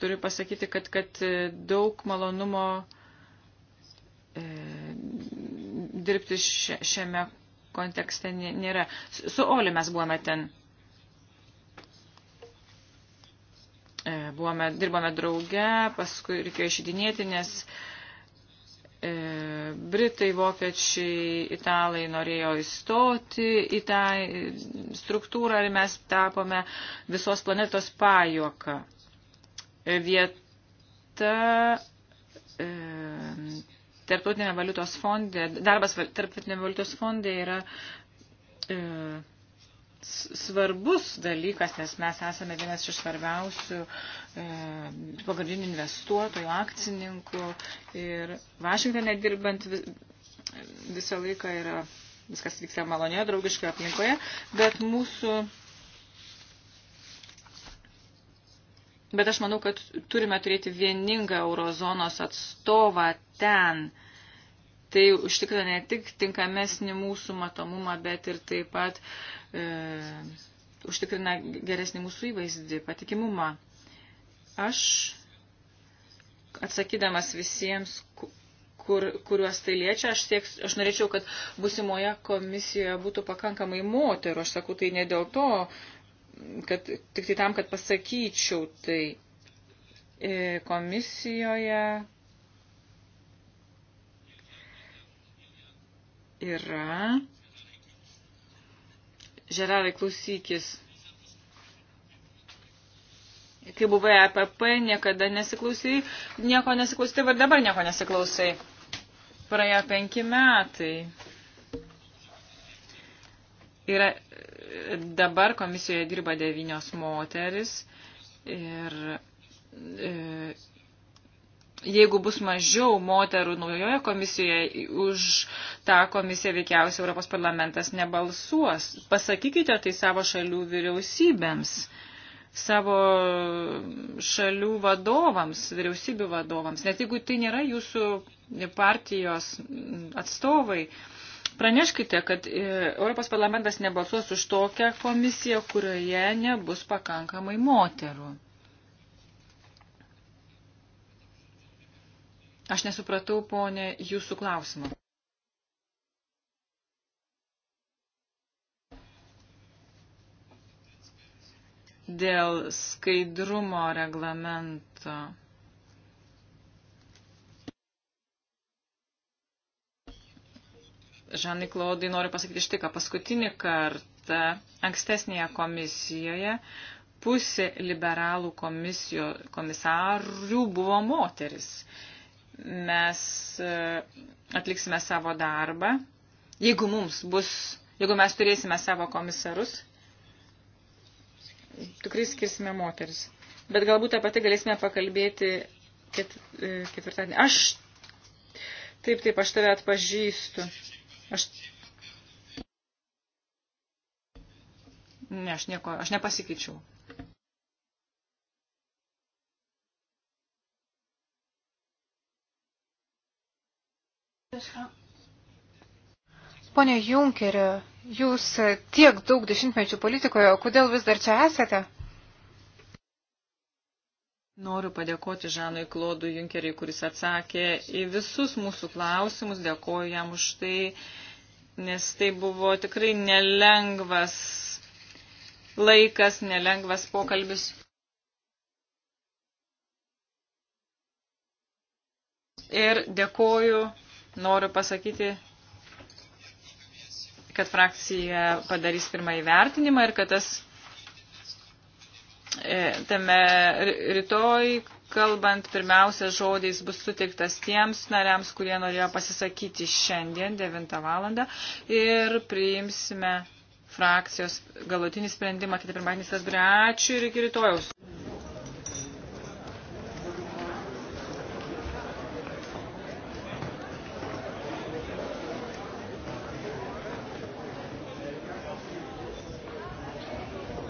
turiu pasakyti, kad, kad daug malonumo e, dirbti šiame kontekste nėra. Su Oli mes buvome ten Buvome, dirbome drauge, paskui reikėjo išidinėti, nes e, Britai, Vokiečiai, Italai norėjo įstoti į tą e, struktūrą ir mes tapome visos planetos pajoką. E, vieta e, Tarptautinė valiutos fondė, darbas Tarptautinė valiutos fondė yra e, svarbus dalykas, nes mes esame vienas iš svarbiausių e, pagrindinių investuotojų, akcininkų ir Vašingtonė dirbant vis, visą laiką yra viskas vyksta malonėje, draugiškoje aplinkoje, bet mūsų Bet aš manau, kad turime turėti vieningą eurozonos atstovą ten. Tai užtikrina ne tik tinkamesnį mūsų matomumą, bet ir taip pat e, užtikrina geresnį mūsų įvaizdį, patikimumą. Aš atsakydamas visiems, kur, kuriuos tai liečia, aš, sieks, aš norėčiau, kad busimoje komisijoje būtų pakankamai moterų. Aš sakau tai ne dėl to, kad tik tai tam, kad pasakyčiau, tai e, komisijoje yra. Žerarai, klausykis. Kai buvai APP, niekada nesiklausai, nieko nesiklausai, ir dabar nieko nesiklausai. Praėjo penki metai. Yra, dabar komisijoje dirba devynios moteris ir e, jeigu bus mažiau moterų naujoje komisijoje, už tą komisiją veikiausiai Europos parlamentas nebalsuos. Pasakykite tai savo šalių vyriausybėms, savo šalių vadovams, vyriausybių vadovams, net jeigu tai nėra jūsų partijos atstovai. Praneškite, kad e, Europos parlamentas nebalsuos už tokią komisiją, kurioje nebus pakankamai moterų. Aš nesupratau, ponė, jūsų klausimą. Dėl skaidrumo reglamento. Žanai Klaudai noriu pasakyti štai ką. Paskutinį kartą ankstesnėje komisijoje pusė liberalų komisijo, komisarių buvo moteris mes e, atliksime savo darbą. Jeigu mums bus, jeigu mes turėsime savo komisarus, tikrai skirsime moteris. Bet galbūt apie tai galėsime pakalbėti e, ketvirtadienį. Aš taip, taip, aš tave atpažįstu. Aš Ne, aš nieko, aš nepasikeičiau. Pone Junkeri, jūs tiek daug dešimtmečių politikoje, kodėl vis dar čia esate? Noriu padėkoti Žanui Klodui Junkeriai, kuris atsakė į visus mūsų klausimus, dėkoju jam už tai, nes tai buvo tikrai nelengvas laikas, nelengvas pokalbis. Ir dėkoju Noriu pasakyti, kad frakcija padarys pirmąjį vertinimą ir kad tas e, tame rytoj kalbant pirmiausia žodžiais bus sutiktas tiems nariams, kurie norėjo pasisakyti šiandien 9 valandą ir priimsime frakcijos galutinį sprendimą kitą pirmadienį Strasbūrį. Ačiū ir iki rytojaus.